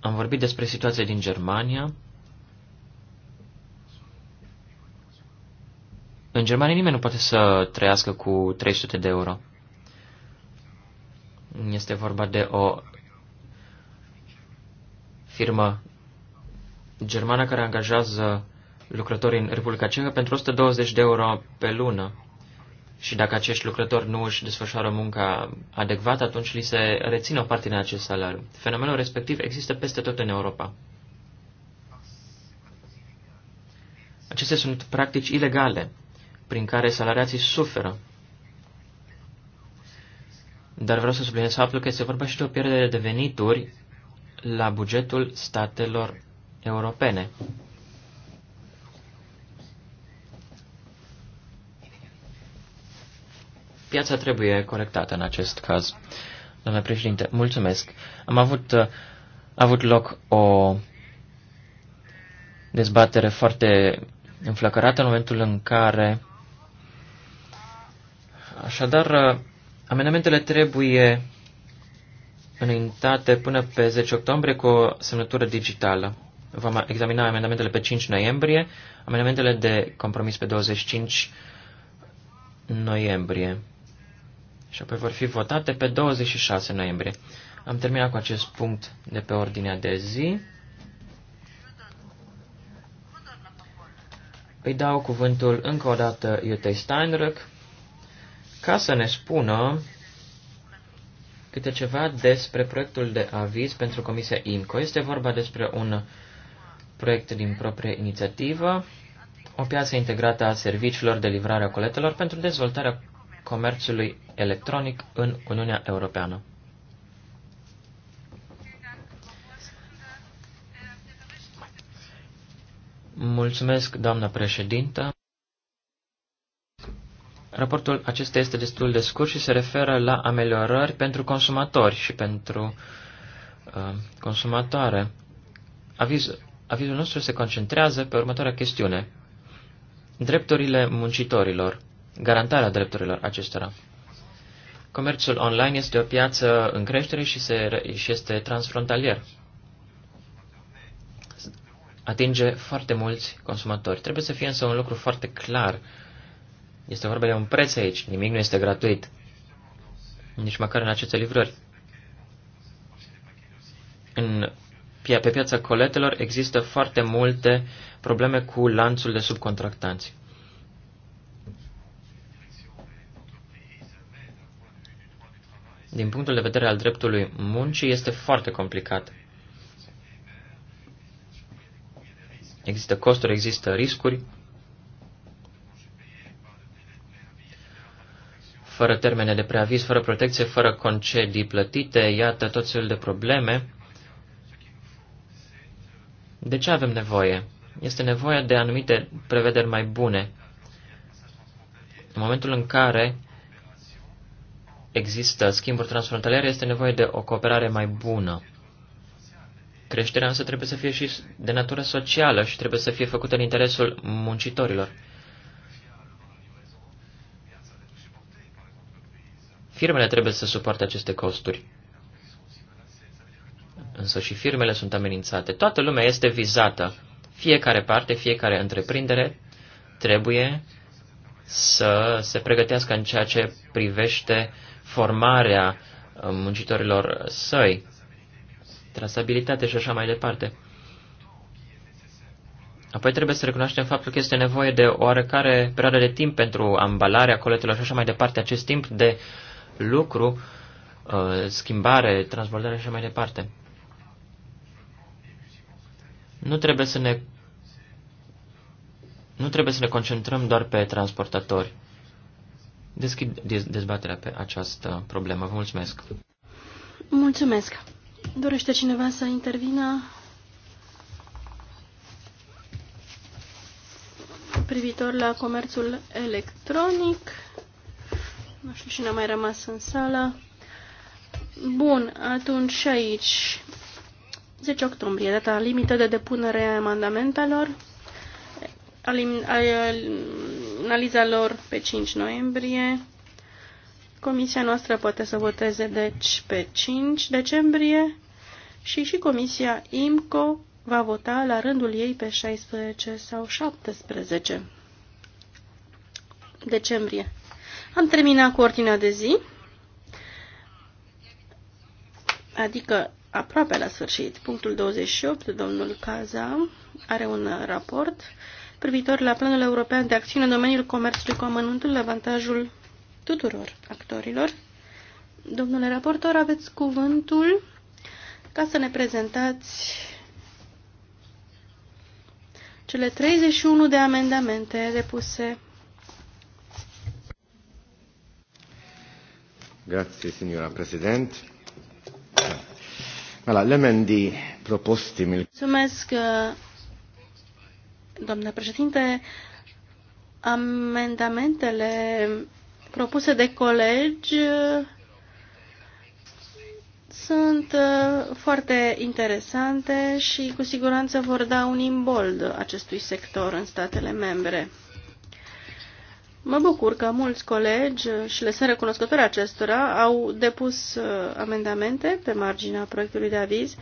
Speaker 4: Am vorbit despre situația din Germania. În Germania nimeni nu poate să trăiască cu 300 de euro. Este vorba de o firmă germană care angajează lucrători în Republica Cehă pentru 120 de euro pe lună. Și dacă acești lucrători nu își desfășoară munca adecvată, atunci li se reține o parte din acest salariu. Fenomenul respectiv există peste tot în Europa. Acestea sunt practici ilegale prin care salariații suferă. Dar vreau să subliniez faptul că este vorba și de o pierdere de venituri la bugetul statelor europene. Piața trebuie corectată în acest caz. Domnule președinte, mulțumesc. Am avut, uh, a avut loc o dezbatere foarte înflăcărată în momentul în care Așadar, uh, Amendamentele trebuie înaintate până pe 10 octombrie cu o semnătură digitală. Vom examina amendamentele pe 5 noiembrie, amendamentele de compromis pe 25 noiembrie și apoi vor fi votate pe 26 noiembrie. Am terminat cu acest punct de pe ordinea de zi. Îi dau cuvântul încă o dată Iutei Steinrück ca să ne spună câte ceva despre proiectul de aviz pentru Comisia IMCO. Este vorba despre un proiect din proprie inițiativă, o piață integrată a serviciilor de livrare a coletelor pentru dezvoltarea comerțului electronic în Uniunea Europeană. Mulțumesc, doamnă președintă. Raportul acesta este destul de scurt și se referă la ameliorări pentru consumatori și pentru uh, consumatoare. Aviz, avizul nostru se concentrează pe următoarea chestiune. Drepturile muncitorilor, garantarea drepturilor acestora. Comerțul online este o piață în creștere și, se, și este transfrontalier. Atinge foarte mulți consumatori. Trebuie să fie însă un lucru foarte clar este vorba de un preț aici, nimic nu este gratuit. Nici măcar în aceste livrări. În, pe piața coletelor există foarte multe probleme cu lanțul de subcontractanți. Din punctul de vedere al dreptului muncii, este foarte complicat. Există costuri, există riscuri. fără termene de preaviz, fără protecție, fără concedii plătite, iată tot felul de probleme. De ce avem nevoie? Este nevoie de anumite prevederi mai bune. În momentul în care există schimburi transfrontaliere, este nevoie de o cooperare mai bună. Creșterea însă trebuie să fie și de natură socială și trebuie să fie făcută în interesul muncitorilor. Firmele trebuie să suporte aceste costuri. Însă și firmele sunt amenințate. Toată lumea este vizată. Fiecare parte, fiecare întreprindere trebuie să se pregătească în ceea ce privește formarea uh, muncitorilor săi, trasabilitate și așa mai departe. Apoi trebuie să recunoaștem faptul că este nevoie de oarecare perioadă de timp pentru ambalarea coletelor și așa mai departe. Acest timp de lucru, uh, schimbare, transbordare și mai departe. Nu trebuie să ne nu trebuie să ne concentrăm doar pe transportatori. Deschid dezbaterea pe această problemă. Vă mulțumesc.
Speaker 1: Mulțumesc. Dorește cineva să intervină privitor la comerțul electronic? Nu știu cine a mai rămas în sală. Bun, atunci și aici. 10 octombrie, data limită de depunere a amendamentelor. Analiza lor pe 5 noiembrie. Comisia noastră poate să voteze deci pe 5 decembrie și și Comisia IMCO va vota la rândul ei pe 16 sau 17 decembrie. Am terminat cu ordinea de zi, adică aproape la sfârșit. Punctul 28, domnul Caza are un raport privitor la planul european de acțiune în domeniul comerțului cu amănuntul, avantajul tuturor actorilor. Domnule raportor, aveți cuvântul ca să ne prezentați cele 31 de amendamente depuse Grazie signora Presidente. proposti... Mulțumesc, uh, domnule președinte. Amendamentele propuse de colegi uh, sunt uh, foarte interesante și cu siguranță vor da un imbold acestui sector în statele membre. Mă bucur că mulți colegi, uh, și le sunt recunoscători acestora, au depus uh, amendamente pe marginea proiectului de aviz.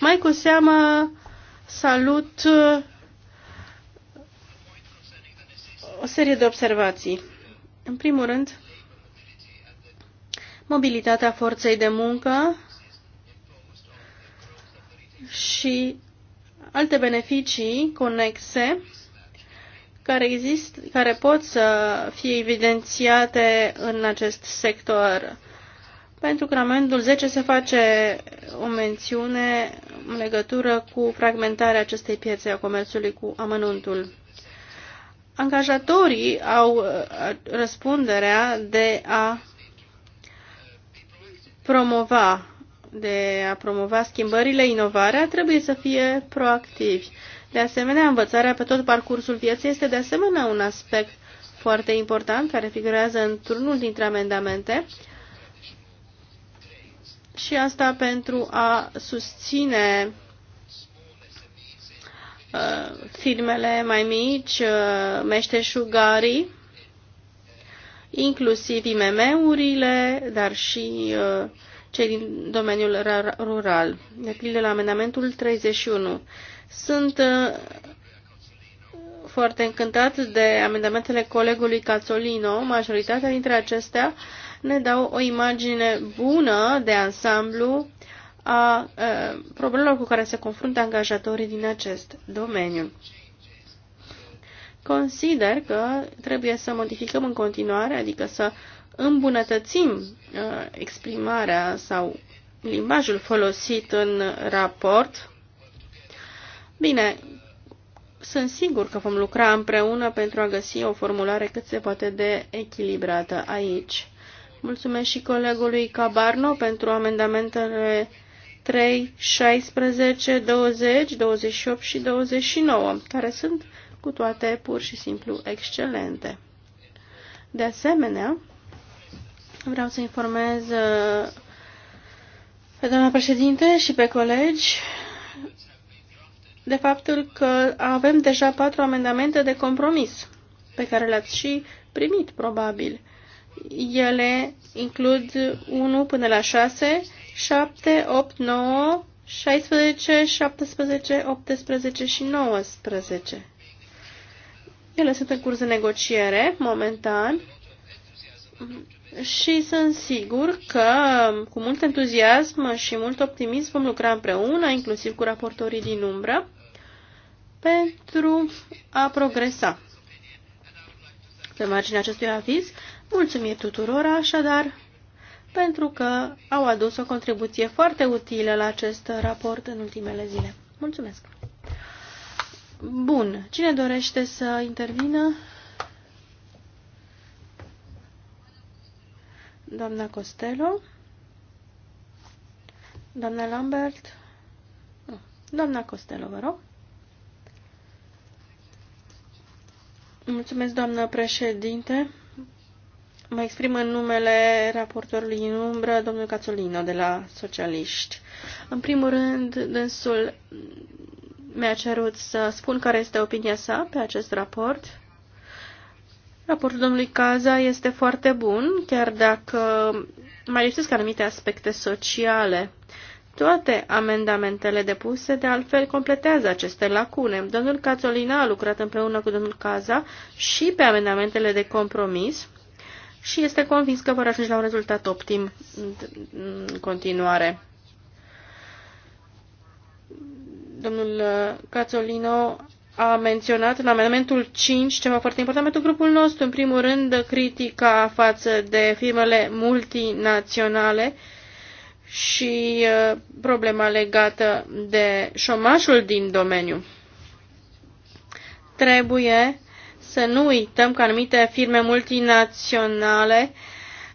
Speaker 1: Mai cu seamă salut uh, o serie de observații. În primul rând, mobilitatea forței de muncă și alte beneficii conexe care, exist, care pot să fie evidențiate în acest sector. Pentru că în amendul 10 se face o mențiune în legătură cu fragmentarea acestei piețe a comerțului cu amănuntul. Angajatorii au uh, răspunderea de a promova, de a promova schimbările, inovarea, trebuie să fie proactivi. De asemenea, învățarea pe tot parcursul vieții este de asemenea un aspect foarte important care figurează într-unul dintre amendamente și asta pentru a susține uh, firmele mai mici, uh, meșteșugarii, inclusiv IMM-urile, dar și uh, cei din domeniul rural. De pildă la amendamentul 31. Sunt uh, foarte încântat de amendamentele colegului Cazzolino. Majoritatea dintre acestea ne dau o imagine bună de ansamblu a uh, problemelor cu care se confruntă angajatorii din acest domeniu. Consider că trebuie să modificăm în continuare, adică să îmbunătățim uh, exprimarea sau limbajul folosit în raport Bine, sunt sigur că vom lucra împreună pentru a găsi o formulare cât se poate de echilibrată aici. Mulțumesc și colegului Cabarno pentru amendamentele 3, 16, 20, 28 și 29, care sunt cu toate pur și simplu excelente. De asemenea, vreau să informez uh, pe doamna președinte și pe colegi de faptul că avem deja patru amendamente de compromis pe care le-ați și primit, probabil. Ele includ 1 până la 6, 7, 8, 9, 16, 17, 18 și 19. Ele sunt în curs de negociere, momentan și sunt sigur că cu mult entuziasm și mult optimism vom lucra împreună, inclusiv cu raportorii din umbră, pentru a progresa. Pe marginea acestui aviz, Mulțumim tuturor așadar pentru că au adus o contribuție foarte utilă la acest raport în ultimele zile. Mulțumesc! Bun, cine dorește să intervină? doamna Costello, doamna Lambert, doamna Costello, vă rog. Mulțumesc, doamnă președinte. Mă exprim în numele raportorului în umbră, domnul Cațolino, de la Socialiști. În primul rând, dânsul mi-a cerut să spun care este opinia sa pe acest raport Raportul domnului Caza este foarte bun, chiar dacă mai lipsesc anumite aspecte sociale. Toate amendamentele depuse, de altfel, completează aceste lacune. Domnul Cazolina a lucrat împreună cu domnul Caza și pe amendamentele de compromis și este convins că vor ajunge la un rezultat optim în continuare. Domnul Cazolino a menționat în amendamentul 5 ceva foarte important pentru grupul nostru. În primul rând, critica față de firmele multinaționale și uh, problema legată de șomașul din domeniu. Trebuie să nu uităm că anumite firme multinaționale uh,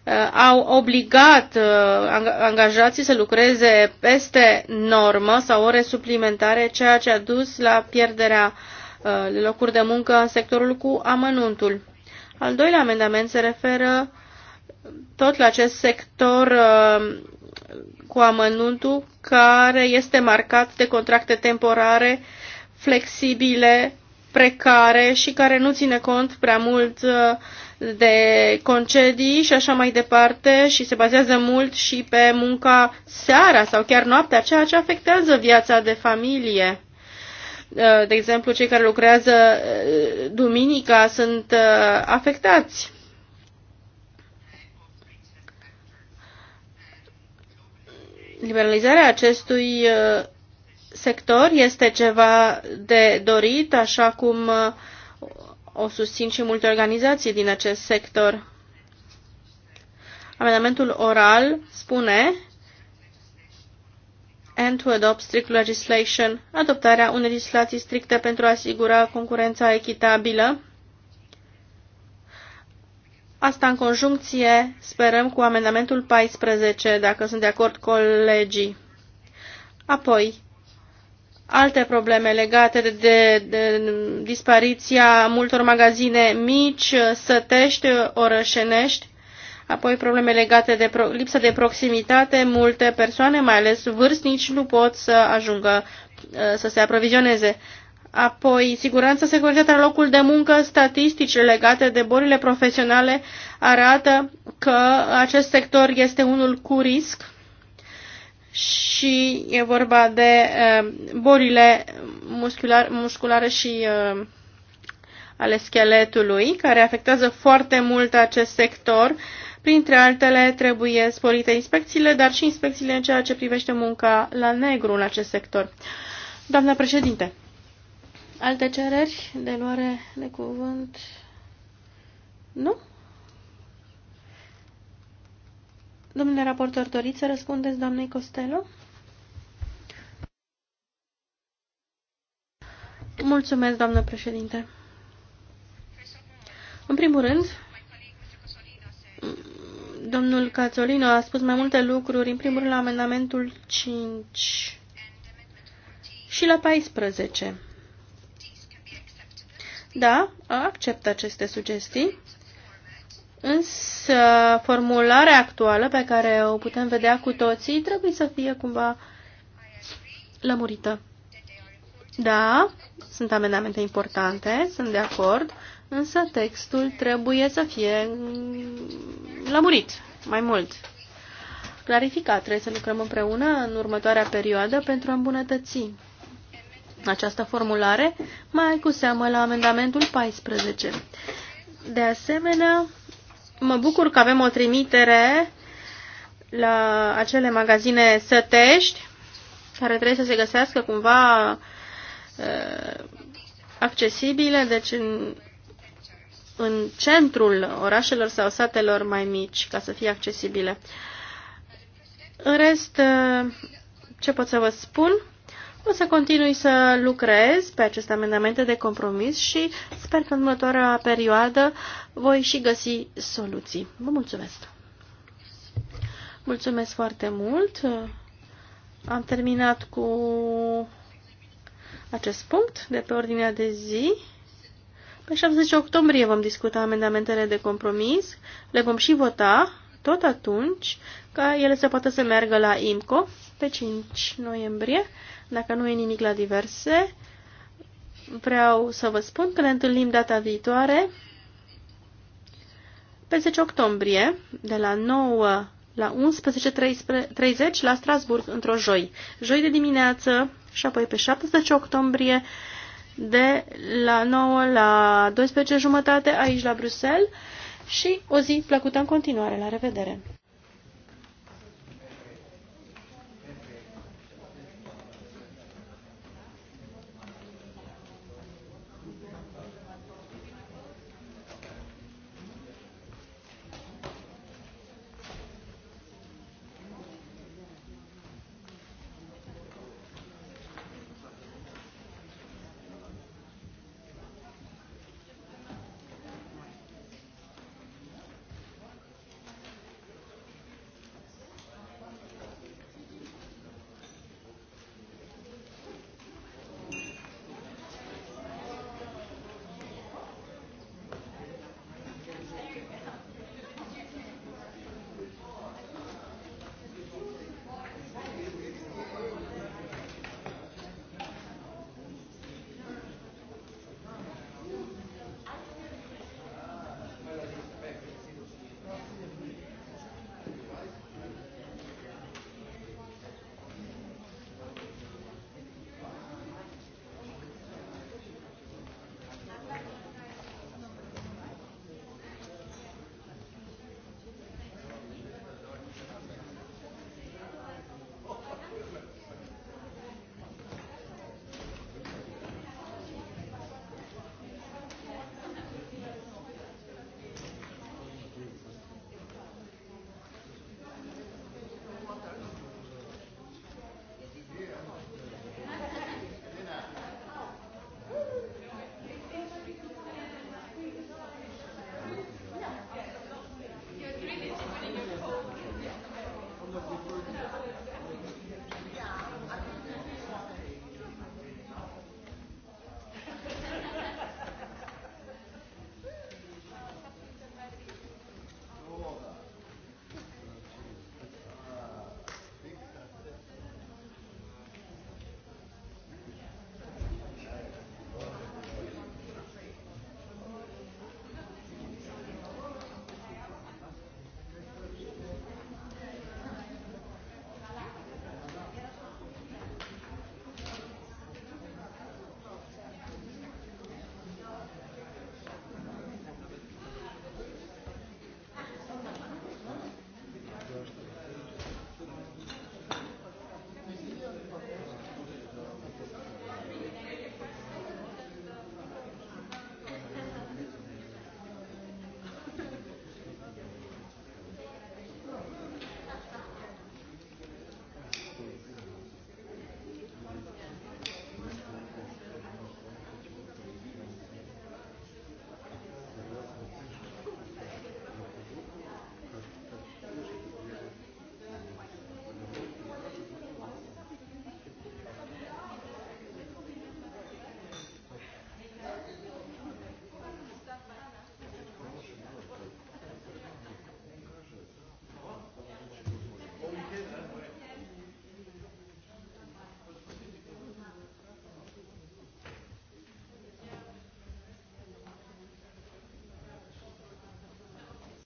Speaker 1: Uh, au obligat uh, angajații să lucreze peste normă sau ore suplimentare, ceea ce a dus la pierderea uh, locuri de muncă în sectorul cu amănuntul. Al doilea amendament se referă tot la acest sector cu amănuntul care este marcat de contracte temporare, flexibile, precare și care nu ține cont prea mult de concedii și așa mai departe și se bazează mult și pe munca seara sau chiar noaptea, ceea ce afectează viața de familie. Uh, de exemplu, cei care lucrează uh, duminica sunt uh, afectați. Liberalizarea acestui sector este ceva de dorit, așa cum uh, o susțin și multe organizații din acest sector. Amendamentul oral spune and to adopt strict legislation, adoptarea unei legislații stricte pentru a asigura concurența echitabilă. Asta în conjuncție sperăm cu amendamentul 14, dacă sunt de acord colegii. Apoi, alte probleme legate de, de, de dispariția multor magazine mici, sătești, orășenești, apoi probleme legate de pro, lipsa de proximitate, multe persoane, mai ales vârstnici, nu pot să ajungă uh, să se aprovizioneze. Apoi, siguranța, securitatea la locul de muncă, statisticile legate de bolile profesionale arată că acest sector este unul cu risc și e vorba de eh, bolile muscular, musculare și eh, ale scheletului, care afectează foarte mult acest sector. Printre altele, trebuie sporite inspecțiile, dar și inspecțiile în ceea ce privește munca la negru în acest sector. Doamna președinte, alte cereri de luare de cuvânt? Nu? Domnule raportor, doriți să răspundeți doamnei Costello? Mulțumesc, doamnă președinte. În primul rând, domnul Cazolino a spus mai multe lucruri, în primul rând la amendamentul 5 și la 14. Da, accept aceste sugestii. Însă formularea actuală pe care o putem vedea cu toții trebuie să fie cumva lămurită. Da, sunt amendamente importante, sunt de acord, însă textul trebuie să fie lămurit mai mult. Clarificat, trebuie să lucrăm împreună în următoarea perioadă pentru a îmbunătăți această formulare, mai cu seamă la amendamentul 14. De asemenea, Mă bucur că avem o trimitere la acele magazine sătești care trebuie să se găsească cumva uh, accesibile, deci în, în centrul orașelor sau satelor mai mici, ca să fie accesibile. În rest, uh, ce pot să vă spun? O să continui să lucrez pe aceste amendamente de compromis și sper că în următoarea perioadă voi și găsi soluții. Vă mulțumesc! Mulțumesc foarte mult! Am terminat cu acest punct de pe ordinea de zi. Pe 70 octombrie vom discuta amendamentele de compromis, le vom și vota tot atunci ca ele să poată să meargă la IMCO pe 5 noiembrie, dacă nu e nimic la diverse. Vreau să vă spun că ne întâlnim data viitoare pe 10 octombrie, de la 9 la 11.30 la Strasburg, într-o joi. Joi de dimineață și apoi pe 17 octombrie de la 9 la 12 jumătate aici la Bruxelles și o zi plăcută în continuare. La revedere!